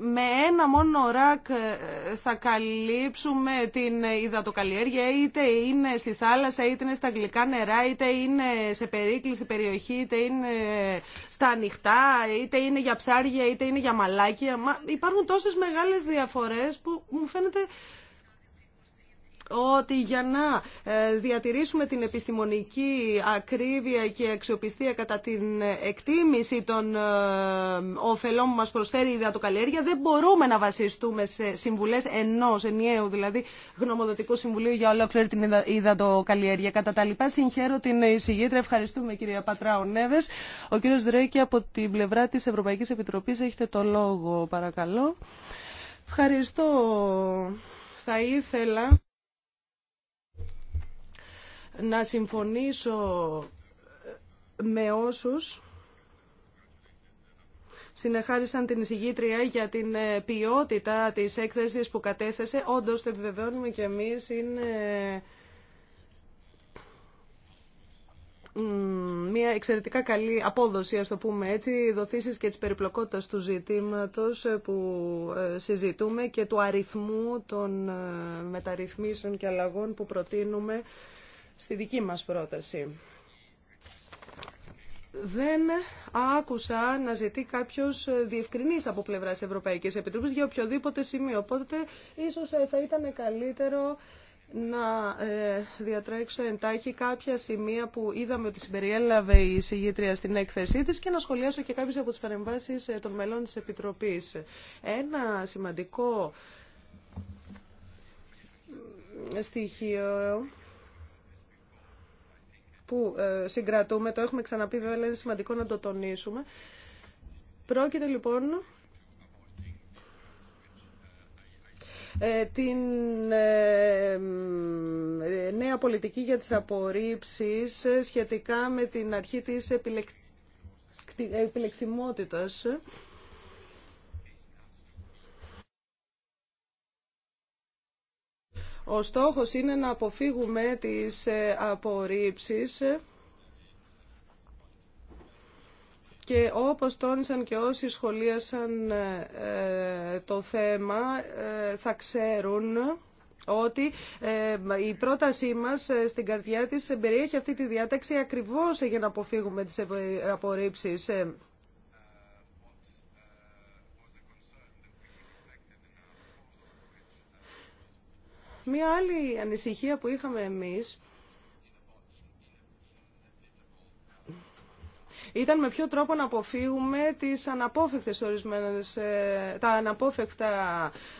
S1: με ένα μόνο ρακ ε, θα καλύψουμε την υδατοκαλλιέργεια είτε είναι στη θάλασσα, είτε είναι στα γλυκά νερά, είτε είναι σε περίκληση περιοχή, είτε είναι στα ανοιχτά, είτε είναι για ψάρια, είτε είναι για μαλάκια. υπάρχουν τόσες μεγάλες διαφορές που μου φαίνεται ότι για να ε, διατηρήσουμε την επιστημονική ακρίβεια και αξιοπιστία κατά την εκτίμηση των ε, ωφελών που μας προσφέρει η ιδεατοκαλλιέργεια δεν μπορούμε να βασιστούμε σε συμβουλές ενός ενιαίου δηλαδή γνωμοδοτικού συμβουλίου για ολόκληρη την ιδεατοκαλλιέργεια. Κατά τα λοιπά συγχαίρω την εισηγήτρια. Ευχαριστούμε κυρία Πατράου Νέβες. Ο κύριος Δρέκη από την πλευρά της Ευρωπαϊκής Επιτροπής έχετε το λόγο παρακαλώ. Ευχαριστώ. Θα ήθελα να συμφωνήσω με όσους συνεχάρισαν την εισηγήτρια για την ε, ποιότητα της έκθεσης που κατέθεσε. Όντως, το επιβεβαιώνουμε και εμείς, είναι μια εξαιρετικά καλή απόδοση, ας το πούμε έτσι, δοθήσεις και της περιπλοκότητας του ζητήματος ε, που ε, συζητούμε και του αριθμού των μεταρρυθμίσεων και αλλαγών που προτείνουμε στη δική μας πρόταση. Δεν άκουσα να ζητεί κάποιο διευκρινή από πλευρά Ευρωπαϊκή Επιτροπή για οποιοδήποτε σημείο. Οπότε, ίσω ε, θα ήταν καλύτερο να ε, διατρέξω εντάχει κάποια σημεία που είδαμε ότι συμπεριέλαβε η συγγήτρια στην έκθεσή της και να σχολιάσω και κάποιες από τις παρεμβάσεις ε, των μελών της Επιτροπής. Ένα σημαντικό στοιχείο που ε, συγκρατούμε, το έχουμε ξαναπεί βέβαια, είναι σημαντικό να το τονίσουμε. Πρόκειται λοιπόν ε, την ε, νέα πολιτική για τις απορρίψεις σχετικά με την αρχή της επιλεξιμότητας Ο στόχος είναι να αποφύγουμε τις ε, απορρίψεις και όπως τόνισαν και όσοι σχολίασαν ε, ε, το θέμα θα ξέρουν ότι η πρότασή μας στην καρδιά της περιέχει αυτή τη διάταξη ακριβώς για να αποφύγουμε τις απορρίψεις. Μία άλλη ανησυχία που είχαμε εμείς ήταν με ποιο τρόπο να αποφύγουμε τις αναπόφευκτες ορισμένες, ε, τα αναπόφευκτα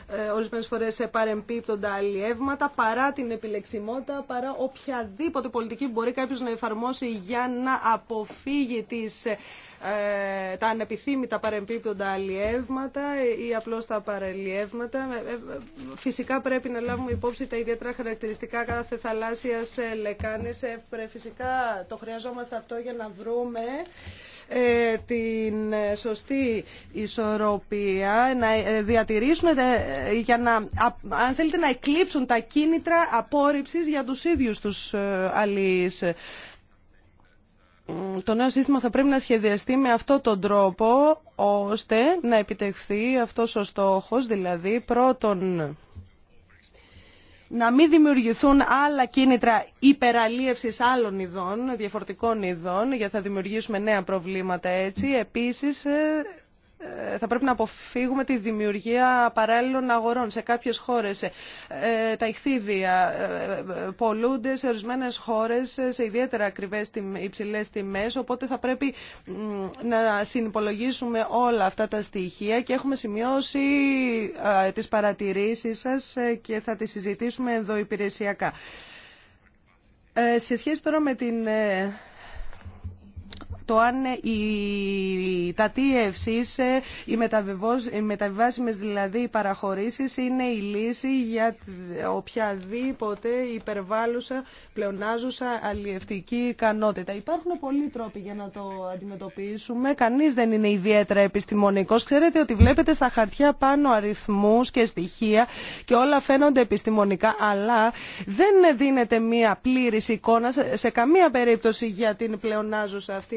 S1: ε, ορισμένες φορές παρεμπίπτοντα αλλιεύματα παρά την επιλεξιμότητα, παρά οποιαδήποτε πολιτική μπορεί κάποιος να εφαρμόσει για να αποφύγει τις ε, τα ανεπιθύμητα παρεμπίπτοντα αλλιεύματα ή απλώς τα παρελιεύματα. Ε, ε, φυσικά πρέπει να λάβουμε υπόψη τα ιδιαίτερα χαρακτηριστικά κάθε θαλάσσιας λεκάνης. Φυσικά το χρειαζόμαστε αυτό για να βρούμε την σωστή ισορροπία, να διατηρήσουμε για να, αν θέλετε, να εκλείψουν τα κίνητρα απόρριψης για τους ίδιους τους αλλιείς το νέο σύστημα θα πρέπει να σχεδιαστεί με αυτόν τον τρόπο ώστε να επιτευχθεί αυτός ο στόχος, δηλαδή πρώτον να μην δημιουργηθούν άλλα κίνητρα υπεραλίευσης άλλων ειδών, διαφορετικών ειδών, γιατί θα δημιουργήσουμε νέα προβλήματα έτσι. Επίσης, ε, ε, θα πρέπει να αποφύγουμε τη δημιουργία παράλληλων αγορών σε κάποιες χώρες. Ε, τα ηχθίδια ε, πολλούνται σε ορισμένες χώρες σε ιδιαίτερα ακριβές υψηλές τιμές, οπότε θα πρέπει να συνυπολογίσουμε όλα αυτά τα στοιχεία και έχουμε σημειώσει τις παρατηρήσεις σας και θα τις συζητήσουμε εδώ υπηρεσιακά. σε σχέση τώρα με την το αν η, τα TFC, ε, οι, οι μεταβιβάσιμες δηλαδή οι παραχωρήσεις είναι η λύση για οποιαδήποτε υπερβάλλουσα, πλεονάζουσα αλλιευτική ικανότητα. Υπάρχουν πολλοί τρόποι για να το αντιμετωπίσουμε. Κανείς δεν είναι ιδιαίτερα επιστημονικός. Ξέρετε ότι βλέπετε στα χαρτιά πάνω αριθμούς και στοιχεία και όλα φαίνονται επιστημονικά, αλλά δεν δίνεται μία πλήρης εικόνα σε καμία περίπτωση για την πλεονάζουσα αυτή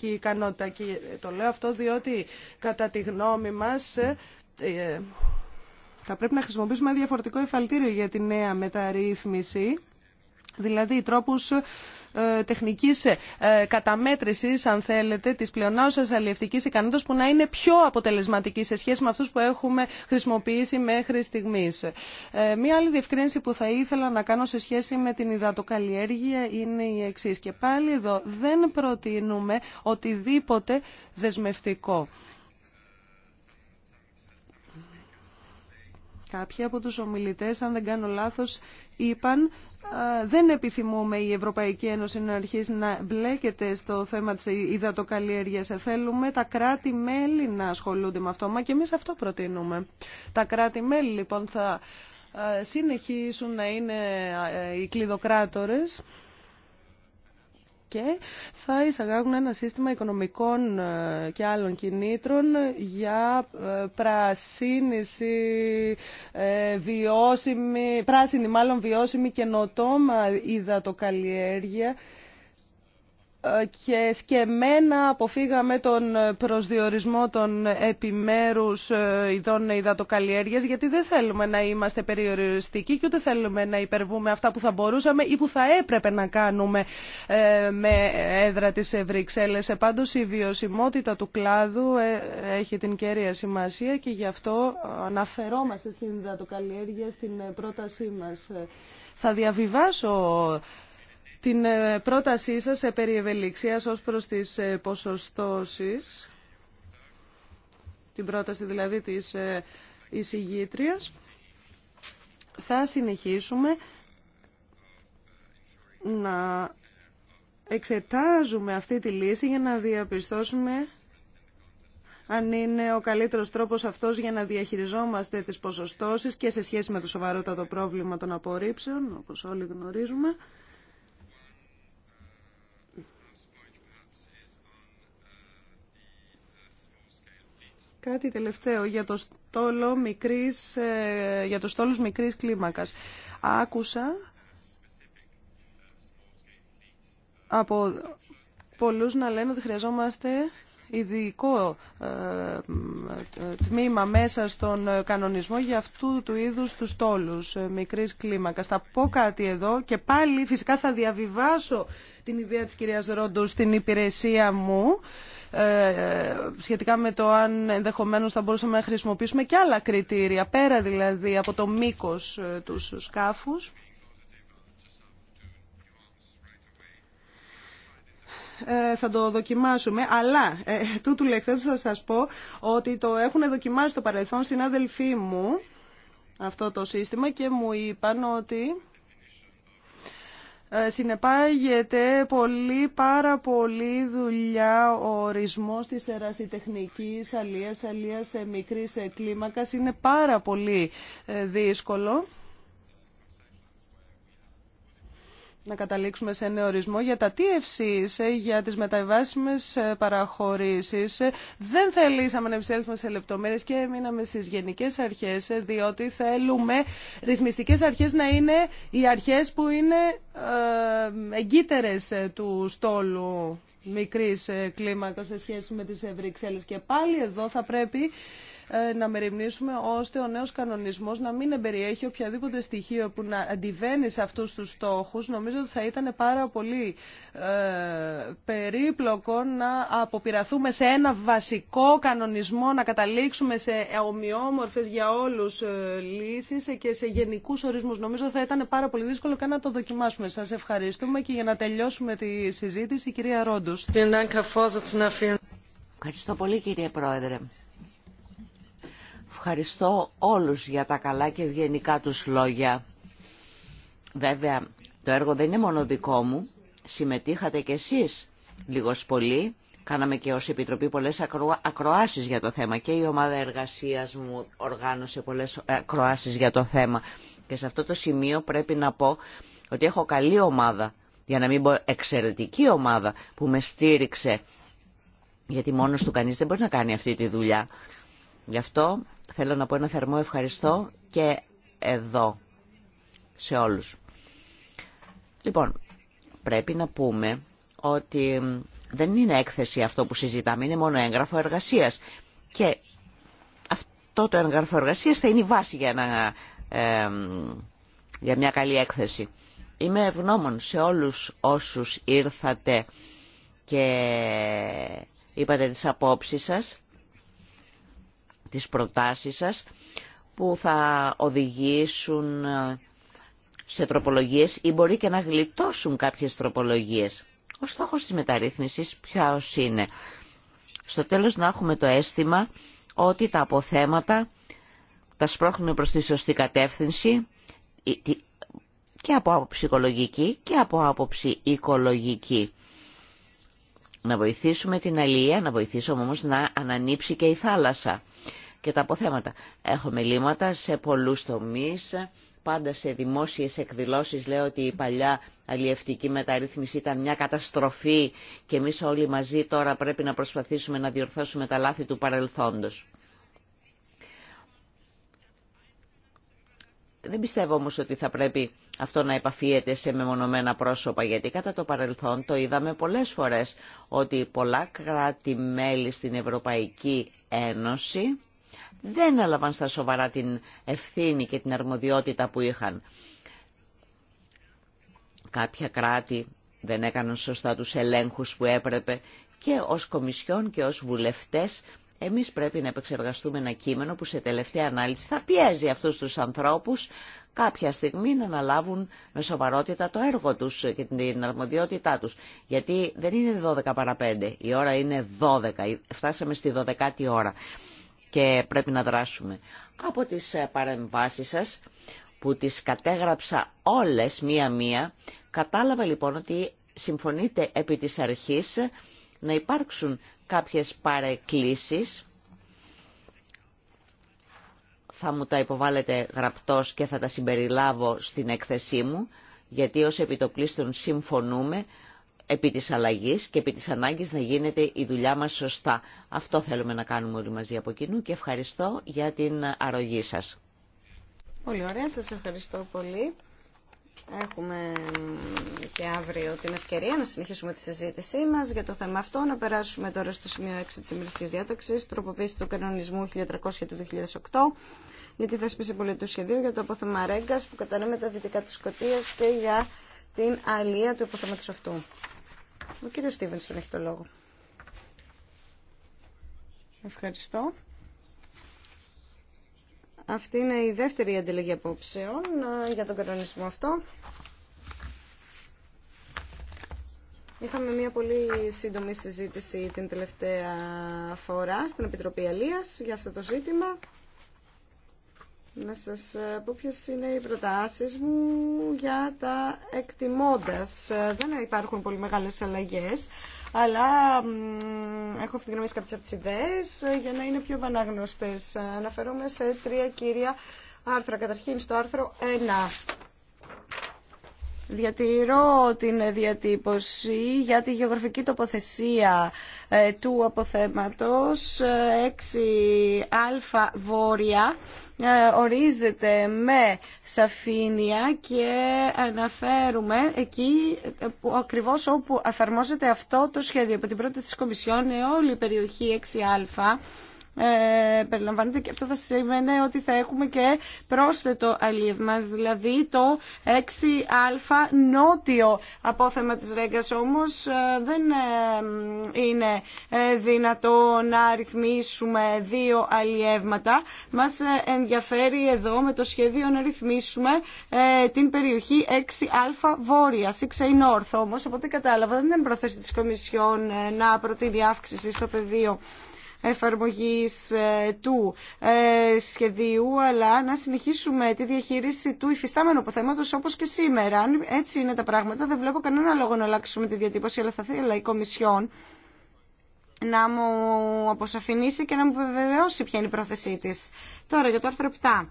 S1: ικανότητα. Και το λέω αυτό διότι κατά τη γνώμη μας ε, ε, θα πρέπει να χρησιμοποιήσουμε ένα διαφορετικό εφαλτήριο για τη νέα μεταρρύθμιση, δηλαδή τρόπους τεχνικής ε, καταμέτρηση, αν θέλετε, τη πλεονάσεως αλληλευτική ικανότητας που να είναι πιο αποτελεσματική σε σχέση με αυτούς που έχουμε χρησιμοποιήσει μέχρι στιγμής. Ε, μία άλλη διευκρίνηση που θα ήθελα να κάνω σε σχέση με την υδατοκαλλιέργεια είναι η εξή. Και πάλι εδώ δεν προτείνουμε οτιδήποτε δεσμευτικό. Κάποιοι από τους ομιλητές, αν δεν κάνω λάθος, είπαν δεν επιθυμούμε η Ευρωπαϊκή Ένωση να αρχίσει να μπλέκεται στο θέμα της υδατοκαλλιέργειας. Ε, θέλουμε τα κράτη-μέλη να ασχολούνται με αυτό, μα και εμείς αυτό προτείνουμε. Τα κράτη-μέλη λοιπόν θα ε, συνεχίσουν να είναι ε, οι κλειδοκράτορες και θα εισαγάγουν ένα σύστημα οικονομικών ε, και άλλων κινήτρων για ε, πρασίνηση, ε, βιώσιμη, πράσινη μάλλον βιώσιμη καινοτόμα υδατοκαλλιέργεια και σκεμμένα αποφύγαμε τον προσδιορισμό των επιμέρους ε, ειδών υδατοκαλλιέργειας γιατί δεν θέλουμε να είμαστε περιοριστικοί και ούτε θέλουμε να υπερβούμε αυτά που θα μπορούσαμε ή που θα έπρεπε να κάνουμε ε, με έδρα της Βρυξέλλες. Επάντως, η βιωσιμότητα του κλάδου ε, έχει την κέρια σημασία και γι' αυτό αναφερόμαστε στην υδατοκαλλιέργεια στην πρότασή μας. Θα διαβιβάσω την ε, πρότασή σας σε περί ευελιξίας ως προς τις ε, ποσοστώσεις, την πρόταση δηλαδή της ε, εισηγήτριας. Θα συνεχίσουμε να εξετάζουμε αυτή τη λύση για να διαπιστώσουμε αν είναι ο καλύτερος τρόπος αυτός για να διαχειριζόμαστε τις ποσοστώσεις και σε σχέση με το σοβαρότατο πρόβλημα των απορρίψεων, όπως όλοι γνωρίζουμε. Κάτι τελευταίο για το στόλο μικρής, ε, για το στόλους μικρής κλίμακας. Άκουσα από πολλούς να λένε ότι χρειαζόμαστε ειδικό ε, ε, τμήμα μέσα στον κανονισμό για αυτού του είδους του στόλους μικρής κλίμακας. Θα πω κάτι εδώ και πάλι φυσικά θα διαβιβάσω την ιδέα της κυρίας Ρόντου στην υπηρεσία μου ε, σχετικά με το αν ενδεχομένως θα μπορούσαμε να χρησιμοποιήσουμε και άλλα κριτήρια, πέρα δηλαδή από το μήκος ε, του σκάφους. Ε, θα το δοκιμάσουμε. Αλλά τούτου λεχθέντου θα σας πω ότι το έχουν δοκιμάσει το παρελθόν συνάδελφοί μου αυτό το σύστημα και μου είπαν ότι συνεπάγεται πολύ, πάρα πολύ δουλειά ο ορισμός της ερασιτεχνικής αλίας, σε μικρή κλίμακα Είναι πάρα πολύ ε, δύσκολο. να καταλήξουμε σε ένα ορισμό για τα TFCs, ε, για τις μεταβάσιμες ε, παραχωρήσεις. Ε, δεν θελήσαμε να επιστρέψουμε σε λεπτομέρειες και μείναμε στις γενικές αρχές, διότι θέλουμε ρυθμιστικές αρχές να είναι οι αρχές που είναι εγκύτερες του στόλου μικρής κλίμακας σε σχέση με τις ευρύξελες Και πάλι εδώ θα πρέπει ε, να μεριμνήσουμε ώστε ο νέος κανονισμός να μην εμπεριέχει οποιαδήποτε στοιχείο που να αντιβαίνει σε αυτούς τους στόχους. Νομίζω ότι θα ήταν πάρα πολύ ε, περίπλοκο να αποπειραθούμε σε ένα βασικό κανονισμό, να καταλήξουμε σε ομοιόμορφες για όλους ε, λύσεις και σε γενικούς ορισμούς. Νομίζω θα ήταν πάρα πολύ δύσκολο και να το δοκιμάσουμε. Σας ευχαριστούμε και για να τελειώσουμε τη συζήτηση, η κυρία Ρόντους. Ευχαριστώ πολύ κύριε Πρόεδρε. Ευχαριστώ
S3: όλους για τα καλά και ευγενικά τους λόγια. Βέβαια, το έργο δεν είναι μόνο δικό μου. Συμμετείχατε κι εσείς λίγος πολύ. Κάναμε και ως Επιτροπή πολλές ακρο... ακροάσεις για το θέμα και η ομάδα εργασίας μου οργάνωσε πολλές ακροάσεις για το θέμα. Και σε αυτό το σημείο πρέπει να πω ότι έχω καλή ομάδα, για να μην πω εξαιρετική ομάδα που με στήριξε. Γιατί μόνος του κανείς δεν μπορεί να κάνει αυτή τη δουλειά. Γι' αυτό θέλω να πω ένα θερμό ευχαριστώ και εδώ σε όλους. Λοιπόν, πρέπει να πούμε ότι δεν είναι έκθεση αυτό που συζητάμε, είναι μόνο έγγραφο εργασίας. Και αυτό το έγγραφο εργασίας θα είναι η βάση για, για μια καλή έκθεση. Είμαι ευγνώμων σε όλους όσους ήρθατε και είπατε τις απόψεις σας τις προτάσεις σας που θα οδηγήσουν ε, σε τροπολογίες ή μπορεί και να γλιτώσουν κάποιες τροπολογίες. Ο στόχος της μεταρρύθμισης ποιος είναι. Στο τέλος να έχουμε το αίσθημα ότι τα αποθέματα τα σπρώχνουμε προς τη σωστή κατεύθυνση και από άποψη οικολογική και από άποψη οικολογική. Να βοηθήσουμε την αλληλεία, να βοηθήσουμε όμως να ανανύψει και η θάλασσα και τα αποθέματα. Έχουμε λύματα σε πολλούς τομείς, πάντα σε δημόσιες εκδηλώσεις. Λέω ότι η παλιά αλλιευτική μεταρρύθμιση ήταν μια καταστροφή και εμείς όλοι μαζί τώρα πρέπει να προσπαθήσουμε να διορθώσουμε τα λάθη του παρελθόντος. Δεν πιστεύω όμως ότι θα πρέπει αυτό να επαφίεται σε μεμονωμένα πρόσωπα, γιατί κατά το παρελθόν το είδαμε πολλές φορές ότι πολλά κράτη-μέλη στην Ευρωπαϊκή Ένωση δεν έλαβαν στα σοβαρά την ευθύνη και την αρμοδιότητα που είχαν. Κάποια κράτη δεν έκαναν σωστά τους ελέγχους που έπρεπε και ως Κομισιόν και ως βουλευτές εμείς πρέπει να επεξεργαστούμε ένα κείμενο που σε τελευταία ανάλυση θα πιέζει αυτούς τους ανθρώπους κάποια στιγμή να αναλάβουν με σοβαρότητα το έργο τους και την αρμοδιότητά τους. Γιατί δεν είναι 12 παρα 5, η ώρα είναι 12, φτάσαμε στη 12η ώρα και πρέπει να δράσουμε. Από τις ε, παρεμβάσεις σας που τις κατέγραψα όλες μία-μία, κατάλαβα λοιπόν ότι συμφωνείτε επί της αρχής να υπάρξουν κάποιες παρεκκλήσεις. Θα μου τα υποβάλλετε γραπτός και θα τα συμπεριλάβω στην έκθεσή μου, γιατί ως επιτοπλίστων συμφωνούμε επί της αλλαγής και επί της ανάγκης να γίνεται η δουλειά μας σωστά. Αυτό θέλουμε να κάνουμε όλοι μαζί από κοινού και ευχαριστώ για την αρρωγή
S2: σας. Πολύ ωραία, σας ευχαριστώ πολύ. Έχουμε και αύριο την ευκαιρία να συνεχίσουμε τη συζήτησή μας για το θέμα αυτό. Να περάσουμε τώρα στο σημείο 6 τη ημερησία διάταξη, τροποποίηση του κανονισμού 1300 του 2008 για τη θέσπιση πολιτού σχεδίου για το απόθεμα Ρέγκας που κατανέμεται δυτικά τη Σκοτίας και για την αλία του υποθέματος αυτού. Ο κύριο Στίβενσον έχει το λόγο. Ευχαριστώ. Αυτή είναι η δεύτερη αντιλογή απόψεων ε, για τον κανονισμό αυτό. Είχαμε μια πολύ σύντομη συζήτηση την τελευταία φορά στην Επιτροπή Αλίας για αυτό το ζήτημα να σας ε, πω ποιες είναι οι προτάσεις μου για τα εκτιμώντας. Ε, δεν υπάρχουν πολύ μεγάλες αλλαγές, αλλά έχω ευθυγραμμίσει κάποιες από ιδέες ε, για να είναι πιο επαναγνωστές. Αναφέρομαι σε τρία κύρια άρθρα. Καταρχήν στο άρθρο 1. Διατηρώ την διατύπωση για τη γεωγραφική τοποθεσία του αποθέματος 6α βόρεια ε, ορίζεται με σαφήνεια και αναφέρουμε εκεί που, ακριβώς όπου εφαρμόζεται αυτό το σχέδιο. Από την πρώτη της Κομισιόν ε, όλη η περιοχή 6α ε, περιλαμβάνεται και αυτό θα σημαίνει ότι θα έχουμε και πρόσθετο αλίευμα, δηλαδή το 6α νότιο απόθεμα της Ρέγκας όμως ε, δεν ε, είναι ε, δυνατό να ρυθμίσουμε δύο αλιεύματα. Μας ενδιαφέρει εδώ με το σχέδιο να ρυθμίσουμε την περιοχή 6α βόρεια, 6 α North όμως, από ό,τι κατάλαβα δεν είναι προθέση της Κομισιόν να προτείνει αύξηση στο πεδίο εφαρμογής ε, του ε, σχεδίου, αλλά να συνεχίσουμε τη διαχείριση του υφιστάμενου αποθέματος όπως και σήμερα. έτσι είναι τα πράγματα, δεν βλέπω κανένα λόγο να αλλάξουμε τη διατύπωση, αλλά θα θέλει η Κομισιόν να μου αποσαφηνίσει και να μου βεβαιώσει ποια είναι η πρόθεσή της. Τώρα για το άρθρο 7.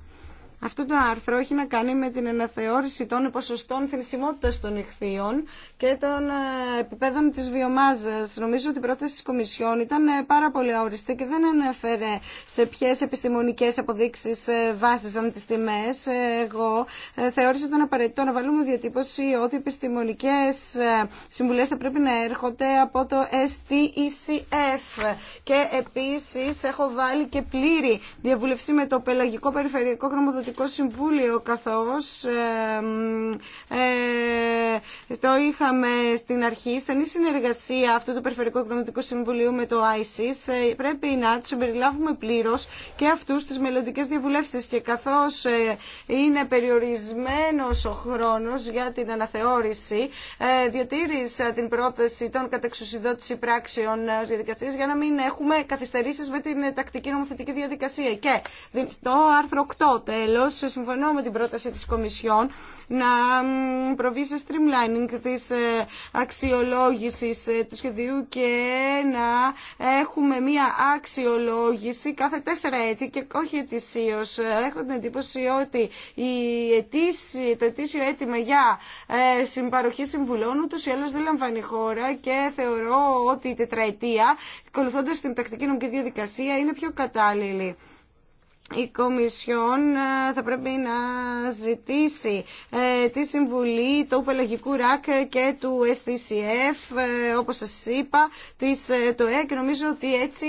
S2: Αυτό το άρθρο έχει να κάνει με την αναθεώρηση των ποσοστών θρησιμότητας των ηχθείων και των ε, επιπέδων της βιομάζας. Νομίζω ότι η πρόταση της Κομισιόν ήταν ε, πάρα πολύ αοριστή και δεν ανέφερε σε ποιες επιστημονικές αποδείξεις ε, βάσισαν τις τιμές. Εγώ θεώρησα τον απαραίτητο να βάλουμε διατύπωση ότι οι επιστημονικές συμβουλές θα πρέπει να έρχονται από το STECF και επίσης έχω βάλει και πλήρη διαβουλευσή με το Πελαγικό Περιφερειακό Γραμμοδοτικό Δημοτικό Συμβούλιο καθώς ε, το είχαμε στην αρχή στενή συνεργασία αυτού του Περιφερειακού Οικονομικού Συμβουλίου με το ISIS ε, πρέπει να τους συμπεριλάβουμε πλήρως και αυτούς τι μελλοντικέ διαβουλεύσεις και καθώς ε, είναι περιορισμένος ο χρόνος για την αναθεώρηση διατήρησα την πρόταση των κατεξουσιδότηση πράξεων διαδικασίες για να μην έχουμε καθυστερήσεις με την τακτική νομοθετική διαδικασία και στο άρθρο 8 τέλο σε συμφωνώ με την πρόταση της Κομισιόν να προβεί σε streamlining της ε, αξιολόγησης ε, του σχεδίου και να έχουμε μία αξιολόγηση κάθε τέσσερα έτη και όχι ετησίως. Ε, έχω την εντύπωση ότι η το ετήσιο αίτημα για συμπαροχή συμβουλών ούτως ή άλλως δεν λαμβάνει χώρα και θεωρώ ότι η τετραετία, ακολουθώντας την τακτική νομική διαδικασία, είναι πιο κατάλληλη η Κομισιόν ε, θα πρέπει να ζητήσει ε, τη συμβουλή του Πελαγικού ΡΑΚ και του STCF, ε, όπως σας είπα, της, το και Νομίζω ότι έτσι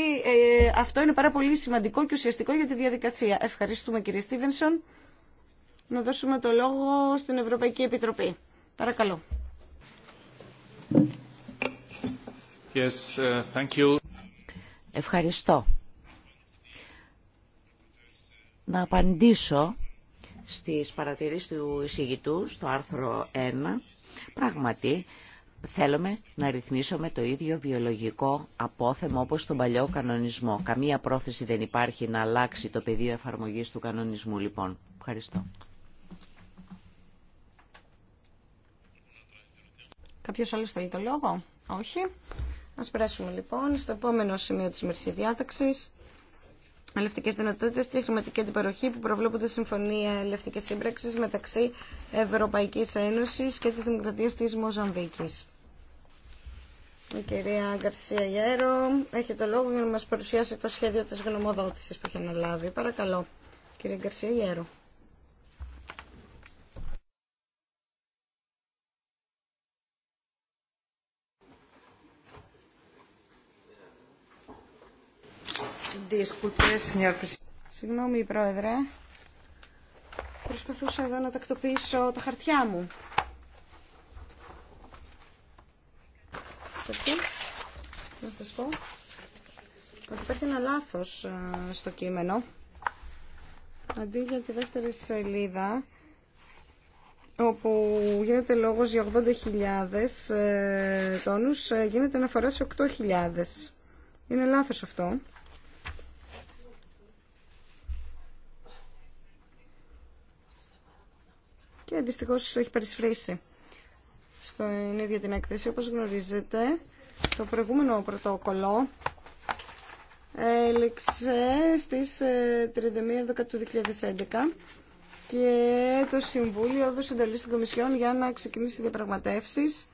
S2: αυτό είναι πάρα πολύ σημαντικό και ουσιαστικό για τη διαδικασία. Ευχαριστούμε κύριε Στίβενσον. Να δώσουμε το λόγο στην Ευρωπαϊκή Επιτροπή. Παρακαλώ. Yes, uh, thank you.
S3: Ευχαριστώ να απαντήσω στις παρατηρήσεις του εισηγητού στο άρθρο 1. Πράγματι, θέλουμε να ρυθμίσουμε το ίδιο βιολογικό απόθεμο όπως τον παλιό κανονισμό. Καμία πρόθεση δεν υπάρχει να αλλάξει το πεδίο εφαρμογής του κανονισμού, λοιπόν. Ευχαριστώ.
S2: Κάποιος άλλος θέλει το λόγο? Όχι. Ας περάσουμε λοιπόν στο επόμενο σημείο της μερσής διάταξης ελευτικέ δυνατότητε και χρηματική αντιπαροχή που προβλέπονται συμφωνία ελευτική σύμπραξη μεταξύ Ευρωπαϊκή Ένωση και τη Δημοκρατία τη Μοζαμβίκη. Η κυρία Γκαρσία Γέρο έχει το λόγο για να μα παρουσιάσει το σχέδιο τη γνωμοδότηση που έχει αναλάβει. Παρακαλώ, κυρία Γκαρσία Γέρο. Συγγνώμη, Πρόεδρε. Προσπαθούσα εδώ να τακτοποιήσω τα χαρτιά μου. Να σας πω ότι υπάρχει ένα λάθος στο κείμενο. Αντί για τη δεύτερη σελίδα, όπου γίνεται λόγος για 80.000 ε, τόνους, ε, γίνεται αναφορά σε 8.000. Είναι λάθος αυτό. και δυστυχώς έχει περισφρήσει στην ίδια την έκθεση. Όπως γνωρίζετε, το προηγούμενο πρωτόκολλο έληξε στις 31 ε, του 2011 και το Συμβούλιο έδωσε εντολή στην Κομισιόν για να ξεκινήσει διαπραγματεύσεις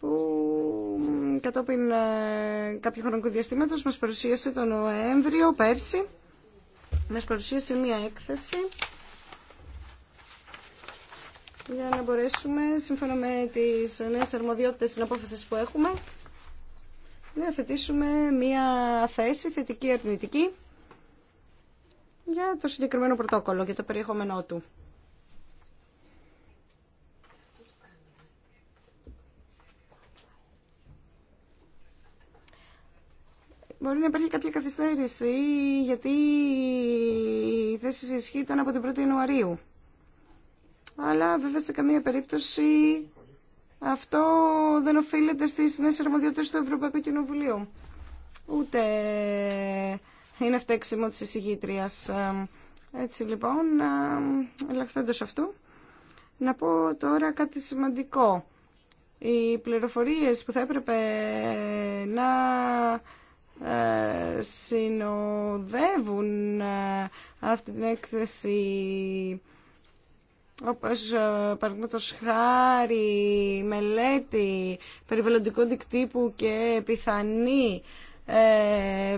S2: που κατόπιν ε, κάποιο χρονικό διαστήματος μας παρουσίασε τον Νοέμβριο πέρσι μας παρουσίασε μία έκθεση για να μπορέσουμε, σύμφωνα με τις νέες αρμοδιότητες συναπόφασης που έχουμε, να θετήσουμε μία θέση θετική-αρνητική για το συγκεκριμένο πρωτόκολλο και το περιεχόμενό του. Μπορεί να υπάρχει κάποια καθυστέρηση, γιατί η θέση ισχύ ήταν από την 1η Ιανουαρίου. Αλλά βέβαια σε καμία περίπτωση αυτό δεν οφείλεται στις νέες αρμοδιότητες του Ευρωπαϊκού Κοινοβουλίου. Ούτε είναι φταίξιμο της εισηγήτριας. Έτσι λοιπόν, ελαχθέντως αυτού, να πω τώρα κάτι σημαντικό. Οι πληροφορίες που θα έπρεπε να ε, συνοδεύουν ε, αυτή την έκθεση όπως ε, παραδείγματο χάρη, μελέτη περιβαλλοντικού δικτύπου και πιθανή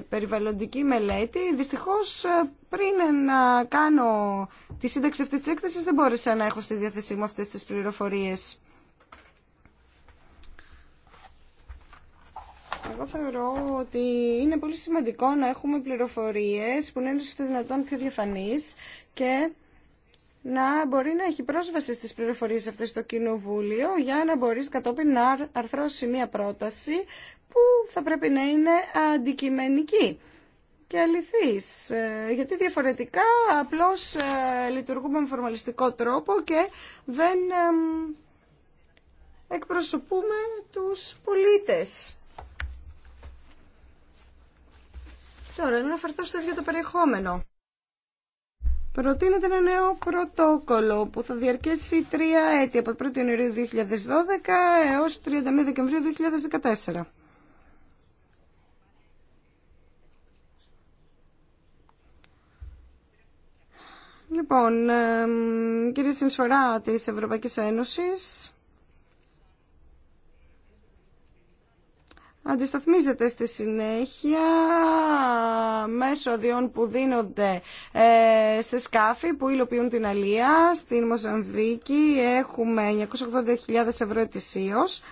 S2: περιβαλλοντική μελέτη. Δυστυχώς πριν να κάνω τη σύνταξη αυτής της έκθεσης δεν μπόρεσα να έχω στη διάθεσή μου αυτές τις πληροφορίες. Εγώ θεωρώ ότι είναι πολύ σημαντικό να έχουμε πληροφορίες που είναι στο δυνατόν πιο διαφανείς και να μπορεί να έχει πρόσβαση στις πληροφορίες αυτές στο Κοινοβούλιο για να μπορείς κατόπιν να αρθρώσει μια πρόταση που θα πρέπει να είναι αντικειμενική και αληθής. Ε, γιατί διαφορετικά απλώς ε, λειτουργούμε με φορμαλιστικό τρόπο και δεν εκπροσωπούμε τους πολίτες. Τώρα, να αναφερθώ στο ίδιο το περιεχόμενο. Προτείνεται ένα νέο πρωτόκολλο που θα διαρκέσει τρία έτη από 1η Ιανουαρίου 2012 έως 31 Δεκεμβρίου 2014. Λοιπόν, κύριε Συνσφορά της Ευρωπαϊκής Ένωσης, αντισταθμίζεται στη συνέχεια μέσω αδειών που δίνονται ε, σε σκάφη που υλοποιούν την αλία. Στην Μοζαμβίκη έχουμε 980.000 ευρώ ετησίως,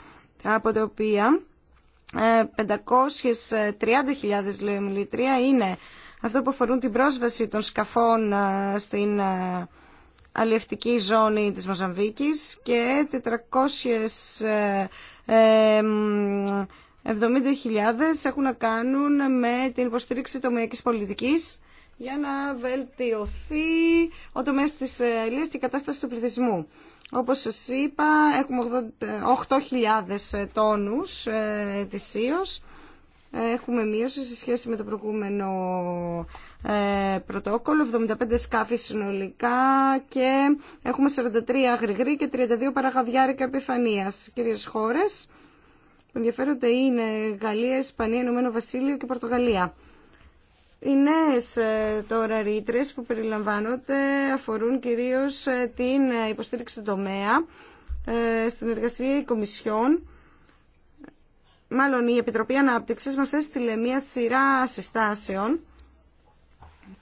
S2: από τα οποία 530.000 ε, λεωμιλήτρια είναι αυτό που αφορούν την πρόσβαση των σκαφών ε, στην αλλιευτική ζώνη της Μοζαμβίκης και 400 70.000 έχουν να κάνουν με την υποστήριξη τομιακής πολιτικής για να βελτιωθεί ο τομέας της ελίας και η κατάσταση του πληθυσμού. Όπως σας είπα, έχουμε 8.000 ε, τόνους ε, ετησίω. Έχουμε μείωση σε σχέση με το προηγούμενο ε, πρωτόκολλο, 75 σκάφη συνολικά και έχουμε 43 αγριγροί και 32 παραγαδιάρικα επιφανείας. Κυρίες χώρες, ενδιαφέρονται είναι Γαλλία, Ισπανία, Ηνωμένο Βασίλειο και Πορτογαλία. Οι νέε ε, τώρα ρήτρε που περιλαμβάνονται αφορούν κυρίω ε, την υποστήριξη του τομέα, ε, στην εργασία η Κομισιόν. Μάλλον η Επιτροπή Ανάπτυξης μας έστειλε μία σειρά συστάσεων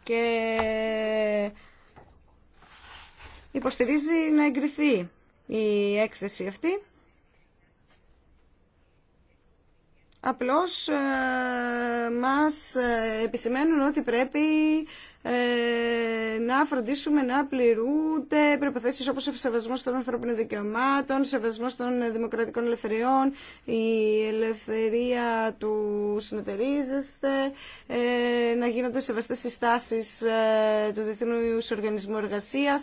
S2: και υποστηρίζει να εγκριθεί η έκθεση αυτή Απλώς ε, μας ε, επισημαίνουν ότι πρέπει ε, να φροντίσουμε να πληρούνται προποθέσει όπως ο σεβασμός των ανθρωπίνων δικαιωμάτων, σεβασμός των δημοκρατικών ελευθεριών, η ελευθερία του συνεταιρίζεσθε, να γίνονται σεβαστέ συστάσει του Διεθνούς Οργανισμού Εργασία.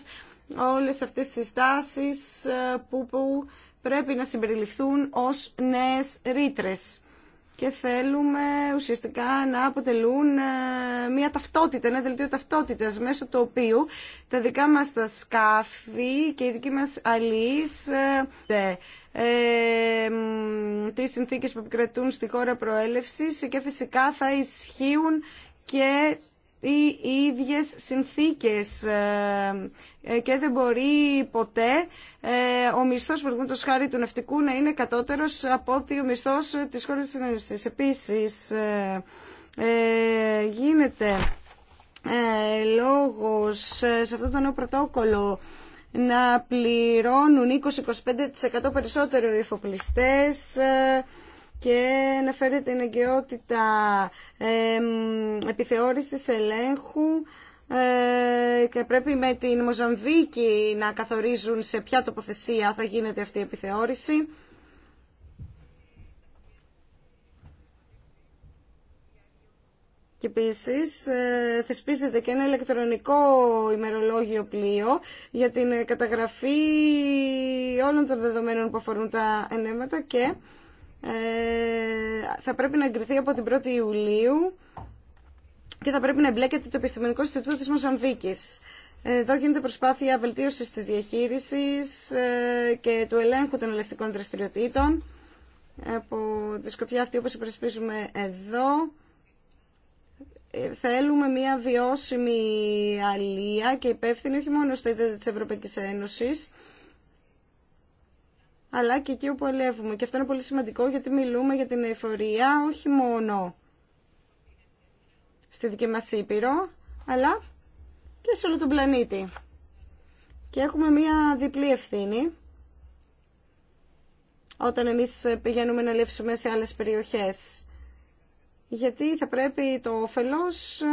S2: Όλε αυτέ τι συστάσει που, που πρέπει να συμπεριληφθούν ως νέε ρήτρε και θέλουμε ουσιαστικά να αποτελούν ε, μια ταυτότητα, ένα δελτίο ταυτότητας μέσω του οποίου τα δικά μας τα σκάφη και οι δικοί μας αλείς ε, ε, τις συνθήκες που επικρατούν στη χώρα προέλευσης και φυσικά θα ισχύουν και οι ίδιες συνθήκες ε, ε, και δεν μπορεί ποτέ ε, ο μισθός προηγούμενος χάρη του Νευτικού να είναι κατώτερος από ότι ο μισθός της χώρας της Ένωσης. Επίσης γίνεται λόγος σε αυτό το νέο πρωτόκολλο να πληρώνουν 20-25% περισσότερο οι εφοπλιστές και να φέρει την εγκαιότητα επιθεώρησης ελέγχου ε, και πρέπει με την Μοζαμβίκη να καθορίζουν σε ποια τοποθεσία θα γίνεται αυτή η επιθεώρηση. Και επίση ε, θεσπίζεται και ένα ηλεκτρονικό ημερολόγιο πλοίο για την καταγραφή όλων των δεδομένων που αφορούν τα ενέματα και ε, θα πρέπει να εγκριθεί από την 1η Ιουλίου και θα πρέπει να εμπλέκεται το Επιστημονικό Ινστιτούτο της Μοσαμβίκης. Εδώ γίνεται προσπάθεια βελτίωσης της διαχείρισης ε, και του ελέγχου των ελευτικών δραστηριοτήτων. Ε, από τη σκοπιά αυτή, όπως υπερασπίζουμε εδώ, θέλουμε μια βιώσιμη αλία και υπεύθυνη όχι μόνο στο ιδέα της Ευρωπαϊκής Ένωσης, αλλά και εκεί όπου ελεύουμε. Και αυτό είναι πολύ σημαντικό γιατί μιλούμε για την εφορία όχι μόνο στη δική μας Ήπειρο, αλλά και σε όλο τον πλανήτη. Και έχουμε μία διπλή ευθύνη όταν εμείς πηγαίνουμε να λεύσουμε σε άλλες περιοχές. Γιατί θα πρέπει το όφελος ε,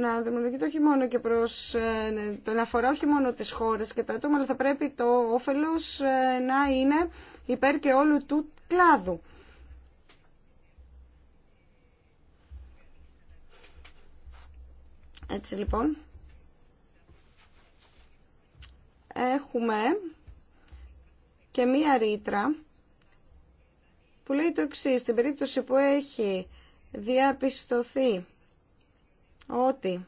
S2: να δημιουργείται όχι μόνο και προς, ε, ναι, τον αφορά όχι μόνο τις χώρες και τα άτομα, αλλά θα πρέπει το όφελος ε, να είναι υπέρ και όλου του κλάδου. Έτσι λοιπόν, έχουμε και μία ρήτρα που λέει το εξής, στην περίπτωση που έχει διαπιστωθεί ότι,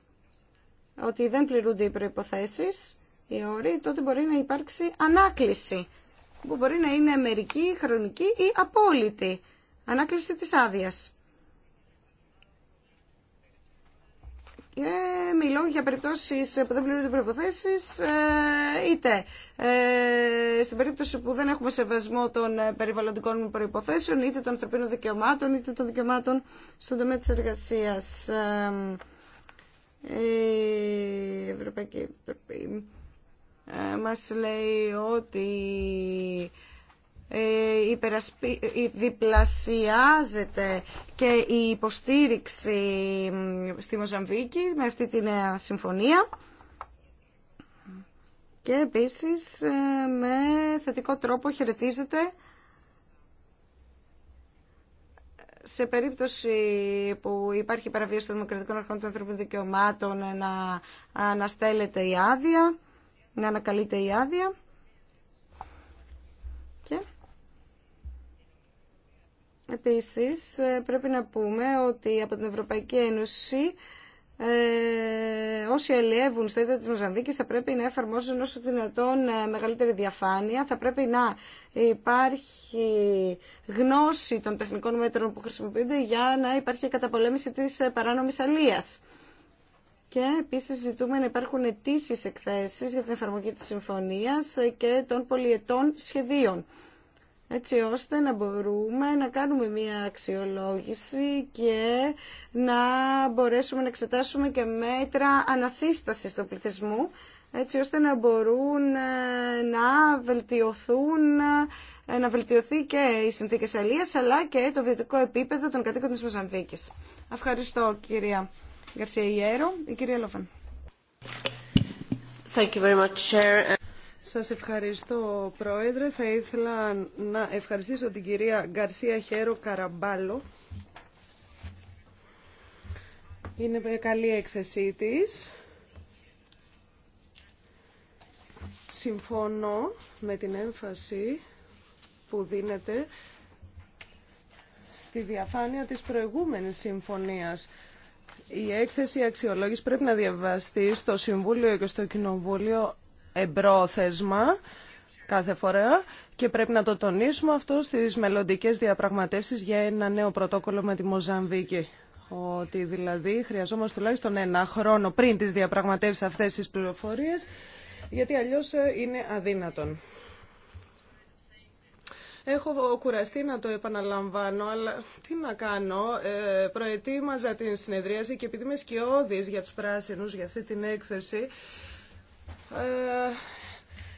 S2: ότι δεν πληρούνται οι προϋποθέσεις, οι όροι, τότε μπορεί να υπάρξει ανάκληση, που μπορεί να είναι μερική, χρονική ή απόλυτη. Ανάκληση της άδειας. Και μιλώ για περιπτώσεις που δεν πληρούνται προϋποθέσεις, ε, είτε ε, στην περίπτωση που δεν έχουμε σεβασμό των ε, περιβαλλοντικών προϋποθέσεων, είτε των ανθρωπίνων δικαιωμάτων, είτε των δικαιωμάτων στον τομέα της εργασίας η Ευρωπαϊκή Επιτροπή ε, μας λέει ότι η ε, ε, διπλασιάζεται και η υποστήριξη στη Μοζαμβίκη με αυτή τη νέα συμφωνία και επίσης με θετικό τρόπο χαιρετίζεται σε περίπτωση που υπάρχει παραβίαση των δημοκρατικών αρχών των ανθρώπινων δικαιωμάτων να αναστέλλεται η άδεια, να ανακαλείται η άδεια. Και... Επίσης, ε, πρέπει να πούμε ότι από την Ευρωπαϊκή Ένωση ε, όσοι αλλιεύουν στα της Μοζαμβίκης θα πρέπει να εφαρμόζουν όσο δυνατόν ε, μεγαλύτερη διαφάνεια, θα πρέπει να υπάρχει γνώση των τεχνικών μέτρων που χρησιμοποιούνται για να υπάρχει καταπολέμηση της ε, παράνομης αλίας. Και επίσης ζητούμε να υπάρχουν αιτήσει εκθέσεις για την εφαρμογή της συμφωνίας ε, και των πολιετών σχεδίων έτσι ώστε να μπορούμε να κάνουμε μία αξιολόγηση και να μπορέσουμε να εξετάσουμε και μέτρα ανασύστασης του πληθυσμού, έτσι ώστε να μπορούν ε, να βελτιωθούν ε, να βελτιωθεί και οι συνθήκες αλίας αλλά και το βιωτικό επίπεδο των κατοίκων της Μοζαμβίκης. Ευχαριστώ κυρία Γκαρσία Ιέρο, η κυρία Λόφαν.
S1: Thank you very much, σας ευχαριστώ Πρόεδρε. Θα ήθελα να ευχαριστήσω την κυρία Γκαρσία Χέρο Καραμπάλο. Είναι καλή η έκθεσή της. Συμφωνώ με την έμφαση που δίνεται στη διαφάνεια της προηγούμενης συμφωνίας. Η έκθεση αξιολόγηση πρέπει να διαβαστεί στο Συμβούλιο και στο Κοινοβούλιο εμπρόθεσμα κάθε φορά και πρέπει να το τονίσουμε αυτό στις μελλοντικέ διαπραγματεύσεις για ένα νέο πρωτόκολλο με τη Μοζαμβίκη. Ότι δηλαδή χρειαζόμαστε τουλάχιστον ένα χρόνο πριν τις διαπραγματεύσεις αυτές τις πληροφορίες, γιατί αλλιώς ε, είναι αδύνατον. Έχω κουραστεί να το επαναλαμβάνω, αλλά τι να κάνω. Ε, προετοίμαζα την συνεδρίαση και επειδή είμαι σκιώδης για τους πράσινους, για αυτή την έκθεση, ε,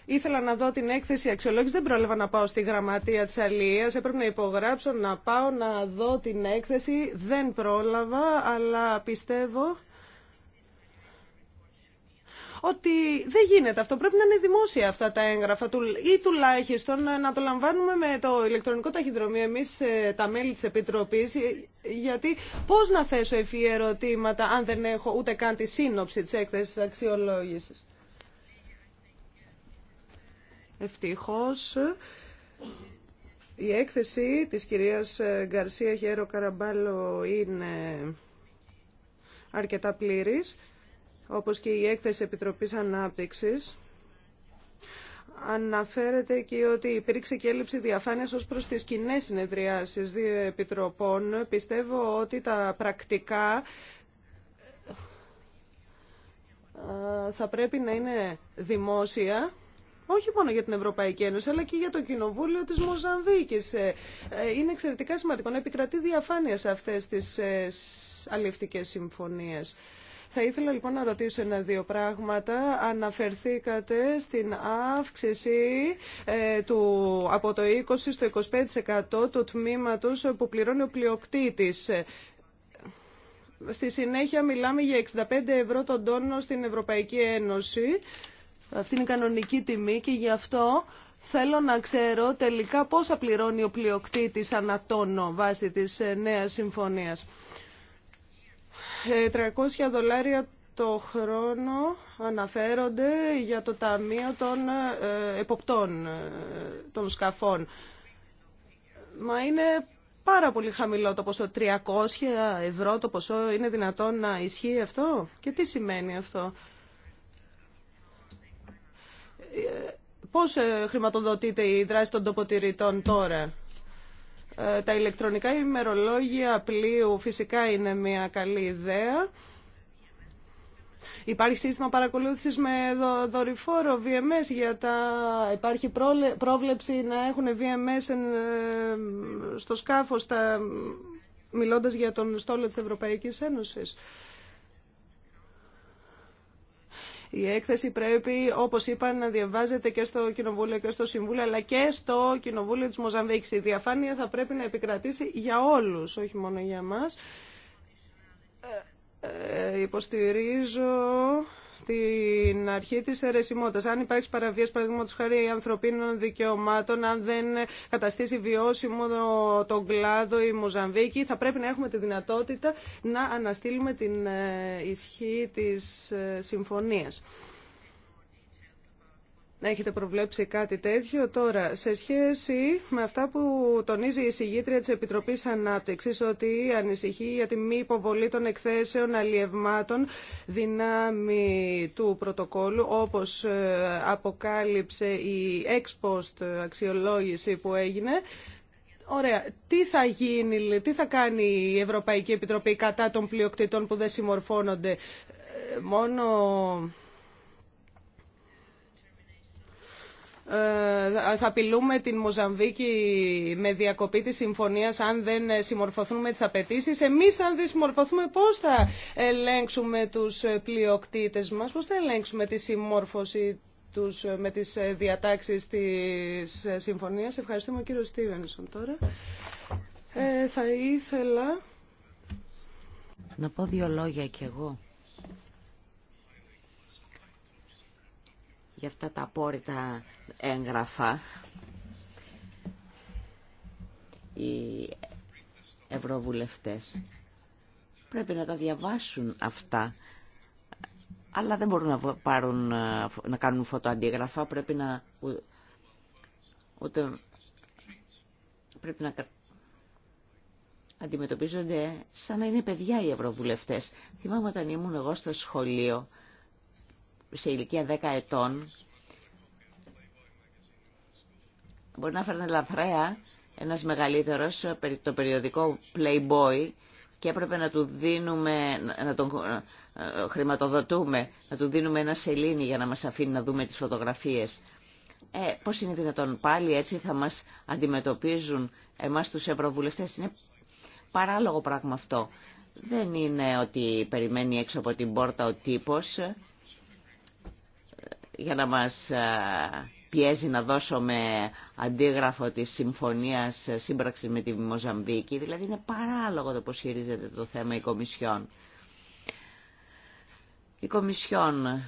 S1: ήθελα να δω την έκθεση αξιολόγηση. Δεν πρόλαβα να πάω στη γραμματεία τη Αλία. Έπρεπε να υπογράψω, να πάω να δω την έκθεση. Δεν πρόλαβα, αλλά πιστεύω ότι δεν γίνεται αυτό. Πρέπει να είναι δημόσια αυτά τα έγγραφα ή τουλάχιστον να το λαμβάνουμε με το ηλεκτρονικό ταχυδρομείο εμείς ε, τα μέλη της Επιτροπής ε, γιατί πώς να θέσω ευφύ αν δεν έχω ούτε καν τη σύνοψη της έκθεσης αξιολόγησης. Ευτυχώς η έκθεση της κυρίας Γκαρσία Γέρο Καραμπάλο είναι αρκετά πλήρης, όπως και η έκθεση Επιτροπής Ανάπτυξης. Αναφέρεται και ότι υπήρξε και έλλειψη διαφάνειας ως προς τις κοινέ συνεδριάσεις δύο επιτροπών. Πιστεύω ότι τα πρακτικά ε, θα πρέπει να είναι δημόσια όχι μόνο για την Ευρωπαϊκή Ένωση, αλλά και για το Κοινοβούλιο της Μοζαμβίκης. Ε, ε, είναι εξαιρετικά σημαντικό να επικρατεί διαφάνεια σε αυτές τις ε, αλληλευτικές συμφωνίες. Θα ήθελα λοιπόν να ρωτήσω ένα-δύο πράγματα. Αναφερθήκατε στην αύξηση του, από το 20% στο 25% του τμήματος που πληρώνει ο πλειοκτήτης. Στη συνέχεια μιλάμε για 65 ευρώ τον τόνο στην Ευρωπαϊκή Ένωση. Αυτή είναι η κανονική τιμή και γι' αυτό θέλω να ξέρω τελικά πόσα πληρώνει ο πλειοκτήτης ανατόνο βάσει της ε, νέας συμφωνίας. 300 ε, δολάρια το χρόνο αναφέρονται για το Ταμείο των ε, Εποπτών των Σκαφών. Μα είναι πάρα πολύ χαμηλό το ποσό. 300 ευρώ το ποσό είναι δυνατόν να ισχύει αυτό. Και τι σημαίνει αυτό. Πώς ε, χρηματοδοτείται η δράση των τοποτηρητών τώρα. Ε, τα ηλεκτρονικά ημερολόγια πλοίου φυσικά είναι μια καλή ιδέα. Υπάρχει σύστημα παρακολούθησης με δορυφόρο VMS για τα... Υπάρχει πρόβλεψη να έχουν VMS ε, στο σκάφος τα... μιλώντας για τον στόλο της Ευρωπαϊκής Ένωσης. Η έκθεση πρέπει, όπως είπα, να διαβάζεται και στο Κοινοβούλιο και στο Συμβούλιο, αλλά και στο Κοινοβούλιο της Μοζαμβίκη. Η διαφάνεια θα πρέπει να επικρατήσει για όλους, όχι μόνο για μας. Ε, ε υποστηρίζω στην αρχή της αιρεσιμότητας. Αν υπάρξει παραβίαση, παραδείγματο χάρη ανθρωπίνων δικαιωμάτων, αν δεν καταστήσει βιώσιμο τον κλάδο η Μοζαμβίκη, θα πρέπει να έχουμε τη δυνατότητα να αναστείλουμε την ε, ισχύ της ε, συμφωνίας να έχετε προβλέψει κάτι τέτοιο. Τώρα, σε σχέση με αυτά που τονίζει η συγγήτρια της Επιτροπής Ανάπτυξης, ότι ανησυχεί για τη μη υποβολή των εκθέσεων αλλιευμάτων δυνάμει του πρωτοκόλου, όπως ε, αποκάλυψε η ex post αξιολόγηση που έγινε, Ωραία. Τι θα γίνει, τι θα κάνει η Ευρωπαϊκή Επιτροπή κατά των πλειοκτήτων που δεν συμμορφώνονται. Ε, μόνο Ε, θα απειλούμε την Μοζαμβίκη με διακοπή της συμφωνίας αν δεν συμμορφωθούν με τις απαιτήσεις. Εμείς αν δεν συμμορφωθούμε πώς θα ελέγξουμε τους πλειοκτήτες μας, πώς θα ελέγξουμε τη συμμόρφωση τους με τις διατάξεις της συμφωνίας. Ευχαριστούμε κύριο Στίβενσον τώρα. Ε, θα ήθελα...
S3: Να πω δύο λόγια κι εγώ για αυτά τα απόρριτα έγγραφα. Οι ευρωβουλευτές πρέπει να τα διαβάσουν αυτά, αλλά δεν μπορούν να, πάρουν, να κάνουν φωτοαντίγραφα, πρέπει να... Ούτε, πρέπει να αντιμετωπίζονται σαν να είναι παιδιά οι ευρωβουλευτές. Θυμάμαι όταν ήμουν εγώ στο σχολείο, σε ηλικία 10 ετών μπορεί να φέρνει λαθρέα ένας μεγαλύτερος το περιοδικό Playboy και έπρεπε να του δίνουμε, να τον ε, ε, χρηματοδοτούμε, να του δίνουμε ένα σελήνη για να μας αφήνει να δούμε τις φωτογραφίες. Ε, πώς είναι δυνατόν πάλι έτσι θα μας αντιμετωπίζουν εμάς τους ευρωβουλευτές. Είναι παράλογο πράγμα αυτό. Δεν είναι ότι περιμένει έξω από την πόρτα ο τύπος για να μας ε, πιέζει να δώσουμε αντίγραφο της συμφωνίας ε, σύμπραξης με τη Μοζαμβίκη. Δηλαδή είναι παράλογο το πώς χειρίζεται το θέμα η Κομισιόν. Η Κομισιόν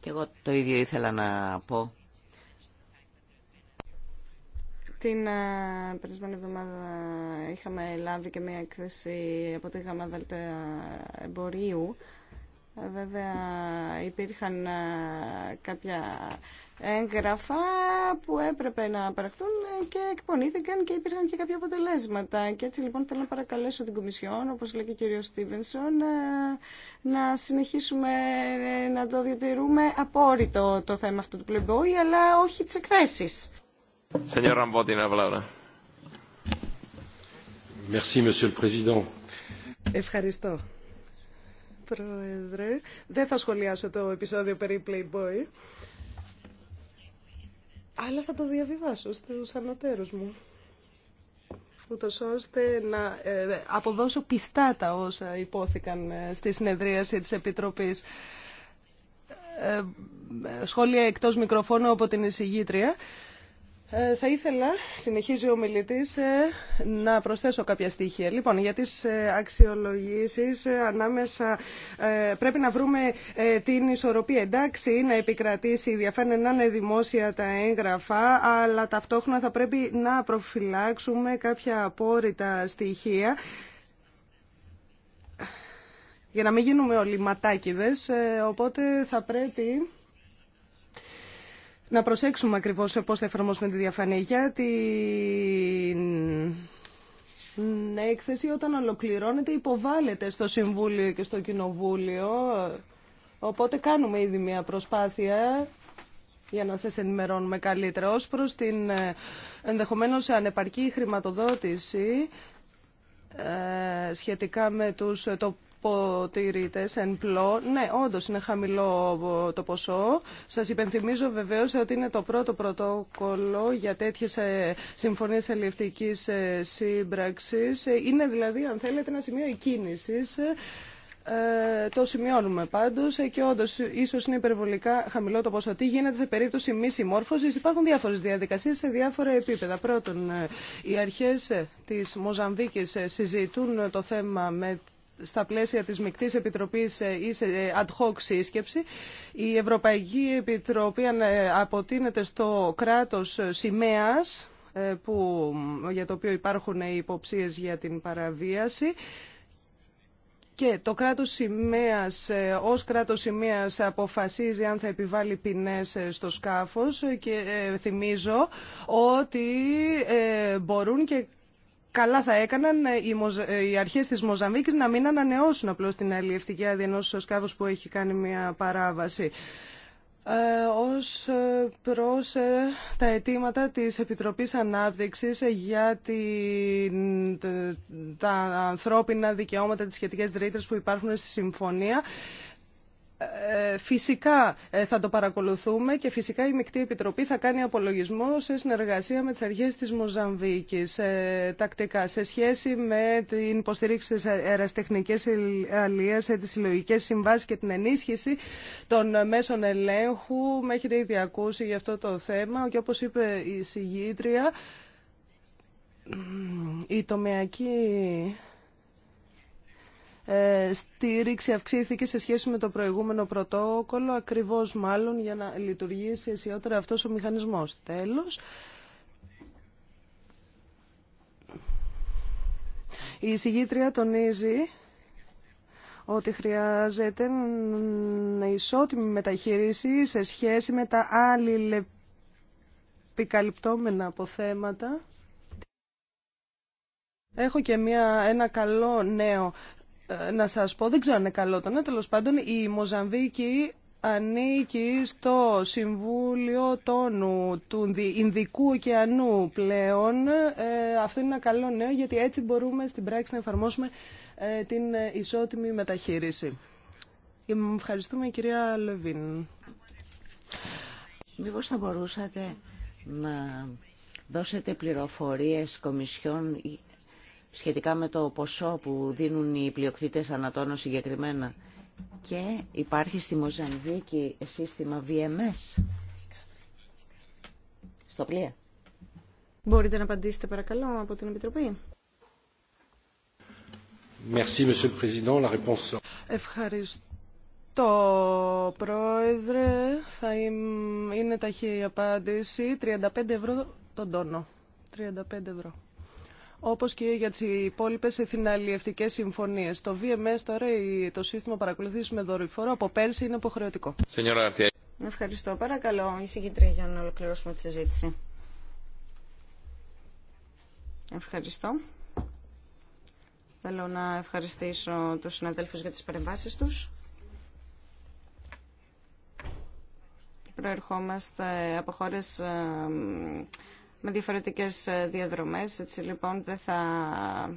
S3: και εγώ το ίδιο ήθελα να πω
S2: την ε, περασμένη εβδομάδα είχαμε λάβει και μια έκθεση από τη ΓΑΜΑ Εμπορίου. Ε, βέβαια υπήρχαν ε, κάποια έγγραφα που έπρεπε να παραχθούν και εκπονήθηκαν και υπήρχαν και κάποια αποτελέσματα. Και έτσι λοιπόν θέλω να παρακαλέσω την Κομισιόν, όπως λέει και ο κύριος Στίβενσον, να συνεχίσουμε να το διατηρούμε απόρριτο το θέμα αυτό του πλεμπόη, αλλά όχι τις εκθέσεις.
S1: Ευχαριστώ. Πρόεδρε, δεν θα σχολιάσω το επεισόδιο περί Playboy, αλλά θα το διαβιβάσω στους ανωτέρους μου, ούτως ώστε να ε, αποδώσω πιστά τα όσα υπόθηκαν ε, στη συνεδρίαση της Επιτροπής. Ε, σχόλια εκτός μικροφώνου από την εισηγήτρια. Ε, θα ήθελα, συνεχίζει ο μιλητής, ε, να προσθέσω κάποια στοιχεία. Λοιπόν, για τις ε, αξιολογήσεις ανάμεσα πρέπει να βρούμε την ισορροπία. Εντάξει, να επικρατήσει η διαφάνεια να είναι δημόσια τα έγγραφα, αλλά ταυτόχρονα θα πρέπει να προφυλάξουμε κάποια απόρριτα στοιχεία για να μην γίνουμε όλοι ματάκιδες, οπότε θα πρέπει να προσέξουμε ακριβώς πώς θα εφαρμόσουμε τη διαφάνεια για την έκθεση όταν ολοκληρώνεται υποβάλλεται στο Συμβούλιο και στο Κοινοβούλιο οπότε κάνουμε ήδη μια προσπάθεια για να σας ενημερώνουμε καλύτερα ως προς την ε, ενδεχομένως ανεπαρκή χρηματοδότηση ε, σχετικά με τους, ε, το, εν πλώ. Ναι, όντω είναι χαμηλό το ποσό. Σας υπενθυμίζω βεβαίως ότι είναι το πρώτο πρωτόκολλο για τέτοιε συμφωνίε αλληλευτική ε, σύμπραξη. Είναι δηλαδή, αν θέλετε, ένα σημείο εκκίνησης. Ε, το σημειώνουμε πάντω και όντω ίσω είναι υπερβολικά χαμηλό το ποσό. Τι γίνεται σε περίπτωση μη συμμόρφωση, υπάρχουν διάφορε διαδικασίε σε διάφορα επίπεδα. Πρώτον, ε, οι αρχέ ε, τη Μοζαμβίκη συζητούν το θέμα με στα πλαίσια της Μικτής Επιτροπής ή σε ε, ad hoc σύσκεψη. Η Ευρωπαϊκή Επιτροπή ε, αποτείνεται στο κράτος ε, σημαίας που, για το οποίο υπάρχουν υποψίες για την παραβίαση. Και το κράτος σημαίας, ως κράτος σημαίας αποφασίζει αν θα επιβάλλει ποινές στο σκάφος και θυμίζω ότι μπορούν και Καλά θα έκαναν ε, ε, οι αρχές της Μοζαμβίκης να μην ανανεώσουν απλώ την αλληλευτική δηλαδή άδεια ενό σκάβους που έχει κάνει μια παράβαση. Ε, ως ε, προς τα αιτήματα της Επιτροπής Ανάπτυξης για τα ανθρώπινα δικαιώματα, της σχετικές ρήτρε που υπάρχουν στη Συμφωνία, ε, φυσικά ε, θα το παρακολουθούμε και φυσικά η Μεκτή Επιτροπή θα κάνει απολογισμό σε συνεργασία με τις αρχές της Μοζαμβίκης ε, τακτικά σε σχέση με την υποστηρίξη της αεραστεχνικής αλίας, τις συλλογικές συμβάσεις και την ενίσχυση των μέσων ελέγχου. Με έχετε ήδη ακούσει για αυτό το θέμα και όπως είπε η συγγήτρια η τομεακή ε, στήριξη αυξήθηκε σε σχέση με το προηγούμενο πρωτόκολλο, ακριβώς μάλλον για να λειτουργήσει αισιότερα αυτός ο μηχανισμός. Τέλος, η εισηγήτρια τονίζει ότι χρειάζεται ισότιμη μεταχείριση σε σχέση με τα άλλη επικαλυπτόμενα αποθέματα. Έχω και μια, ένα καλό νέο ε, να σας πω, δεν ξέρω αν είναι καλό το να, τέλος πάντων η Μοζαμβίκη ανήκει στο Συμβούλιο Τόνου του Ινδικού Ωκεανού πλέον. Ε, αυτό είναι ένα καλό νέο γιατί έτσι μπορούμε στην πράξη να εφαρμόσουμε ε, την ισότιμη μεταχείριση. Ευχαριστούμε κυρία Λεβίν. Μήπως θα μπορούσατε
S3: να δώσετε πληροφορίες κομισιών σχετικά με το ποσό που δίνουν οι πλειοκτήτες ανατόνων συγκεκριμένα. Και υπάρχει
S2: στη μοζανδική σύστημα VMS. Στο πλοία. Μπορείτε να απαντήσετε παρακαλώ από την Επιτροπή. Merci, Monsieur le Président. La réponse...
S1: Ευχαριστώ, Πρόεδρε. Θα είναι ταχύ η απάντηση. 35 ευρώ τον τόνο. 35 ευρώ όπως και για τις υπόλοιπε εθιναλιευτικές συμφωνίες. Το VMS τώρα, το σύστημα παρακολουθήσης με δορυφόρο, από πέρσι είναι υποχρεωτικό. Ευχαριστώ. Παρακαλώ, η συγκεντρία για να ολοκληρώσουμε τη συζήτηση.
S2: Ευχαριστώ. Θέλω να ευχαριστήσω τους συναδέλφους για τις παρεμβάσεις τους. Προερχόμαστε από χώρες με διαφορετικές ε, διαδρομές. Έτσι λοιπόν δεν θα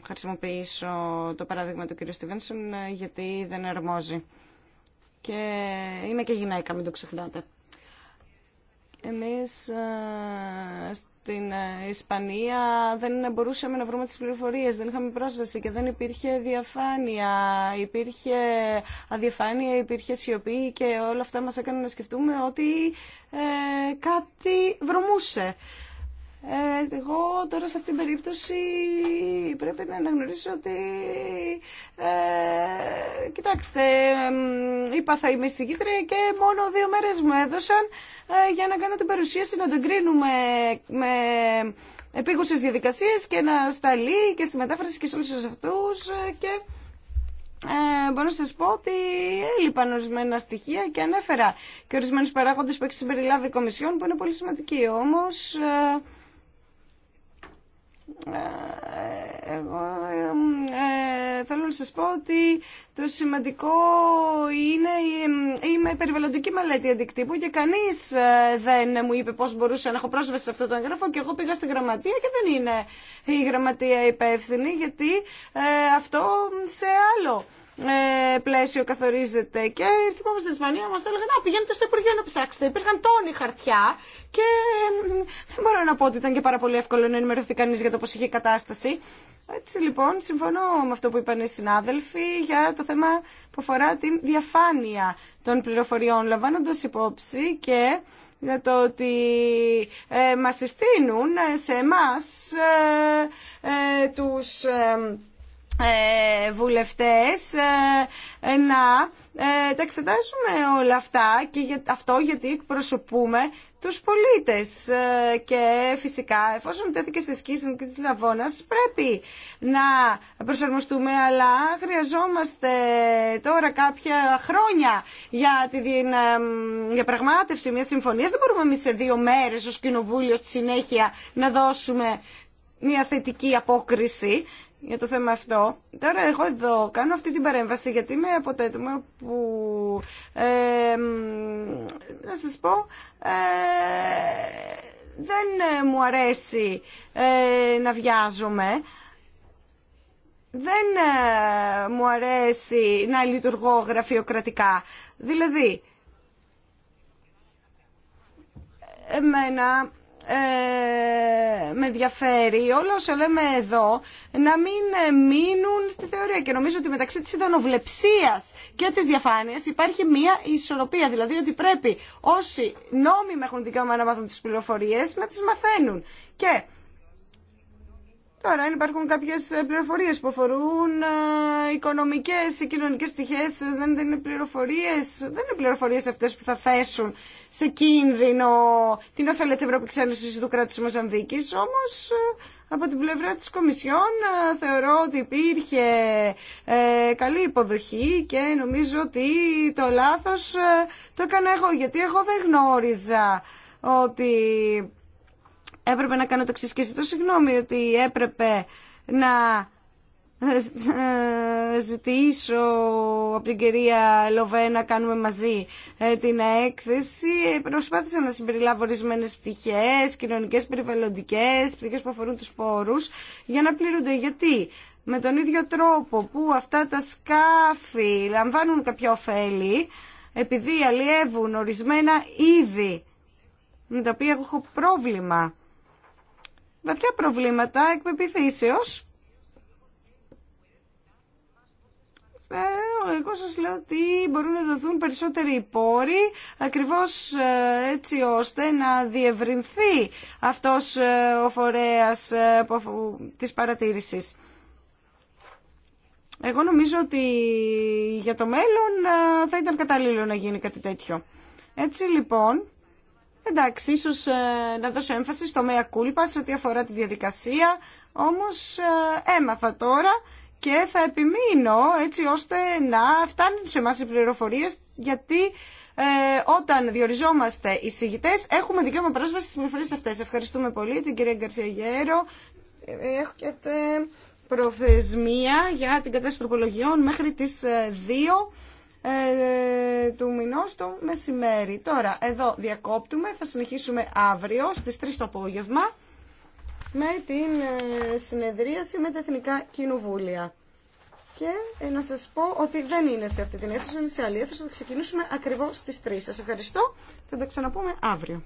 S2: χρησιμοποιήσω το παράδειγμα του κ. Στιβένσον ε, γιατί δεν αρμόζει. Και είμαι και γυναίκα, μην το ξεχνάτε. Εμείς ε, στην Ισπανία δεν μπορούσαμε να βρούμε τις πληροφορίες, δεν είχαμε πρόσβαση και δεν υπήρχε διαφάνεια, υπήρχε αδιαφάνεια, υπήρχε σιωπή και όλα αυτά μας έκανε να σκεφτούμε ότι ε, κάτι βρωμούσε. Ε, εγώ τώρα σε αυτήν την περίπτωση πρέπει να αναγνωρίσω ότι ε, κοιτάξτε, είπα θα είμαι και μόνο δύο μέρες μου έδωσαν ε, για να κάνω την παρουσίαση να τον κρίνουμε με επίγουσες διαδικασίε και να σταλεί και στη μετάφραση και σε όλους αυτούς και... μπορώ να σα πω ότι έλειπαν ορισμένα στοιχεία και ανέφερα και ορισμένου παράγοντε που έχει συμπεριλάβει η Κομισιόν που είναι πολύ σημαντική όμω. Ε, εγώ ε, θέλω να σας πω ότι το σημαντικό είναι η, ε, περιβαλλοντική μελέτη αντικτύπου και κανείς δεν μου είπε πώς μπορούσε να έχω πρόσβαση σε αυτό το έγγραφο και εγώ πήγα στην γραμματεία και δεν είναι η γραμματεία υπεύθυνη γιατί αυτό σε άλλο ε, πλαίσιο καθορίζεται. Και ήρθαμε στην Ισπανία, μα έλεγαν Να πηγαίνετε στο Υπουργείο να ψάξετε. Υπήρχαν τόνοι χαρτιά και δεν μπορώ να πω ότι ήταν και πάρα πολύ εύκολο να ενημερωθεί κανεί για το πώ είχε η κατάσταση. Έτσι λοιπόν, συμφωνώ με αυτό που είπαν οι συνάδελφοι για το θέμα που αφορά την διαφάνεια των πληροφοριών, λαμβάνοντα υπόψη και για το ότι ε, μας συστήνουν σε εμάς ε, ε τους ε, ε, βουλευτές ε, να ε, τα εξετάσουμε όλα αυτά και για, αυτό γιατί εκπροσωπούμε τους πολίτες και φυσικά εφόσον τέθηκε σε σκήση της Λαβώνας πρέπει να προσαρμοστούμε αλλά χρειαζόμαστε τώρα κάποια χρόνια για τη διαπραγμάτευση μια συμφωνία. δεν μπορούμε εμείς σε δύο μέρες ως κοινοβούλιο στη συνέχεια να δώσουμε μια θετική απόκριση για το θέμα αυτό. Τώρα εγώ εδώ κάνω αυτή την παρέμβαση γιατί με αποτέτουμε που να σας πω ε, δεν μου αρέσει ε, να βιάζομαι. Δεν ε, μου αρέσει να λειτουργώ γραφειοκρατικά. Δηλαδή, εμένα ε, με ενδιαφέρει όλα όσα λέμε εδώ να μην ε, μείνουν στη θεωρία και νομίζω ότι μεταξύ της ιδανοβλεψίας και της διαφάνειας υπάρχει μία ισορροπία, δηλαδή ότι πρέπει όσοι νόμιμα έχουν δικαίωμα να μάθουν τις πληροφορίες να τις μαθαίνουν και Τώρα, αν υπάρχουν κάποιε πληροφορίε που αφορούν ε, οικονομικέ ή κοινωνικέ πτυχέ, ε, δεν είναι πληροφορίε. Δεν είναι πληροφορίε αυτέ που θα θέσουν σε κίνδυνο την ασφαλεία τη Ευρωπαϊκή Ένωση του κράτου Μοζαμβίκη. Όμω, ε, από την πλευρά τη Κομισιόν, θεωρώ ότι υπήρχε καλή υποδοχή και νομίζω ότι το λάθο το έκανα εγώ, γιατί εγώ δεν γνώριζα ότι έπρεπε να κάνω το εξή και ζητώ συγγνώμη ότι έπρεπε να ε, ε, ζητήσω από την κυρία Λοβέ να κάνουμε μαζί ε, την έκθεση. Προσπάθησα να συμπεριλάβω ορισμένε πτυχές, κοινωνικές, περιβαλλοντικές, πτυχές που αφορούν τους πόρους, για να πληρούνται. Γιατί με τον ίδιο τρόπο που αυτά τα σκάφη λαμβάνουν κάποια ωφέλη, επειδή αλλιεύουν ορισμένα είδη με τα οποία έχω πρόβλημα βαθιά προβλήματα εκπεπιθήσεως. Ε, εγώ σας λέω ότι μπορούν να δοθούν περισσότεροι πόροι ακριβώς ε, έτσι ώστε να διευρυνθεί αυτός ε, ο φορέας της παρατήρησης. Εγώ νομίζω ότι για το μέλλον θα ήταν κατάλληλο να γίνει κάτι τέτοιο. Έτσι λοιπόν, Εντάξει, ίσως ε, να δώσω έμφαση στο μέα κούλπα σε ό,τι αφορά τη διαδικασία, όμως ε, έμαθα τώρα και θα επιμείνω έτσι ώστε να φτάνουν σε εμά οι πληροφορίε γιατί ε, όταν διοριζόμαστε εισηγητέ, έχουμε δικαίωμα πρόσβαση στι πληροφορίε αυτέ. Ευχαριστούμε πολύ την κυρία Γκαρσιαγέρο. Έχετε προθεσμία για την κατάσταση τροπολογιών μέχρι τις 2 ε, του μηνός το μεσημέρι. Τώρα, εδώ διακόπτουμε, θα συνεχίσουμε αύριο στις 3 το απόγευμα με την ε, συνεδρίαση με τα Εθνικά Κοινοβούλια. Και ε, να σας πω ότι δεν είναι σε αυτή την αίθουσα, είναι σε άλλη αίθουσα. Θα ξεκινήσουμε ακριβώς στις 3. Σας ευχαριστώ. Θα τα ξαναπούμε αύριο.